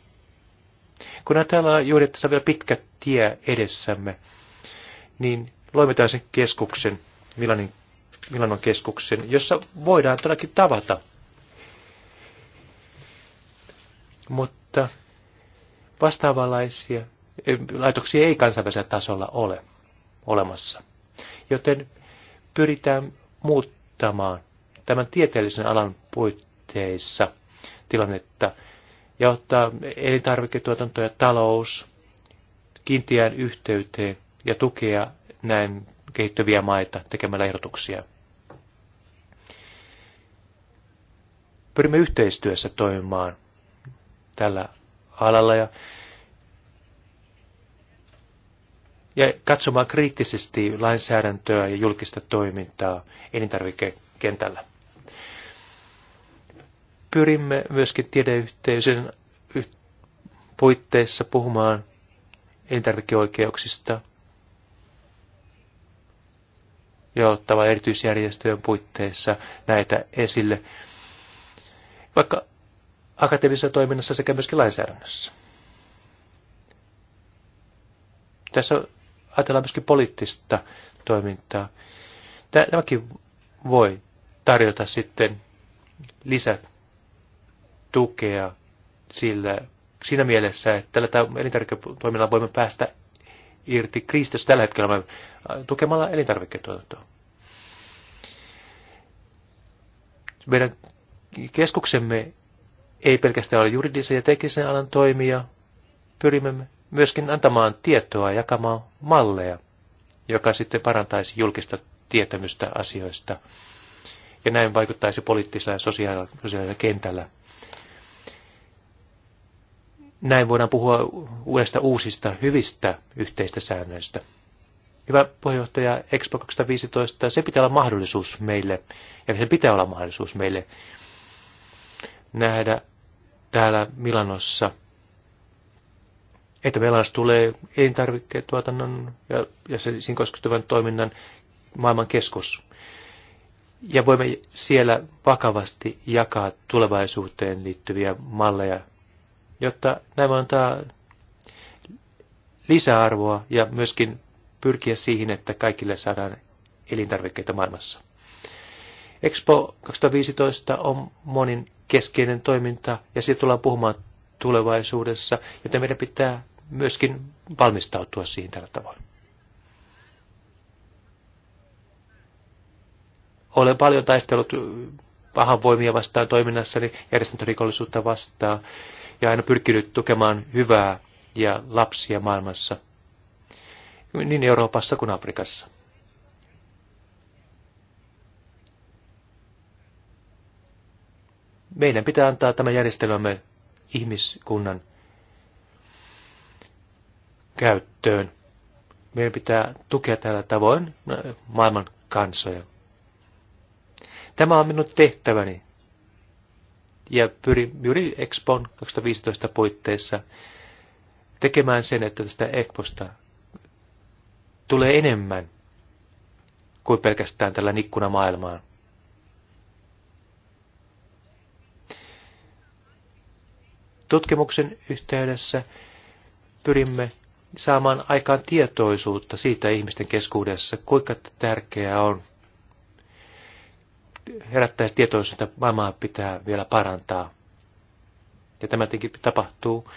Kun ajatellaan juuri, että tässä on vielä pitkä tie edessämme, niin loimme tällaisen keskuksen Milanin Milanon keskuksen, jossa voidaan todellakin tavata. Mutta vastaavanlaisia eh, laitoksia ei kansainvälisellä tasolla ole olemassa. Joten pyritään muuttamaan tämän tieteellisen alan puitteissa tilannetta ja ottaa elintarviketuotanto ja talous kiintiään yhteyteen ja tukea näin kehittyviä maita tekemällä ehdotuksia pyrimme yhteistyössä toimimaan tällä alalla ja, ja katsomaan kriittisesti lainsäädäntöä ja julkista toimintaa elintarvikekentällä. Pyrimme myöskin tiedeyhteisön puitteissa puhumaan elintarvikeoikeuksista ja ottamaan erityisjärjestöjen puitteissa näitä esille vaikka akateemisessa toiminnassa sekä myöskin lainsäädännössä. Tässä ajatellaan myöskin poliittista toimintaa. Tämäkin voi tarjota sitten lisätukea sillä, siinä mielessä, että tällä elintarviketoiminnalla voimme päästä irti kriisistä tällä hetkellä äh, tukemalla elintarviketuotantoa. Meidän keskuksemme ei pelkästään ole juridisen ja teknisen alan toimija, pyrimme myöskin antamaan tietoa, jakamaan malleja, joka sitten parantaisi julkista tietämystä asioista ja näin vaikuttaisi poliittisella ja sosiaali sosiaalisella kentällä. Näin voidaan puhua uudesta uusista hyvistä yhteistä säännöistä. Hyvä puheenjohtaja Expo 215, se pitää olla mahdollisuus meille, ja se pitää olla mahdollisuus meille nähdä täällä Milanossa, että Milanossa tulee elintarviketuotannon ja, ja sen koskettavan toiminnan maailman keskus. Ja voimme siellä vakavasti jakaa tulevaisuuteen liittyviä malleja, jotta nämä antaa lisäarvoa ja myöskin pyrkiä siihen, että kaikille saadaan elintarvikkeita maailmassa. Expo 2015 on monin keskeinen toiminta ja siitä tullaan puhumaan tulevaisuudessa, joten meidän pitää myöskin valmistautua siihen tällä tavoin. Olen paljon taistellut pahan voimia vastaan toiminnassani, järjestäntörikollisuutta vastaan ja aina pyrkinyt tukemaan hyvää ja lapsia maailmassa, niin Euroopassa kuin Afrikassa. meidän pitää antaa tämä järjestelmämme ihmiskunnan käyttöön. Meidän pitää tukea tällä tavoin äh, maailman kansoja. Tämä on minun tehtäväni. Ja pyrin juuri Expon 2015 puitteissa tekemään sen, että tästä Exposta tulee enemmän kuin pelkästään tällä ikkunamaailmaan. tutkimuksen yhteydessä pyrimme saamaan aikaan tietoisuutta siitä ihmisten keskuudessa, kuinka tärkeää on herättää tietoisuutta, että maailmaa pitää vielä parantaa. Ja tämä tietenkin tapahtuu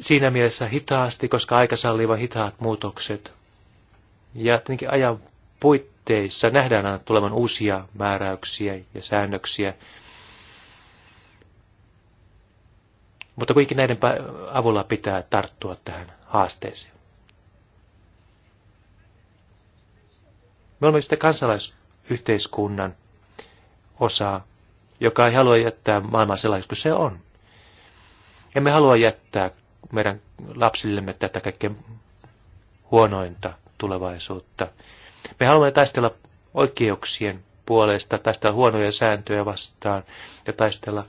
siinä mielessä hitaasti, koska aika sallii vain hitaat muutokset. Ja tietenkin ajan puitteissa nähdään aina tulevan uusia määräyksiä ja säännöksiä, Mutta kuitenkin näiden avulla pitää tarttua tähän haasteeseen. Me olemme sitä kansalaisyhteiskunnan osaa, joka ei halua jättää maailmaa sellaiseksi kuin se on. Emme halua jättää meidän lapsillemme tätä kaikkein huonointa tulevaisuutta. Me haluamme taistella oikeuksien puolesta, taistella huonoja sääntöjä vastaan ja taistella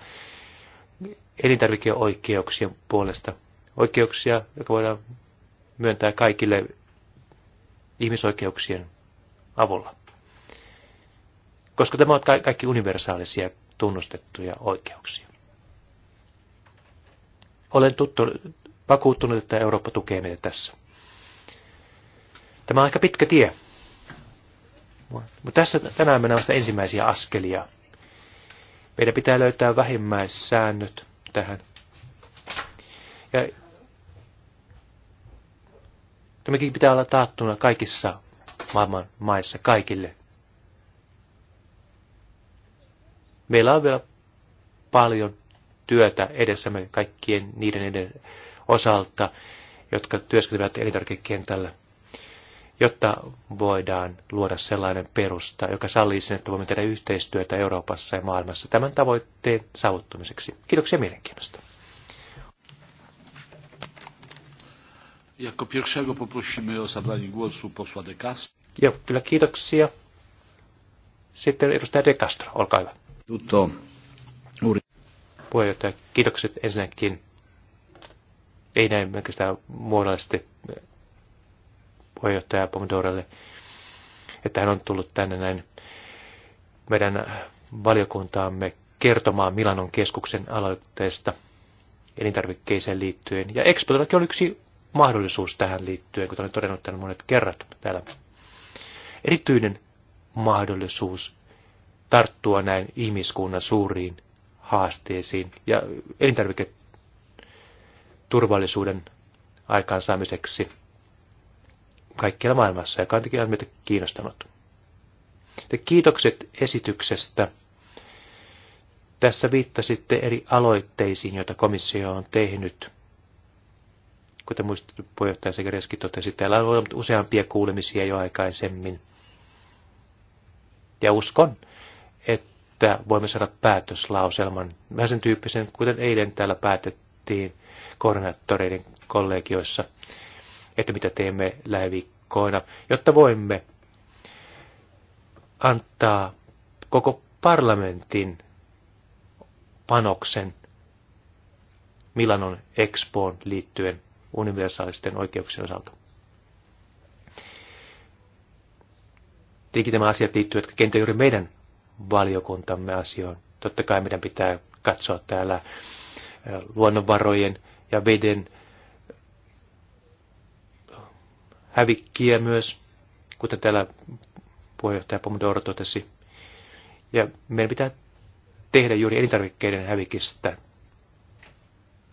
elintarvikeoikeuksien puolesta. Oikeuksia, jotka voidaan myöntää kaikille ihmisoikeuksien avulla. Koska tämä on kaikki universaalisia tunnustettuja oikeuksia. Olen tuttu, vakuuttunut, että Eurooppa tukee meitä tässä. Tämä on aika pitkä tie. Mutta tässä tänään mennään vasta ensimmäisiä askelia meidän pitää löytää vähimmäissäännöt tähän. Ja tämäkin pitää olla taattuna kaikissa maailman maissa, kaikille. Meillä on vielä paljon työtä edessämme kaikkien niiden, niiden osalta, jotka työskentelevät elintarvikekentällä jotta voidaan luoda sellainen perusta, joka sallii sen, että voimme tehdä yhteistyötä Euroopassa ja maailmassa tämän tavoitteen saavuttumiseksi. Kiitoksia mielenkiinnosta. Jako pierwszego poprosimy o zabranie głosu posła De Castro. Joo, kyllä kiitoksia. Sitten edustaja De Castro, olkaa hyvä. Tutto. Uuri. Puheenjohtaja, kiitokset ensinnäkin. Ei näin oikeastaan muodollisesti puheenjohtaja Pomodorelle, että hän on tullut tänne näin meidän valiokuntaamme kertomaan Milanon keskuksen aloitteesta elintarvikkeeseen liittyen. Ja Expo on yksi mahdollisuus tähän liittyen, kuten olen todennut tämän monet kerrat täällä. Erityinen mahdollisuus tarttua näin ihmiskunnan suuriin haasteisiin ja elintarviketurvallisuuden aikaansaamiseksi kaikkialla maailmassa, ja kaikki on meitä kiinnostanut. Te kiitokset esityksestä. Tässä viittasitte eri aloitteisiin, joita komissio on tehnyt. Kuten muistat, puheenjohtaja Sekereski totesi, täällä on ollut useampia kuulemisia jo aikaisemmin. Ja uskon, että voimme saada päätöslauselman, vähän sen tyyppisen, kuten eilen täällä päätettiin koordinaattoreiden kollegioissa, että mitä teemme lähiviikkoina, jotta voimme antaa koko parlamentin panoksen Milanon Expoon liittyen universaalisten oikeuksien osalta. Tietenkin nämä asiat liittyvät kenttä juuri meidän valiokuntamme asioon. Totta kai meidän pitää katsoa täällä luonnonvarojen ja veden hävikkiä myös, kuten täällä puheenjohtaja Pomodoro totesi. Ja meidän pitää tehdä juuri elintarvikkeiden hävikistä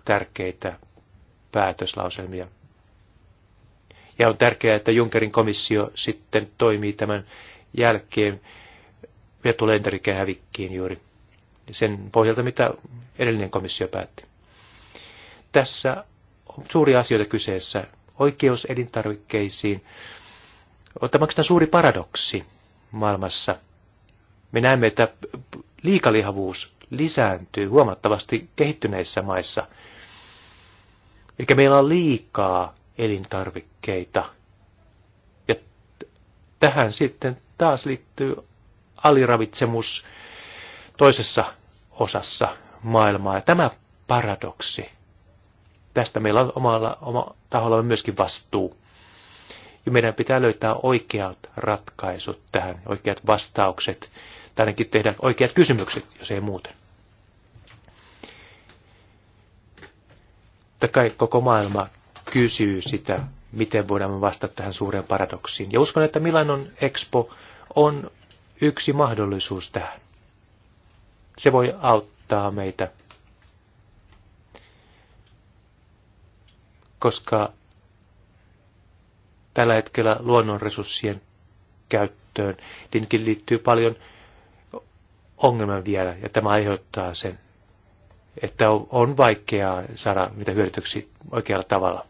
tärkeitä päätöslauselmia. Ja on tärkeää, että Junckerin komissio sitten toimii tämän jälkeen ja tulee elintarvikkeen hävikkiin juuri sen pohjalta, mitä edellinen komissio päätti. Tässä on suuria asioita kyseessä oikeus elintarvikkeisiin. Ottamanko tämä suuri paradoksi maailmassa? Me näemme, että liikalihavuus lisääntyy huomattavasti kehittyneissä maissa. Eli meillä on liikaa elintarvikkeita. Ja tähän sitten taas liittyy aliravitsemus toisessa osassa maailmaa. Ja tämä paradoksi tästä meillä on omalla oma taholla myöskin vastuu. Ja meidän pitää löytää oikeat ratkaisut tähän, oikeat vastaukset, tai ainakin tehdä oikeat kysymykset, jos ei muuten. Mutta kai koko maailma kysyy sitä, miten voidaan vastata tähän suureen paradoksiin. Ja uskon, että Milanon Expo on yksi mahdollisuus tähän. Se voi auttaa meitä koska tällä hetkellä luonnonresurssien käyttöön tietenkin liittyy paljon ongelman vielä, ja tämä aiheuttaa sen, että on vaikeaa saada mitä hyödytyksi oikealla tavalla.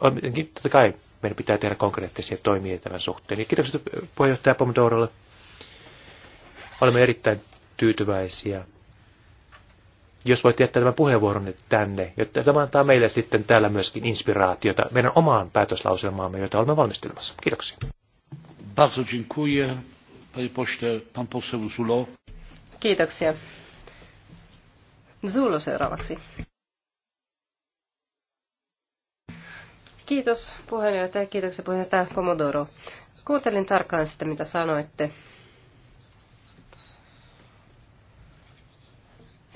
On, totta kai meidän pitää tehdä konkreettisia toimia tämän suhteen. Ja kiitokset puheenjohtaja Pomodorolle. Olemme erittäin tyytyväisiä jos voit jättää tämän puheenvuoron tänne, jotta tämä antaa meille sitten täällä myöskin inspiraatiota meidän omaan päätöslauselmaamme, jota olemme valmistelemassa. Kiitoksia. Bardzo dziękuję, panie pośle, pan poseł Zulo. Kiitoksia. Zulo seuraavaksi. Kiitos puheenjohtaja, kiitoksia puheenjohtaja Pomodoro. Kuuntelin tarkkaan sitä, mitä sanoitte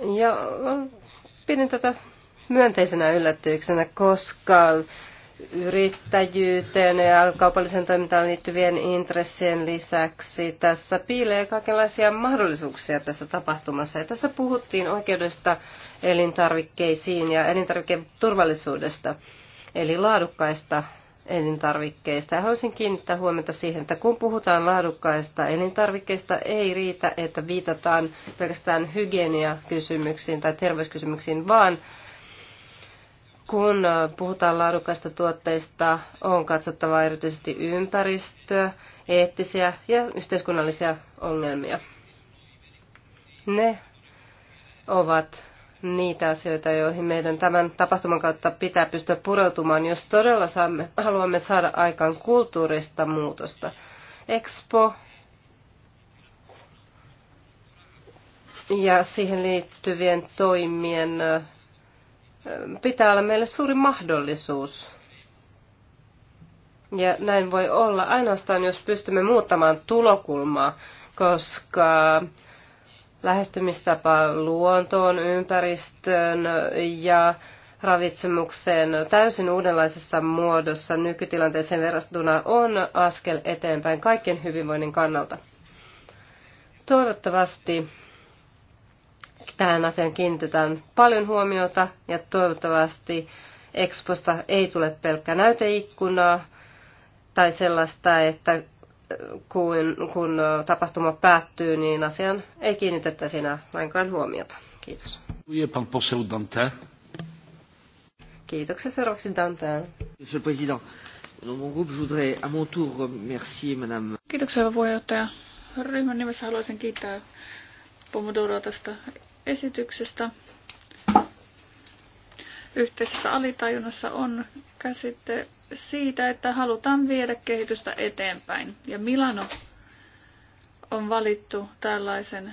Ja no, pidin tätä myönteisenä yllätyksenä, koska yrittäjyyteen ja kaupallisen toimintaan liittyvien intressien lisäksi tässä piilee kaikenlaisia mahdollisuuksia tässä tapahtumassa. Ja tässä puhuttiin oikeudesta elintarvikkeisiin ja elintarviketurvallisuudesta, eli laadukkaista elintarvikkeista. Ja haluaisin kiinnittää huomiota siihen, että kun puhutaan laadukkaista elintarvikkeista, ei riitä, että viitataan pelkästään hygieniakysymyksiin tai terveyskysymyksiin, vaan kun puhutaan laadukkaista tuotteista, on katsottava erityisesti ympäristöä, eettisiä ja yhteiskunnallisia ongelmia. Ne ovat niitä asioita, joihin meidän tämän tapahtuman kautta pitää pystyä pureutumaan, jos todella saamme, haluamme saada aikaan kulttuurista muutosta. Expo ja siihen liittyvien toimien pitää olla meille suuri mahdollisuus. Ja näin voi olla ainoastaan, jos pystymme muuttamaan tulokulmaa, koska lähestymistapa luontoon, ympäristöön ja ravitsemukseen täysin uudenlaisessa muodossa nykytilanteeseen verrattuna on askel eteenpäin kaiken hyvinvoinnin kannalta. Toivottavasti tähän asiaan kiinnitetään paljon huomiota ja toivottavasti Exposta ei tule pelkkä näyteikkunaa tai sellaista, että kuin, kun tapahtuma päättyy, niin asian ei kiinnitetä sinä lainkaan huomiota. Kiitos. Kiitoksia seuraavaksi Dante. Monsieur le Président, dans mon groupe, je voudrais à mon tour remercier Madame... Kiitoksia puheenjohtaja. Ryhmän nimessä haluaisin kiittää Pomodoroa tästä esityksestä yhteisessä alitajunnassa on käsite siitä, että halutaan viedä kehitystä eteenpäin. Ja Milano on valittu tällaisen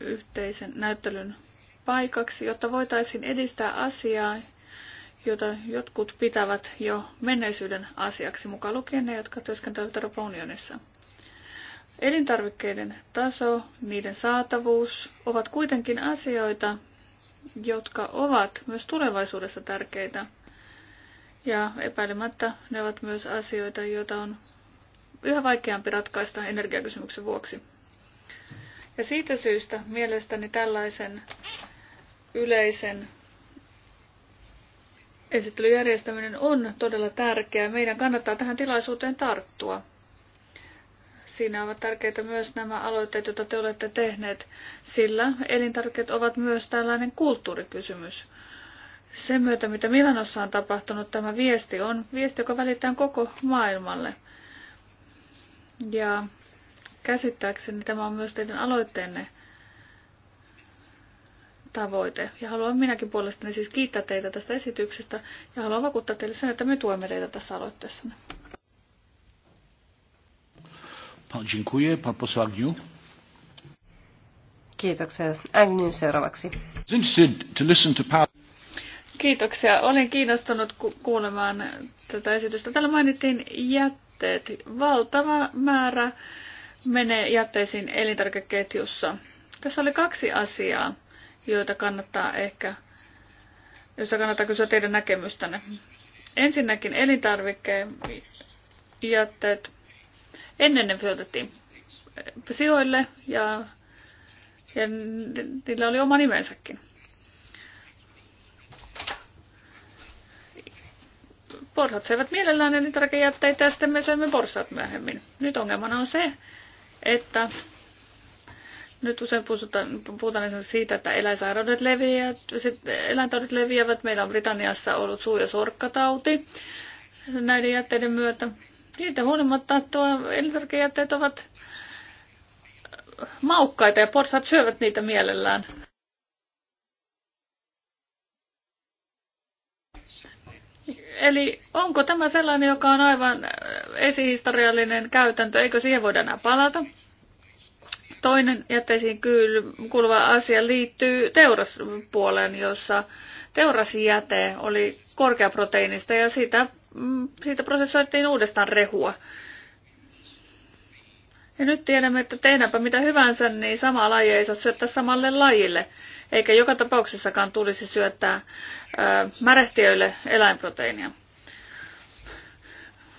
yhteisen näyttelyn paikaksi, jotta voitaisiin edistää asiaa, jota jotkut pitävät jo menneisyyden asiaksi, mukaan lukien ne, jotka työskentelevät Euroopan unionissa. Elintarvikkeiden taso, niiden saatavuus ovat kuitenkin asioita, jotka ovat myös tulevaisuudessa tärkeitä. Ja epäilemättä ne ovat myös asioita, joita on yhä vaikeampi ratkaista energiakysymyksen vuoksi. Ja siitä syystä mielestäni tällaisen yleisen esittelyn järjestäminen on todella tärkeää. Meidän kannattaa tähän tilaisuuteen tarttua. Siinä ovat tärkeitä myös nämä aloitteet, joita te olette tehneet, sillä elintarvikkeet ovat myös tällainen kulttuurikysymys. Sen myötä, mitä Milanossa on tapahtunut, tämä viesti on viesti, joka välitetään koko maailmalle. Ja käsittääkseni tämä on myös teidän aloitteenne tavoite. Ja haluan minäkin puolestani siis kiittää teitä tästä esityksestä ja haluan vakuuttaa teille sen, että me tuemme teitä tässä aloitteessanne. Dziękuję. Pan poseł Agniu. Kiitoksia. Agnew seuraavaksi. Kiitoksia. Olen kiinnostunut ku- kuulemaan tätä esitystä. Täällä mainittiin jätteet. Valtava määrä menee jätteisiin elintarvikeketjussa. Tässä oli kaksi asiaa, joita kannattaa ehkä, joista kannattaa kysyä teidän näkemystänne. Ensinnäkin elintarvikkeen jätteet Ennen ne sijoitettiin äh, sijoille ja, ja niillä oli oma nimensäkin. Porsat söivät mielellään elintarvikejätteitä ja sitten me söimme porsat myöhemmin. Nyt ongelmana on se, että nyt usein puhutaan, puhutaan esimerkiksi siitä, että eläinsairaudet leviävät, eläintaudit leviävät. Meillä on Britanniassa ollut suu- ja sorkkatauti näiden jätteiden myötä. Niitä huolimatta tuo elintarvikejätteet ovat maukkaita ja porsaat syövät niitä mielellään. Eli onko tämä sellainen, joka on aivan esihistoriallinen käytäntö, eikö siihen voida enää palata? Toinen jätteisiin kuuluva asia liittyy teuraspuoleen, jossa teurasjäte oli korkeaproteiinista ja sitä Mm, siitä prosessoitiin uudestaan rehua. Ja nyt tiedämme, että tehdäänpä mitä hyvänsä, niin sama laji ei saa syöttää samalle lajille. Eikä joka tapauksessakaan tulisi syöttää ö, märehtiöille eläinproteiinia.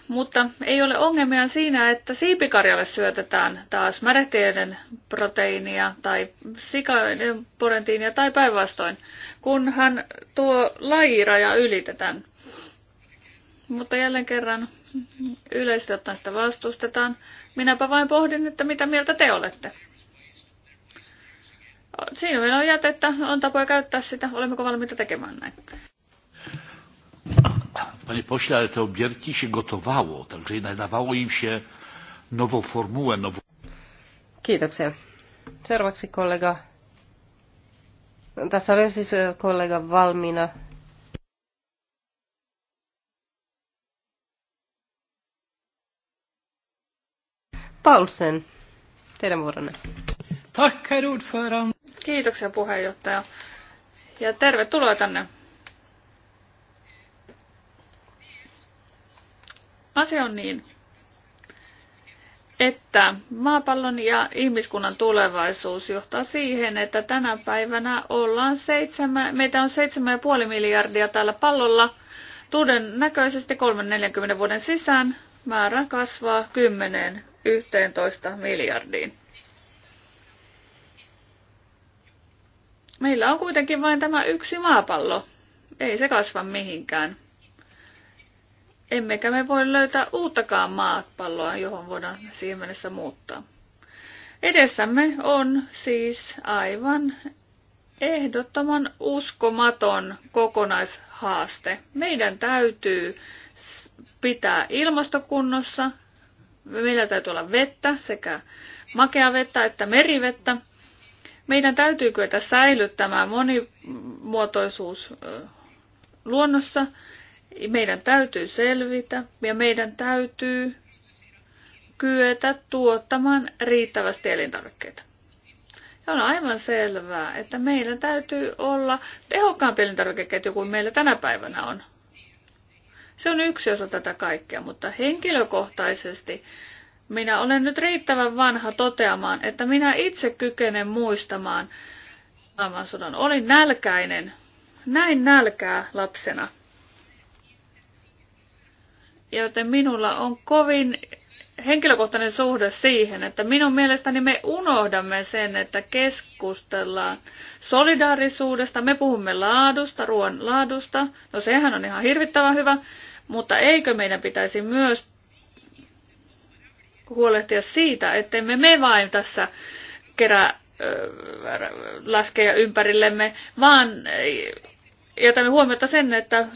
Mutta ei ole ongelmia siinä, että siipikarjalle syötetään taas märehtiöiden proteiinia tai sikaiden porentiinia tai päinvastoin, kunhan tuo lajiraja ylitetään. Mutta jälleen kerran yleisesti ottaen sitä vastustetaan. Minäpä vain pohdin, että mitä mieltä te olette. Siinä meillä on jätettä, on tapoja käyttää sitä. Olemmeko valmiita tekemään näin? Panie pośle, ale te obierki się gotowało, także nadawało im się nową formułę. Nową... Kiitoksia. Seuraavaksi kollega. Tässä oli siis kollega valmiina Paulsen, teidän vuoronne. Tack, herr ordförande. Kiitoksia puheenjohtaja. Ja tervetuloa tänne. Asia on niin, että maapallon ja ihmiskunnan tulevaisuus johtaa siihen, että tänä päivänä ollaan seitsemä, meitä on 7,5 miljardia täällä pallolla, todennäköisesti 3-40 vuoden sisään määrä kasvaa 10 11 miljardiin. Meillä on kuitenkin vain tämä yksi maapallo. Ei se kasva mihinkään. Emmekä me voi löytää uuttakaan maapalloa, johon voidaan siihen mennessä muuttaa. Edessämme on siis aivan ehdottoman uskomaton kokonaishaaste. Meidän täytyy pitää ilmastokunnossa. Meillä täytyy olla vettä, sekä makea vettä että merivettä. Meidän täytyy kyetä säilyttämään monimuotoisuus luonnossa. Meidän täytyy selvitä ja meidän täytyy kyetä tuottamaan riittävästi elintarvikkeita. Ja on aivan selvää, että meillä täytyy olla tehokkaampi elintarvikeketju kuin meillä tänä päivänä on. Se on yksi osa tätä kaikkea, mutta henkilökohtaisesti minä olen nyt riittävän vanha toteamaan, että minä itse kykenen muistamaan maailmansodan. Olin nälkäinen, näin nälkää lapsena. Joten minulla on kovin henkilökohtainen suhde siihen, että minun mielestäni me unohdamme sen, että keskustellaan solidaarisuudesta, me puhumme laadusta, ruoan laadusta, no sehän on ihan hirvittävän hyvä, mutta eikö meidän pitäisi myös huolehtia siitä, että me me vain tässä kerää laskeja ympärillemme, vaan jätämme huomiota sen, että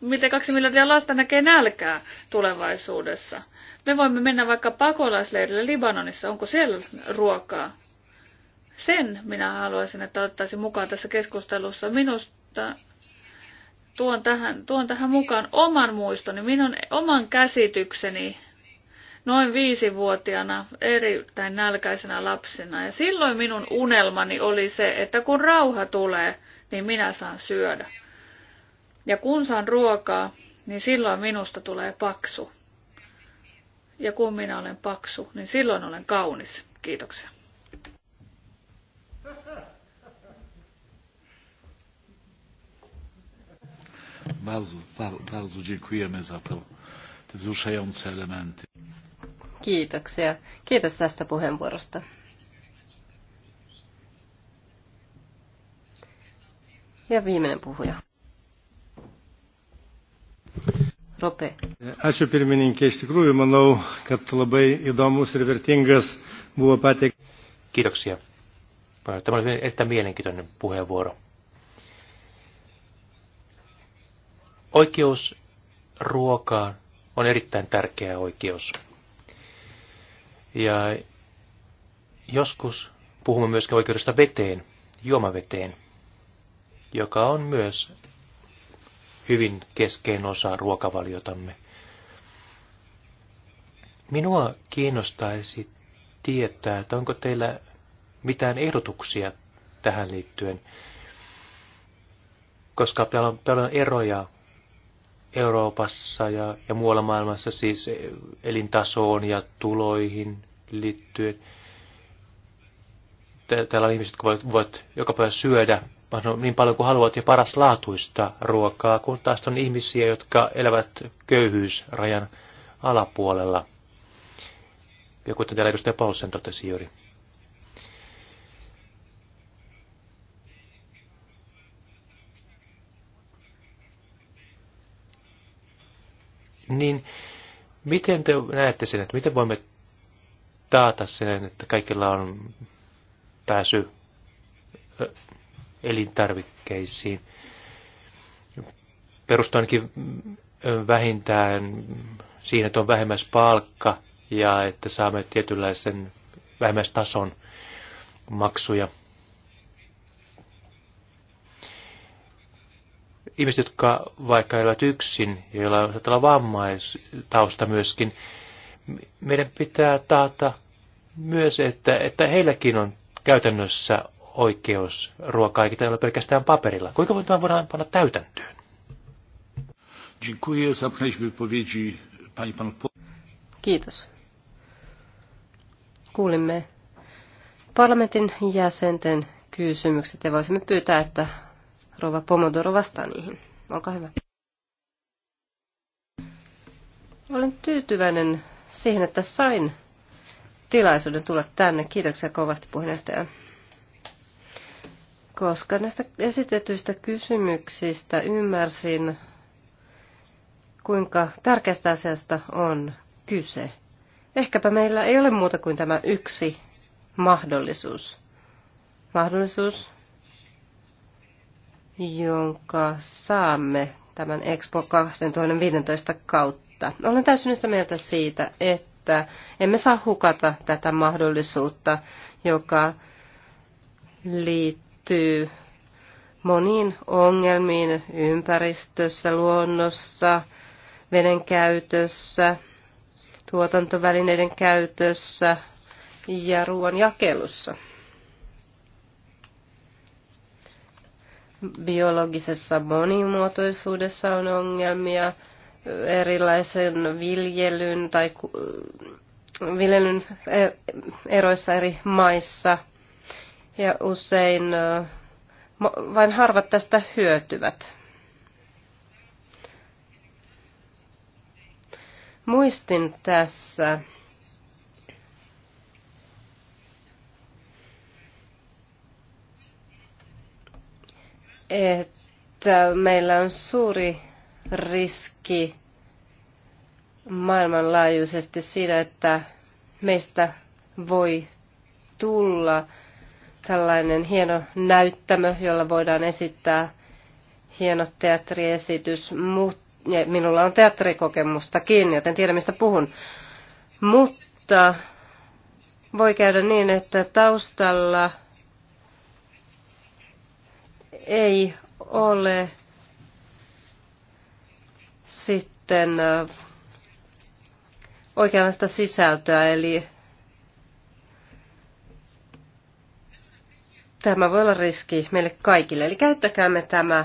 miten kaksi miljardia lasta näkee nälkää tulevaisuudessa. Me voimme mennä vaikka pakolaisleirille Libanonissa, onko siellä ruokaa? Sen minä haluaisin, että ottaisin mukaan tässä keskustelussa. Minusta tuon tähän, tuon tähän mukaan oman muistoni, minun oman käsitykseni noin viisivuotiaana erittäin nälkäisenä lapsena. Ja silloin minun unelmani oli se, että kun rauha tulee, niin minä saan syödä. Ja kun saan ruokaa, niin silloin minusta tulee paksu. Ja kun minä olen paksu, niin silloin olen kaunis. Kiitoksia. Bardzo, bardzo dziękujemy za to, te wzruszające elementy. Kiitoksia. Kiitos tästä puheenvuorosta. Ja viimeinen puhuja. Rope. Ačiū pirmininkė, iš tikrųjų manau, kad labai įdomus ir vertingas buvo pateikti. Kiitoksia. Tämä oli erittäin mielenkiintoinen puheenvuoro. Oikeus ruokaan on erittäin tärkeä oikeus. Ja joskus puhumme myöskin oikeudesta veteen, juomaveteen, joka on myös hyvin keskeinen osa ruokavaliotamme. Minua kiinnostaisi tietää, että onko teillä mitään ehdotuksia tähän liittyen, koska täällä on paljon eroja Euroopassa ja, ja muualla maailmassa siis elintasoon ja tuloihin liittyen. Täällä on ihmiset, jotka voivat, voivat joka päivä syödä niin paljon kuin haluat ja paras laatuista ruokaa, kun taas on ihmisiä, jotka elävät köyhyysrajan alapuolella. Ja kuten täällä edustaja Paulsen totesi juuri. Niin miten te näette sen, että miten voimme taata sen, että kaikilla on pääsy elintarvikkeisiin? Perustuu vähintään siinä, että on palkka ja että saamme tietynlaisen tason maksuja – ihmiset, jotka vaikka elävät yksin, joilla on olla vammaistausta myöskin, meidän pitää taata myös, että, että heilläkin on käytännössä oikeus ruokaa, eikä ole pelkästään paperilla. Kuinka tämän voidaan panna täytäntöön? Kiitos. Kuulimme parlamentin jäsenten kysymykset ja voisimme pyytää, että Rova Pomodoro vastaa niihin. Olkaa hyvä. Olen tyytyväinen siihen, että sain tilaisuuden tulla tänne. Kiitoksia kovasti puheenjohtaja. Koska näistä esitetyistä kysymyksistä ymmärsin, kuinka tärkeästä asiasta on kyse. Ehkäpä meillä ei ole muuta kuin tämä yksi mahdollisuus. Mahdollisuus, jonka saamme tämän Expo 2015 kautta. Olen täysin yhtä mieltä siitä, että emme saa hukata tätä mahdollisuutta, joka liittyy moniin ongelmiin ympäristössä, luonnossa, veden käytössä, tuotantovälineiden käytössä ja ruoan jakelussa. biologisessa monimuotoisuudessa on ongelmia, erilaisen viljelyn tai viljelyn e- eroissa eri maissa. Ja usein vain harvat tästä hyötyvät. Muistin tässä että meillä on suuri riski maailmanlaajuisesti siinä, että meistä voi tulla tällainen hieno näyttämö, jolla voidaan esittää hieno teatteriesitys. Minulla on teatterikokemustakin, joten tiedän mistä puhun. Mutta voi käydä niin, että taustalla ei ole sitten oikeanlaista sisältöä, eli tämä voi olla riski meille kaikille. Eli käyttäkäämme tämä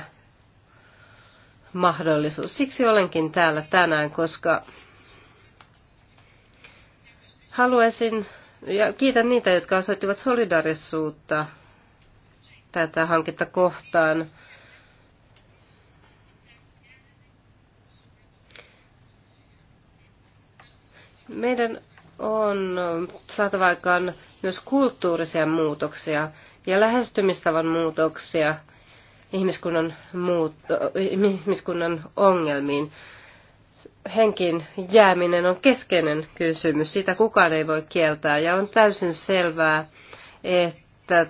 mahdollisuus. Siksi olenkin täällä tänään, koska haluaisin, ja kiitän niitä, jotka osoittivat solidarisuutta tätä hanketta kohtaan. Meidän on saatava aikaan myös kulttuurisia muutoksia ja lähestymistavan muutoksia ihmiskunnan, muut, eh, ihmiskunnan ongelmiin. Henkin jääminen on keskeinen kysymys, sitä kukaan ei voi kieltää ja on täysin selvää, että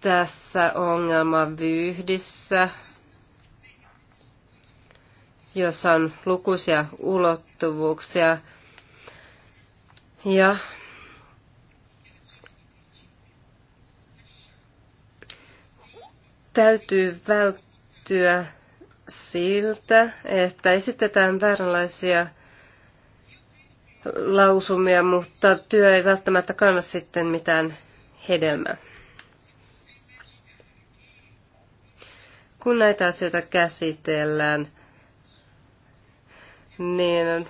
tässä ongelmavyhdissä, jossa on lukuisia ulottuvuuksia. Ja täytyy välttyä siltä, että esitetään vääränlaisia lausumia, mutta työ ei välttämättä kanna sitten mitään hedelmää. kun näitä asioita käsitellään, niin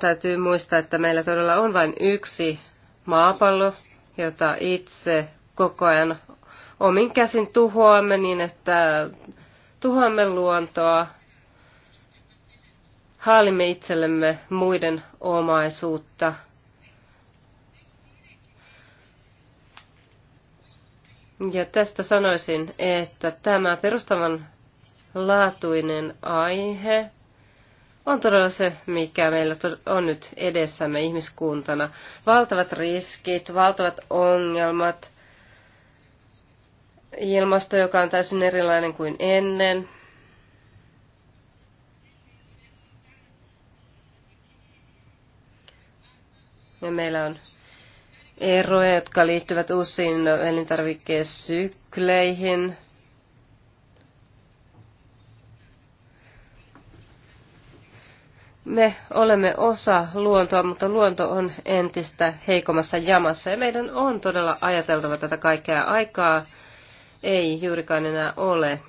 täytyy muistaa, että meillä todella on vain yksi maapallo, jota itse koko ajan omin käsin tuhoamme niin, että tuhoamme luontoa, haalimme itsellemme muiden omaisuutta – Ja tästä sanoisin, että tämä perustavan laatuinen aihe on todella se, mikä meillä on nyt edessämme ihmiskuntana. Valtavat riskit, valtavat ongelmat, ilmasto, joka on täysin erilainen kuin ennen. Ja meillä on eroja, jotka liittyvät uusiin elintarvikesykleihin. Me olemme osa luontoa, mutta luonto on entistä heikommassa jamassa ja meidän on todella ajateltava tätä kaikkea aikaa. Ei juurikaan enää ole.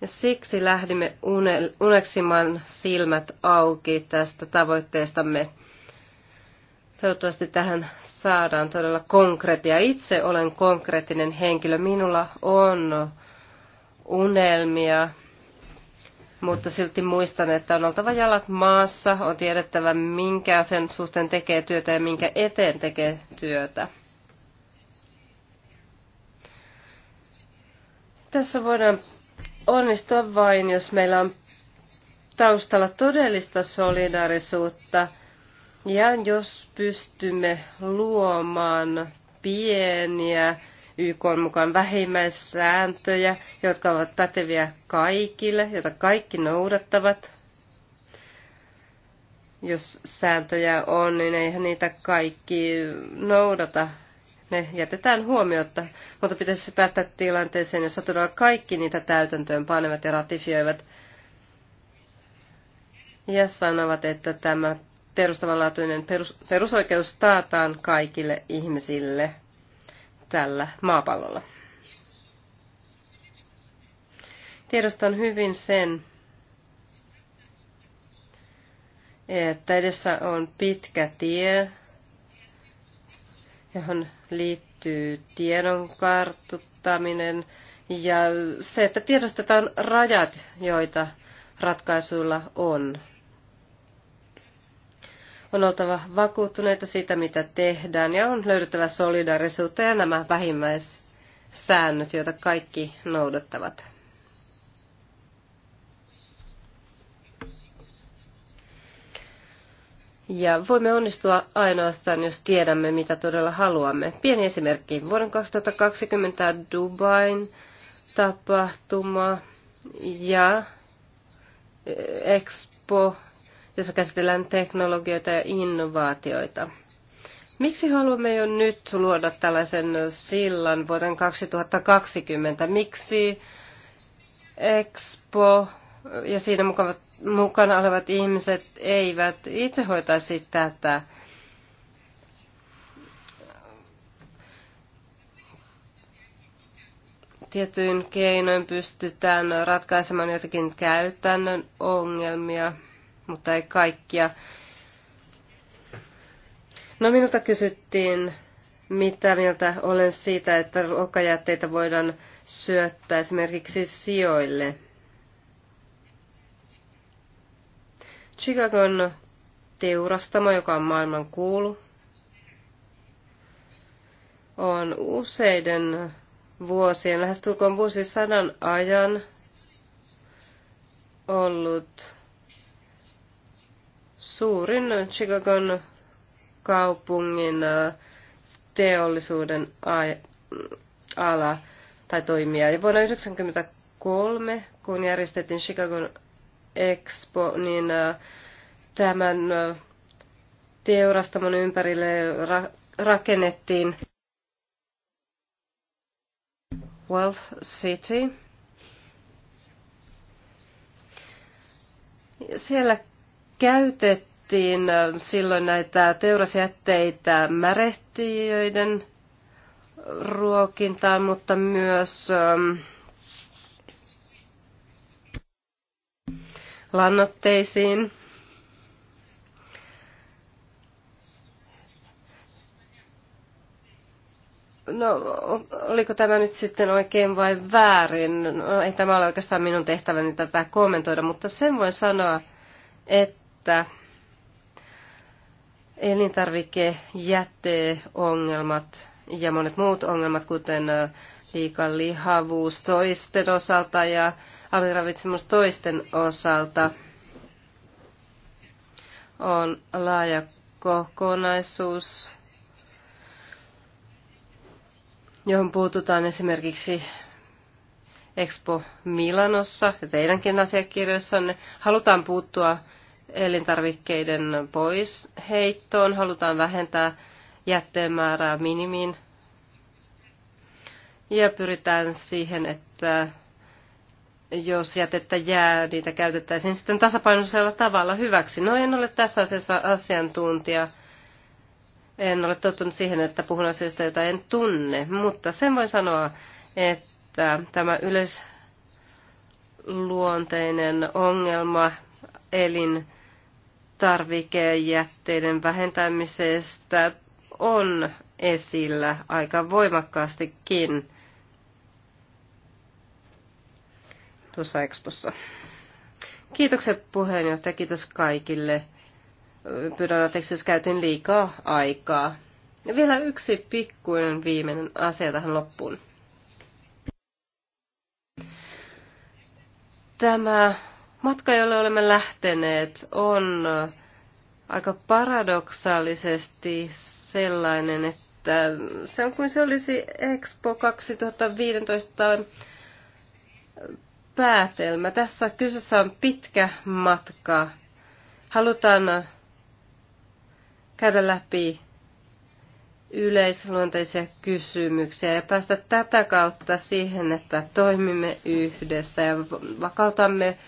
Ja siksi lähdimme uneksimaan silmät auki tästä tavoitteestamme Toivottavasti tähän saadaan todella konkreettia. Itse olen konkreettinen henkilö. Minulla on unelmia, mutta silti muistan, että on oltava jalat maassa, on tiedettävä, minkä sen suhteen tekee työtä ja minkä eteen tekee työtä. Tässä voidaan onnistua vain, jos meillä on taustalla todellista solidaarisuutta – ja jos pystymme luomaan pieniä YK mukaan vähimmäissääntöjä, jotka ovat päteviä kaikille, joita kaikki noudattavat, jos sääntöjä on, niin eihän niitä kaikki noudata. Ne jätetään huomiota, mutta pitäisi päästä tilanteeseen, jossa todella kaikki niitä täytäntöön panevat ja ratifioivat ja sanovat, että tämä perustavanlaatuinen perus, perusoikeus taataan kaikille ihmisille tällä maapallolla. Tiedostan hyvin sen, että edessä on pitkä tie, johon liittyy tiedon kartuttaminen ja se, että tiedostetaan rajat, joita ratkaisuilla on. On oltava vakuuttuneita siitä, mitä tehdään, ja on löydettävä solidaarisuutta ja nämä vähimmäissäännöt, joita kaikki noudattavat. Ja voimme onnistua ainoastaan, jos tiedämme, mitä todella haluamme. Pieni esimerkki. Vuoden 2020 Dubain tapahtuma ja eh, Expo jossa käsitellään teknologioita ja innovaatioita. Miksi haluamme jo nyt luoda tällaisen sillan vuoden 2020? Miksi Expo ja siinä mukana olevat ihmiset eivät itse hoitaisi tätä? Tietyin keinoin pystytään ratkaisemaan jotakin käytännön ongelmia – mutta ei kaikkia. No minulta kysyttiin, mitä mieltä olen siitä, että ruokajätteitä voidaan syöttää esimerkiksi sijoille. Chicagon teurastamo, joka on maailman kuulu, on useiden vuosien, lähes tulkoon vuosisadan ajan ollut suurin Chicagon kaupungin äh, teollisuuden ala tai toimija. Ja vuonna 1993, kun järjestettiin Chicagon Expo, niin äh, tämän äh, teurastamon ympärille rakennettiin Wealth City. Siellä käytettiin äh, silloin näitä teurasjätteitä märehtiöiden ruokintaan, mutta myös ähm, lannoitteisiin. No, oliko tämä nyt sitten oikein vai väärin? No, ei tämä ole oikeastaan minun tehtäväni tätä kommentoida, mutta sen voin sanoa, että että elintarvikejäteongelmat ja monet muut ongelmat, kuten liikan lihavuus toisten osalta ja aliravitsemus toisten osalta, on laaja kokonaisuus, johon puututaan esimerkiksi Expo Milanossa ja teidänkin asiakirjoissanne. Halutaan puuttua elintarvikkeiden pois heittoon, halutaan vähentää jätteen määrää minimiin ja pyritään siihen, että jos jätettä jää, niitä käytettäisiin sitten tasapainoisella tavalla hyväksi. No en ole tässä asiassa asiantuntija. En ole tottunut siihen, että puhun asioista, joita en tunne, mutta sen voi sanoa, että tämä yleisluonteinen ongelma elin elintarvikejätteiden vähentämisestä on esillä aika voimakkaastikin tuossa ekspossa. Kiitokset puheenjohtaja, kiitos kaikille. Pyydän anteeksi, jos käytin liikaa aikaa. Ja vielä yksi pikkuinen viimeinen asia tähän loppuun. Tämä Matka, jolle olemme lähteneet, on aika paradoksaalisesti sellainen, että se on kuin se olisi Expo 2015 päätelmä. Tässä kyseessä on pitkä matka. Halutaan käydä läpi yleisluonteisia kysymyksiä ja päästä tätä kautta siihen, että toimimme yhdessä ja vakautamme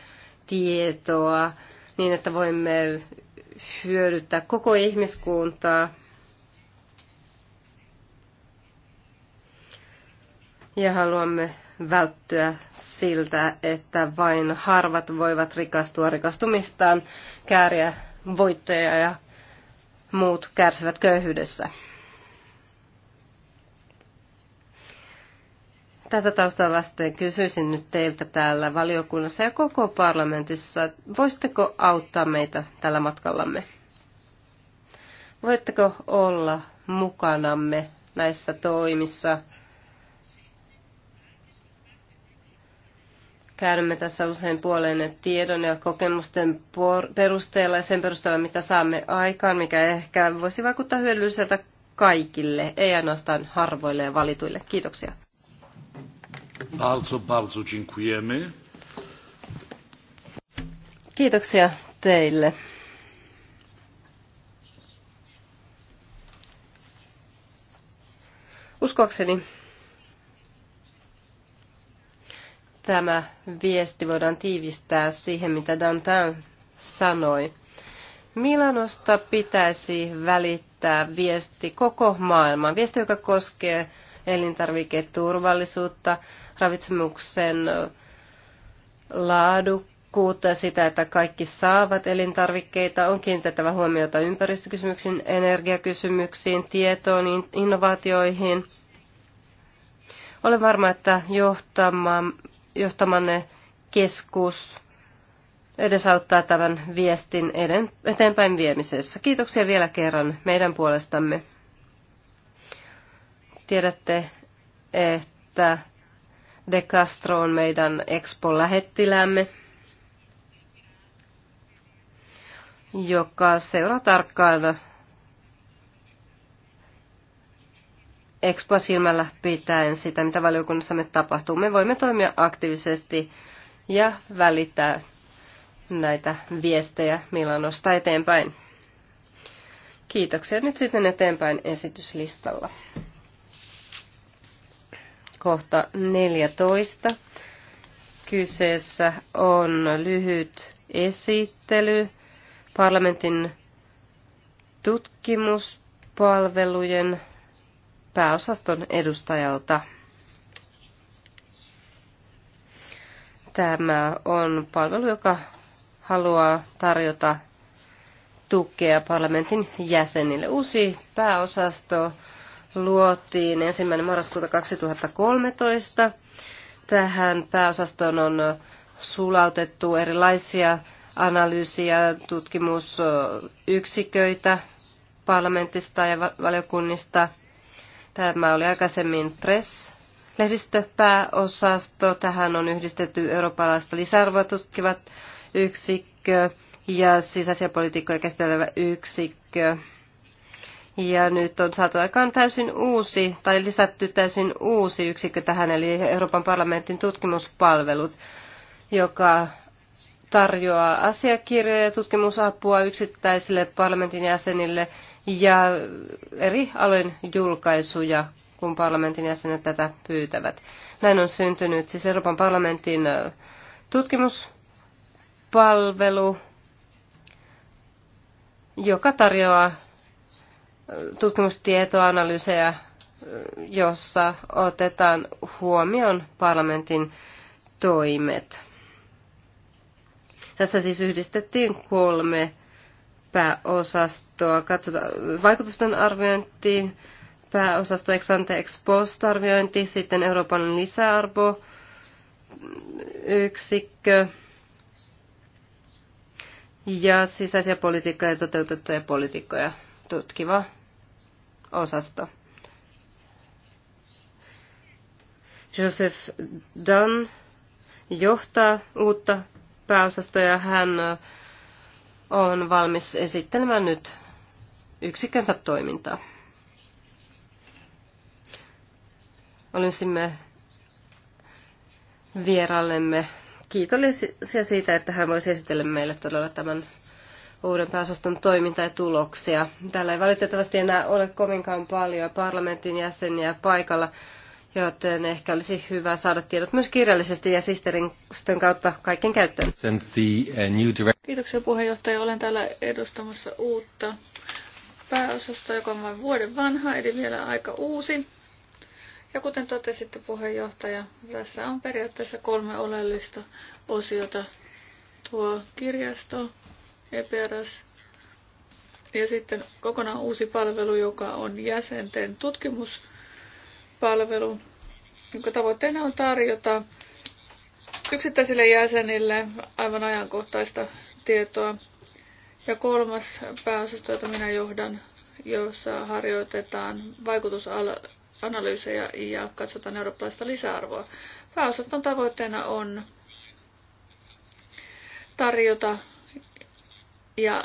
tietoa niin, että voimme hyödyttää koko ihmiskuntaa. Ja haluamme välttyä siltä, että vain harvat voivat rikastua rikastumistaan, kääriä voittoja ja muut kärsivät köyhyydessä. Tätä taustaa vasten kysyisin nyt teiltä täällä valiokunnassa ja koko parlamentissa, voisitteko auttaa meitä tällä matkallamme? Voitteko olla mukanamme näissä toimissa? Käydämme tässä usein puoleen tiedon ja kokemusten perusteella ja sen perusteella, mitä saamme aikaan, mikä ehkä voisi vaikuttaa hyödylliseltä kaikille, ei ainoastaan harvoille ja valituille. Kiitoksia. Kiitoksia teille. Uskoakseni tämä viesti voidaan tiivistää siihen, mitä Dantan sanoi. Milanosta pitäisi välittää viesti koko maailmaan. Viesti, joka koskee elintarviketurvallisuutta, ravitsemuksen laadukkuutta ja sitä, että kaikki saavat elintarvikkeita. On kiinnitettävä huomiota ympäristökysymyksiin, energiakysymyksiin, tietoon, innovaatioihin. Olen varma, että johtamanne keskus edesauttaa tämän viestin eteenpäin viemisessä. Kiitoksia vielä kerran meidän puolestamme. Tiedätte, että De Castro on meidän Expo-lähettilämme, joka seuraa tarkkaan Expo silmällä pitäen sitä, mitä valiokunnassamme tapahtuu. Me voimme toimia aktiivisesti ja välittää näitä viestejä Milanosta eteenpäin. Kiitoksia nyt sitten eteenpäin esityslistalla kohta 14. Kyseessä on lyhyt esittely parlamentin tutkimuspalvelujen pääosaston edustajalta. Tämä on palvelu, joka haluaa tarjota tukea parlamentin jäsenille. Uusi pääosasto luotiin ensimmäinen marraskuuta 2013. Tähän pääosastoon on sulautettu erilaisia analyysiä, tutkimusyksiköitä parlamentista ja valiokunnista. Tämä oli aikaisemmin press lehdistöpääosasto. Tähän on yhdistetty eurooppalaista lisäarvoa tutkivat yksikkö ja sisäisiä politiikkoja käsittelevä yksikkö. Ja nyt on saatu aikaan täysin uusi, tai lisätty täysin uusi yksikkö tähän, eli Euroopan parlamentin tutkimuspalvelut, joka tarjoaa asiakirjoja ja tutkimusapua yksittäisille parlamentin jäsenille ja eri alojen julkaisuja, kun parlamentin jäsenet tätä pyytävät. Näin on syntynyt siis Euroopan parlamentin tutkimuspalvelu, joka tarjoaa tutkimustietoa, jossa otetaan huomioon parlamentin toimet. Tässä siis yhdistettiin kolme pääosastoa. Katsotaan vaikutusten arviointi, pääosasto ex ante ex post arviointi, sitten Euroopan lisäarvo, yksikkö ja sisäisiä politiikkoja ja toteutettuja politiikkoja tutkiva osasto. Joseph Dunn johtaa uutta pääosastoa ja hän on valmis esittelemään nyt yksikönsä toimintaa. Olisimme vierallemme kiitollisia siitä, että hän voisi esitellä meille todella tämän uuden pääosaston toimintaa ja tuloksia. Täällä ei valitettavasti enää ole kovinkaan paljon parlamentin jäseniä paikalla, joten ehkä olisi hyvä saada tiedot myös kirjallisesti ja sihteerin kautta kaiken käyttöön. Uh, Kiitoksia puheenjohtaja. Olen täällä edustamassa uutta pääosasta, joka on vain vuoden vanha, eli vielä aika uusi. Ja kuten totesitte puheenjohtaja, tässä on periaatteessa kolme oleellista osiota. Tuo kirjasto, EPRS. Ja sitten kokonaan uusi palvelu, joka on jäsenten tutkimuspalvelu, jonka tavoitteena on tarjota yksittäisille jäsenille aivan ajankohtaista tietoa. Ja kolmas pääosasto, jota minä johdan, jossa harjoitetaan vaikutusanalyysejä ja katsotaan eurooppalaista lisäarvoa. Pääosaston tavoitteena on tarjota ja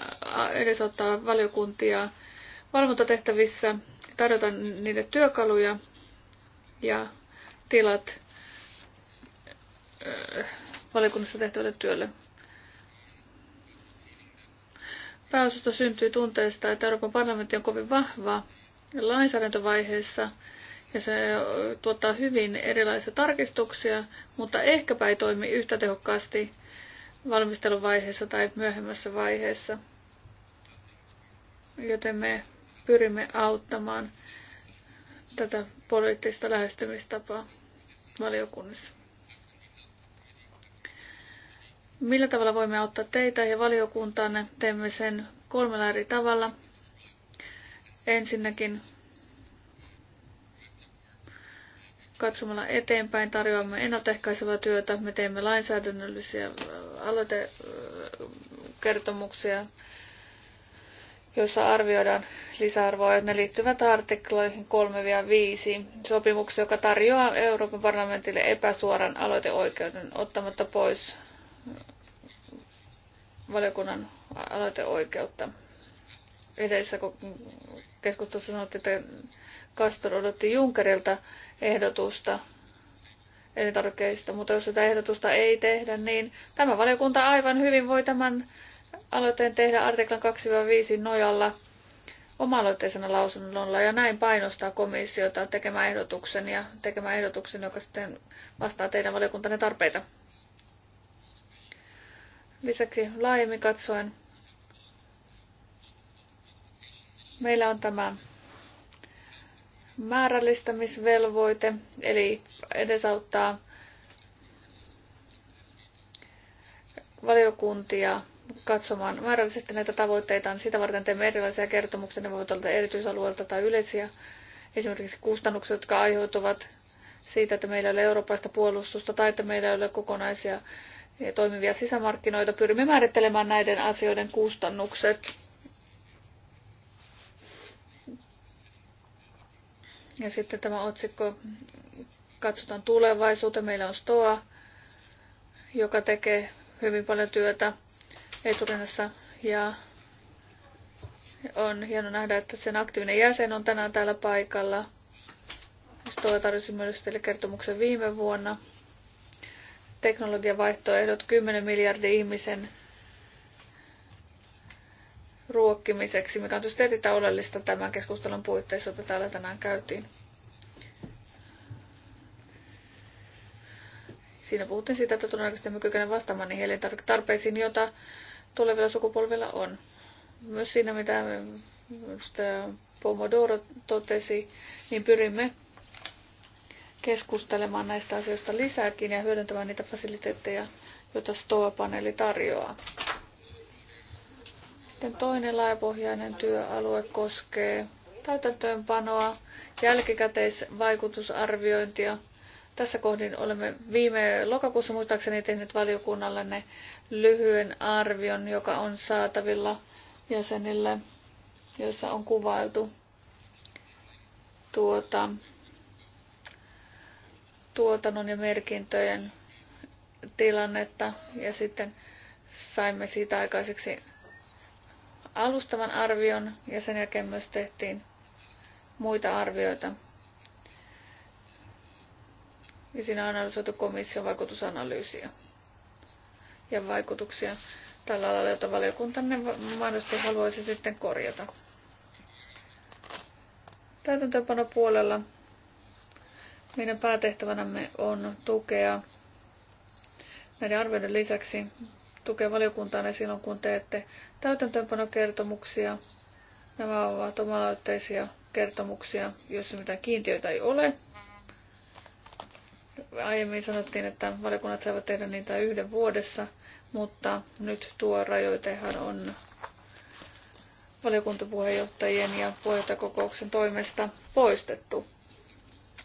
edesauttaa valiokuntia valvontatehtävissä, tarjota niille työkaluja ja tilat äh, valiokunnassa tehtävälle työlle. Pääosasto syntyy tunteesta, että Euroopan parlamentti on kovin vahva lainsäädäntövaiheessa ja se tuottaa hyvin erilaisia tarkistuksia, mutta ehkäpä ei toimi yhtä tehokkaasti valmisteluvaiheessa tai myöhemmässä vaiheessa. Joten me pyrimme auttamaan tätä poliittista lähestymistapaa valiokunnissa. Millä tavalla voimme auttaa teitä ja valiokuntaanne? Teemme sen kolmella eri tavalla. Ensinnäkin katsomalla eteenpäin tarjoamme ennaltaehkäisevää työtä. Me teemme lainsäädännöllisiä aloitekertomuksia, joissa arvioidaan lisäarvoa, ja ne liittyvät artikloihin 3-5 sopimuksia, joka tarjoaa Euroopan parlamentille epäsuoran aloiteoikeuden ottamatta pois valiokunnan aloiteoikeutta. Edellisessä keskustelussa sanottiin, että Castor odotti Junckerilta ehdotusta elintarvikkeista, mutta jos sitä ehdotusta ei tehdä, niin tämä valiokunta aivan hyvin voi tämän aloitteen tehdä artiklan 2-5 nojalla oma-aloitteisena lausunnolla ja näin painostaa komissiota tekemään ehdotuksen ja tekemään ehdotuksen, joka sitten vastaa teidän valiokuntanne tarpeita. Lisäksi laajemmin katsoen meillä on tämä määrällistämisvelvoite, eli edesauttaa valiokuntia katsomaan määrällisesti näitä tavoitteita. Sitä varten teemme erilaisia kertomuksia, ne voivat olla erityisalueelta tai yleisiä. Esimerkiksi kustannukset, jotka aiheutuvat siitä, että meillä ei ole eurooppaista puolustusta tai että meillä ei ole kokonaisia toimivia sisämarkkinoita. Pyrimme määrittelemään näiden asioiden kustannukset Ja sitten tämä otsikko, katsotaan tulevaisuuteen, meillä on STOA, joka tekee hyvin paljon työtä eturinnassa ja on hieno nähdä, että sen aktiivinen jäsen on tänään täällä paikalla. STOA tarjosi myös teille kertomuksen viime vuonna. Teknologian vaihtoehdot 10 miljardin ihmisen ruokkimiseksi, mikä on tietysti erittäin oleellista tämän keskustelun puitteissa, jota täällä tänään käytiin. Siinä puhuttiin siitä, että todennäköisesti me kykenemme vastaamaan niihin elintarviketarpeisiin, joita tulevilla sukupolvilla on. Myös siinä, mitä Pomodoro totesi, niin pyrimme keskustelemaan näistä asioista lisääkin ja hyödyntämään niitä fasiliteetteja, joita STOA-paneeli tarjoaa. Sitten toinen laajapohjainen työalue koskee täytäntöönpanoa, jälkikäteisvaikutusarviointia. Tässä kohdin olemme viime lokakuussa muistaakseni tehneet valiokunnalle ne lyhyen arvion, joka on saatavilla jäsenille, jossa on kuvailtu tuota, tuotannon ja merkintöjen tilannetta ja sitten saimme siitä aikaiseksi alustavan arvion ja sen jälkeen myös tehtiin muita arvioita. Ja siinä on analysoitu komission vaikutusanalyysiä ja vaikutuksia tällä alalla, jota valiokuntanne mahdollisesti haluaisi sitten korjata. puolella meidän päätehtävänämme on tukea näiden arvioiden lisäksi tukea valiokuntaanne silloin, kun teette täytäntöönpanokertomuksia. Nämä ovat omalaitteisia kertomuksia, joissa mitään kiintiöitä ei ole. Aiemmin sanottiin, että valiokunnat saivat tehdä niitä yhden vuodessa, mutta nyt tuo rajoitehan on valiokuntapuheenjohtajien ja puheenjohtajakokouksen toimesta poistettu.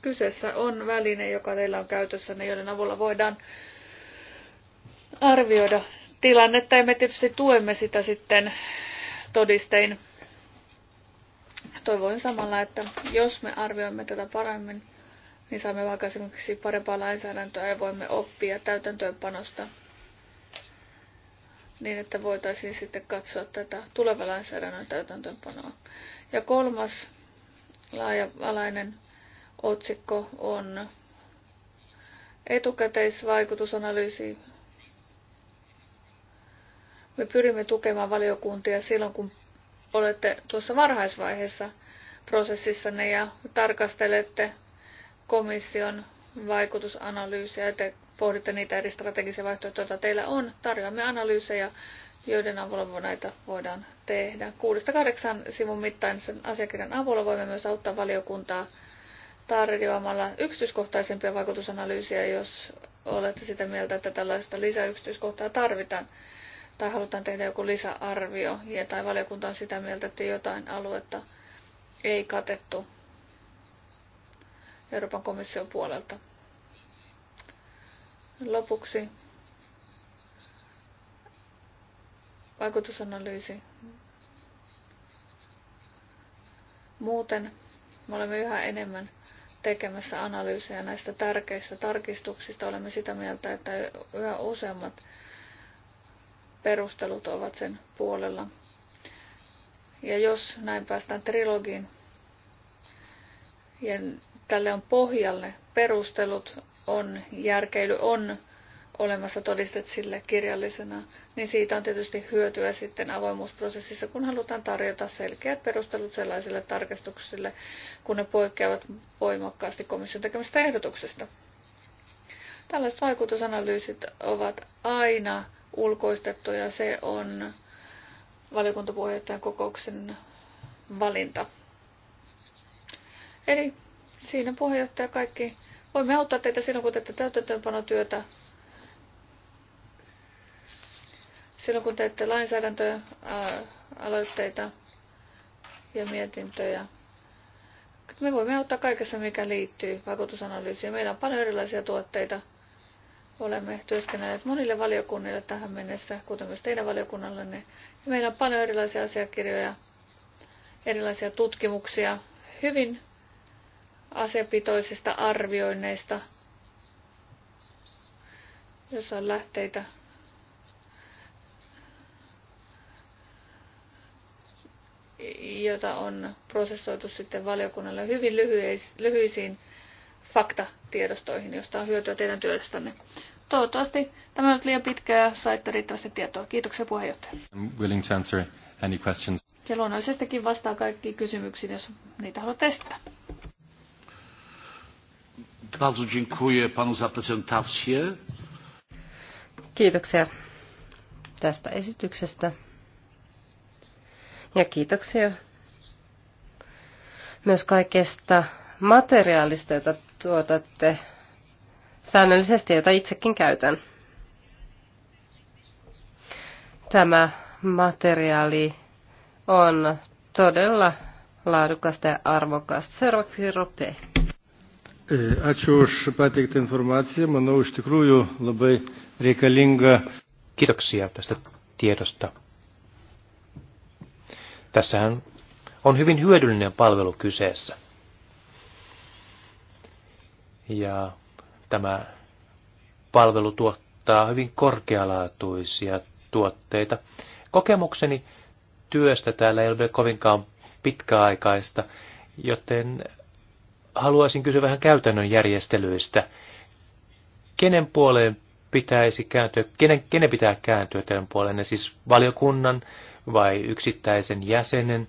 Kyseessä on väline, joka teillä on käytössä, joiden avulla voidaan arvioida tilannetta ja me tietysti tuemme sitä sitten todistein. Toivoin samalla, että jos me arvioimme tätä paremmin, niin saamme vaikka esimerkiksi parempaa lainsäädäntöä ja voimme oppia täytäntöönpanosta niin, että voitaisiin sitten katsoa tätä tulevan lainsäädännön täytäntöönpanoa. Ja kolmas laaja-alainen otsikko on etukäteisvaikutusanalyysi me pyrimme tukemaan valiokuntia silloin, kun olette tuossa varhaisvaiheessa prosessissanne ja tarkastelette komission vaikutusanalyysiä ja te pohditte niitä eri strategisia vaihtoehtoja, joita teillä on. Tarjoamme analyysejä, joiden avulla näitä voidaan tehdä. 6-8 sivun mittaisen asiakirjan avulla voimme myös auttaa valiokuntaa tarjoamalla yksityiskohtaisempia vaikutusanalyysiä, jos olette sitä mieltä, että tällaista lisäyksityiskohtaa tarvitaan tai halutaan tehdä joku lisäarvio ja tai valiokunta on sitä mieltä, että jotain aluetta ei katettu Euroopan komission puolelta. Lopuksi vaikutusanalyysi. Muuten me olemme yhä enemmän tekemässä analyysejä näistä tärkeistä tarkistuksista. Olemme sitä mieltä, että yhä useammat perustelut ovat sen puolella. Ja jos näin päästään trilogiin ja tälle on pohjalle perustelut, on järkeily, on olemassa todistet sille kirjallisena, niin siitä on tietysti hyötyä sitten avoimuusprosessissa, kun halutaan tarjota selkeät perustelut sellaisille tarkastuksille, kun ne poikkeavat voimakkaasti komission tekemistä ehdotuksesta. Tällaiset vaikutusanalyysit ovat aina ulkoistettu ja se on valiokuntapuheenjohtajan kokouksen valinta. Eli siinä puheenjohtaja kaikki. Voimme auttaa teitä silloin, kun teette täytäntöönpanotyötä, silloin kun teette lainsäädäntöaloitteita ja mietintöjä. Me voimme auttaa kaikessa, mikä liittyy vaikutusanalyysiin. Meillä on paljon erilaisia tuotteita – Olemme työskennelleet monille valiokunnille tähän mennessä, kuten myös teidän valiokunnallenne. Ja meillä on paljon erilaisia asiakirjoja, erilaisia tutkimuksia, hyvin asepitoisista arvioinneista, jossa on lähteitä jota on prosessoitu sitten valiokunnalle hyvin lyhyisiin faktatiedostoihin, josta on hyötyä teidän työstänne. Toivottavasti tämä on liian pitkä ja saitte riittävästi tietoa. Kiitoksia puheenjohtaja. I'm willing to answer any questions. Ja luonnollisestikin vastaa kaikkiin kysymyksiin, jos niitä haluat testata. Bardzo dziękuję panu za prezentację. Kiitoksia tästä esityksestä. Ja kiitoksia myös kaikesta materiaalista, jota tuotatte säännöllisesti, jota itsekin käytän. Tämä materiaali on todella laadukasta ja arvokasta. Seuraavaksi Rope. E, labai Kiitoksia tästä tiedosta. Tässähän on hyvin hyödyllinen palvelu kyseessä. Ja Tämä palvelu tuottaa hyvin korkealaatuisia tuotteita. Kokemukseni työstä täällä ei ole kovinkaan pitkäaikaista, joten haluaisin kysyä vähän käytännön järjestelyistä. Kenen puoleen pitäisi kääntyä, kenen, kenen pitää kääntyä teidän puoleen, siis valiokunnan vai yksittäisen jäsenen?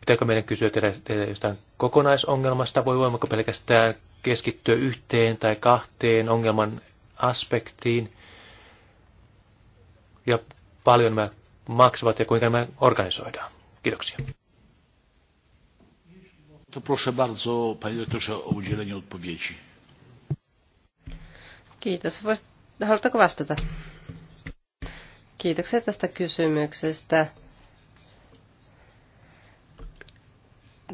Pitääkö meidän kysyä teille jostain kokonaisongelmasta, voi voimako pelkästään keskittyä yhteen tai kahteen ongelman aspektiin ja paljon nämä maksavat ja kuinka nämä organisoidaan. Kiitoksia. To Kiitos. Haluatko vastata? Kiitoksia tästä kysymyksestä.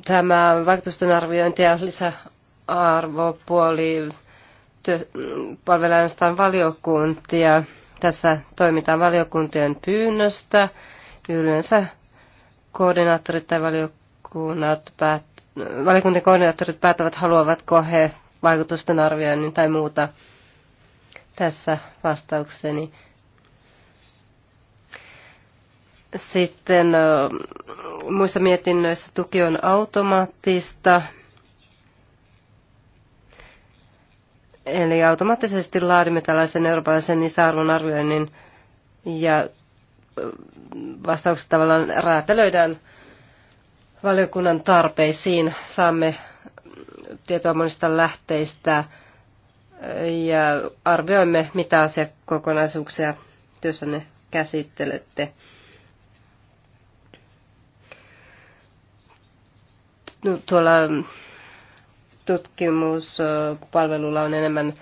Tämä vaikutusten arviointi ja lisä arvopuoli työ, palvelee valiokuntia. Tässä toimitaan valiokuntien pyynnöstä. Yleensä koordinaattorit tai valiokunnat päät, valiokuntien koordinaattorit päättävät, haluavatko he vaikutusten arvioinnin tai muuta. Tässä vastaukseni. Sitten muissa mietinnöissä tuki on automaattista. Eli automaattisesti laadimme tällaisen eurooppalaisen isäarvon arvioinnin ja vastaukset tavallaan räätälöidään valiokunnan tarpeisiin. Saamme tietoa monista lähteistä ja arvioimme, mitä asiakokonaisuuksia työssänne käsittelette. No, tuolla tutkimuspalvelulla on enemmän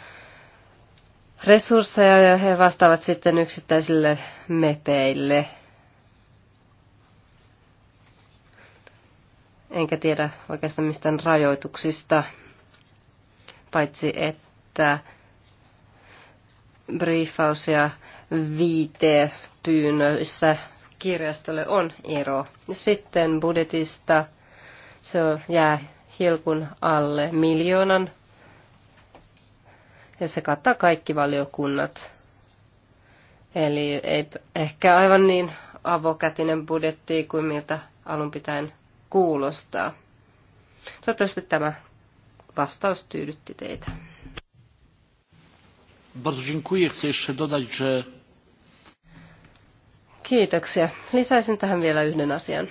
resursseja ja he vastaavat sitten yksittäisille mepeille. Enkä tiedä oikeastaan mistään rajoituksista, paitsi että briefaus ja viite pyynnöissä kirjastolle on ero. Sitten budjetista se jää pilkun alle miljoonan. Ja se kattaa kaikki valiokunnat. Eli ei ehkä aivan niin avokätinen budjetti kuin miltä alun pitäen kuulostaa. Toivottavasti tämä vastaus tyydytti teitä. Kiitoksia. Lisäisin tähän vielä yhden asian.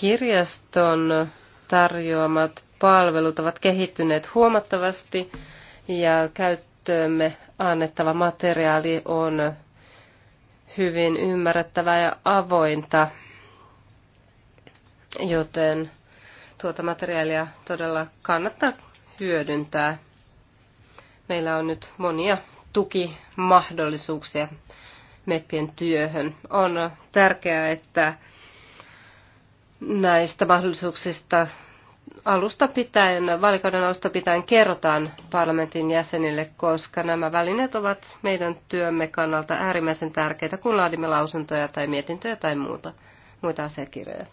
kirjaston tarjoamat palvelut ovat kehittyneet huomattavasti ja käyttöömme annettava materiaali on hyvin ymmärrettävää ja avointa, joten tuota materiaalia todella kannattaa hyödyntää. Meillä on nyt monia tukimahdollisuuksia meppien työhön. On tärkeää, että näistä mahdollisuuksista alusta pitäen, valikauden alusta pitäen kerrotaan parlamentin jäsenille, koska nämä välineet ovat meidän työmme kannalta äärimmäisen tärkeitä, kun laadimme lausuntoja tai mietintöjä tai muuta, muita asiakirjoja.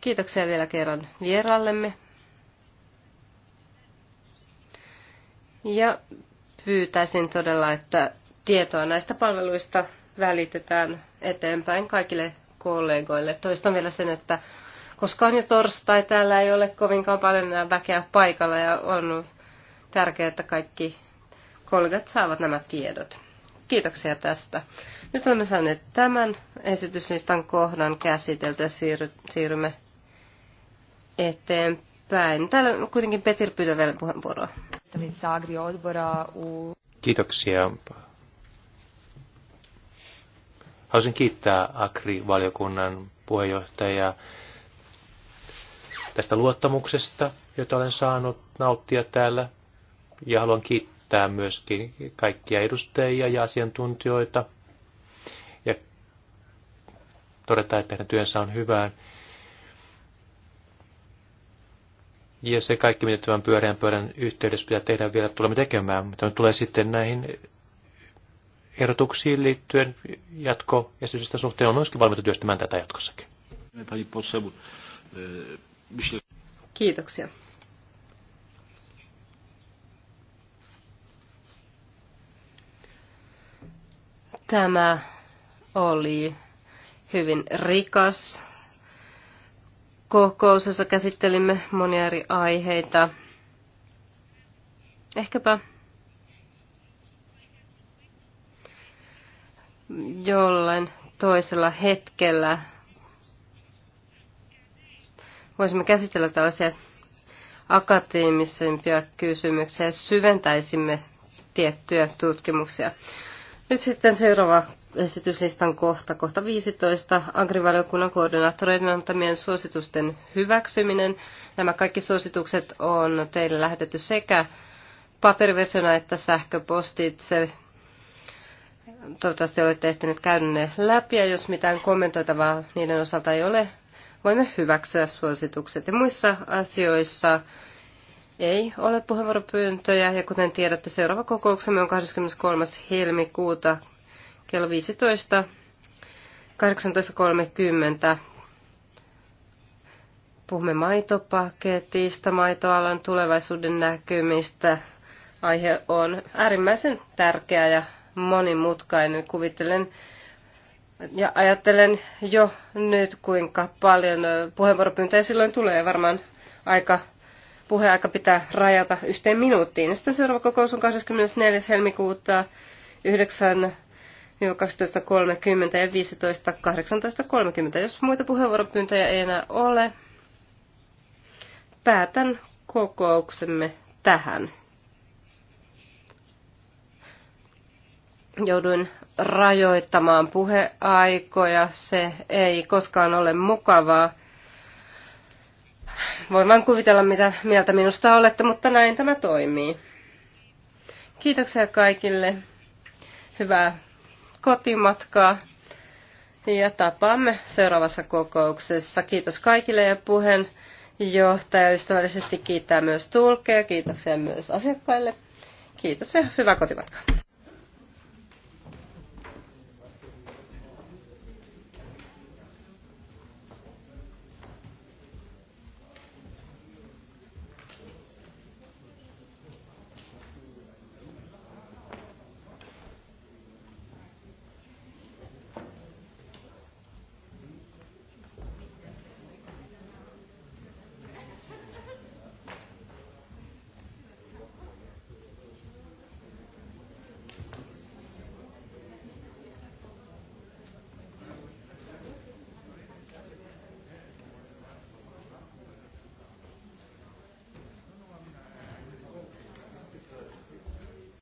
Kiitoksia vielä kerran vieraallemme. Ja pyytäisin todella, että tietoa näistä palveluista välitetään eteenpäin kaikille kollegoille. Toistan vielä sen, että koska on jo torstai, täällä ei ole kovinkaan paljon enää väkeä paikalla ja on tärkeää, että kaikki kollegat saavat nämä tiedot. Kiitoksia tästä. Nyt olemme saaneet tämän esityslistan kohdan käsitelty ja siirry, siirrymme eteenpäin. Täällä kuitenkin Petir pyytää vielä puheenvuoroa. Kiitoksia Haluaisin kiittää Akri-valiokunnan puheenjohtajaa tästä luottamuksesta, jota olen saanut nauttia täällä. Ja haluan kiittää myöskin kaikkia edustajia ja asiantuntijoita. Ja todeta, että heidän työnsä on hyvää. Ja se kaikki, mitä tämän pyöreän pöydän yhteydessä pitää tehdä vielä, tulemme tekemään. Mutta tulee sitten näihin ehdotuksiin liittyen jatko, jatkoesitystä suhteen on myöskin valmiita työstämään tätä jatkossakin. Kiitoksia. Tämä oli hyvin rikas kokous, jossa käsittelimme monia eri aiheita. Ehkäpä jollain toisella hetkellä voisimme käsitellä tällaisia akateemisempia kysymyksiä ja syventäisimme tiettyjä tutkimuksia. Nyt sitten seuraava esityslistan kohta, kohta 15, agrivaliokunnan koordinaattoreiden antamien suositusten hyväksyminen. Nämä kaikki suositukset on teille lähetetty sekä paperiversiona että sähköpostitse Toivottavasti olette ehtineet käydä ne läpi ja jos mitään kommentoitavaa niiden osalta ei ole, voimme hyväksyä suositukset. Ja muissa asioissa ei ole puheenvuoropyyntöjä ja kuten tiedätte, seuraava kokouksemme on 23. helmikuuta kello 15. 18.30 puhumme maitopaketista, maitoalan tulevaisuuden näkymistä. Aihe on äärimmäisen tärkeä ja monimutkainen. Kuvittelen ja ajattelen jo nyt, kuinka paljon puheenvuoropyyntöjä silloin tulee. Varmaan aika, puheaika pitää rajata yhteen minuuttiin. Sitten seuraava kokous on 24. helmikuuta 9 12.30 ja 15.18.30. Jos muita puheenvuoropyyntöjä ei enää ole, päätän kokouksemme tähän. jouduin rajoittamaan puheaikoja. Se ei koskaan ole mukavaa. Voin vain kuvitella, mitä mieltä minusta olette, mutta näin tämä toimii. Kiitoksia kaikille. Hyvää kotimatkaa. Ja tapaamme seuraavassa kokouksessa. Kiitos kaikille ja puheenjohtaja ystävällisesti kiittää myös tulkeja. Kiitoksia myös asiakkaille. Kiitos ja hyvää kotimatkaa.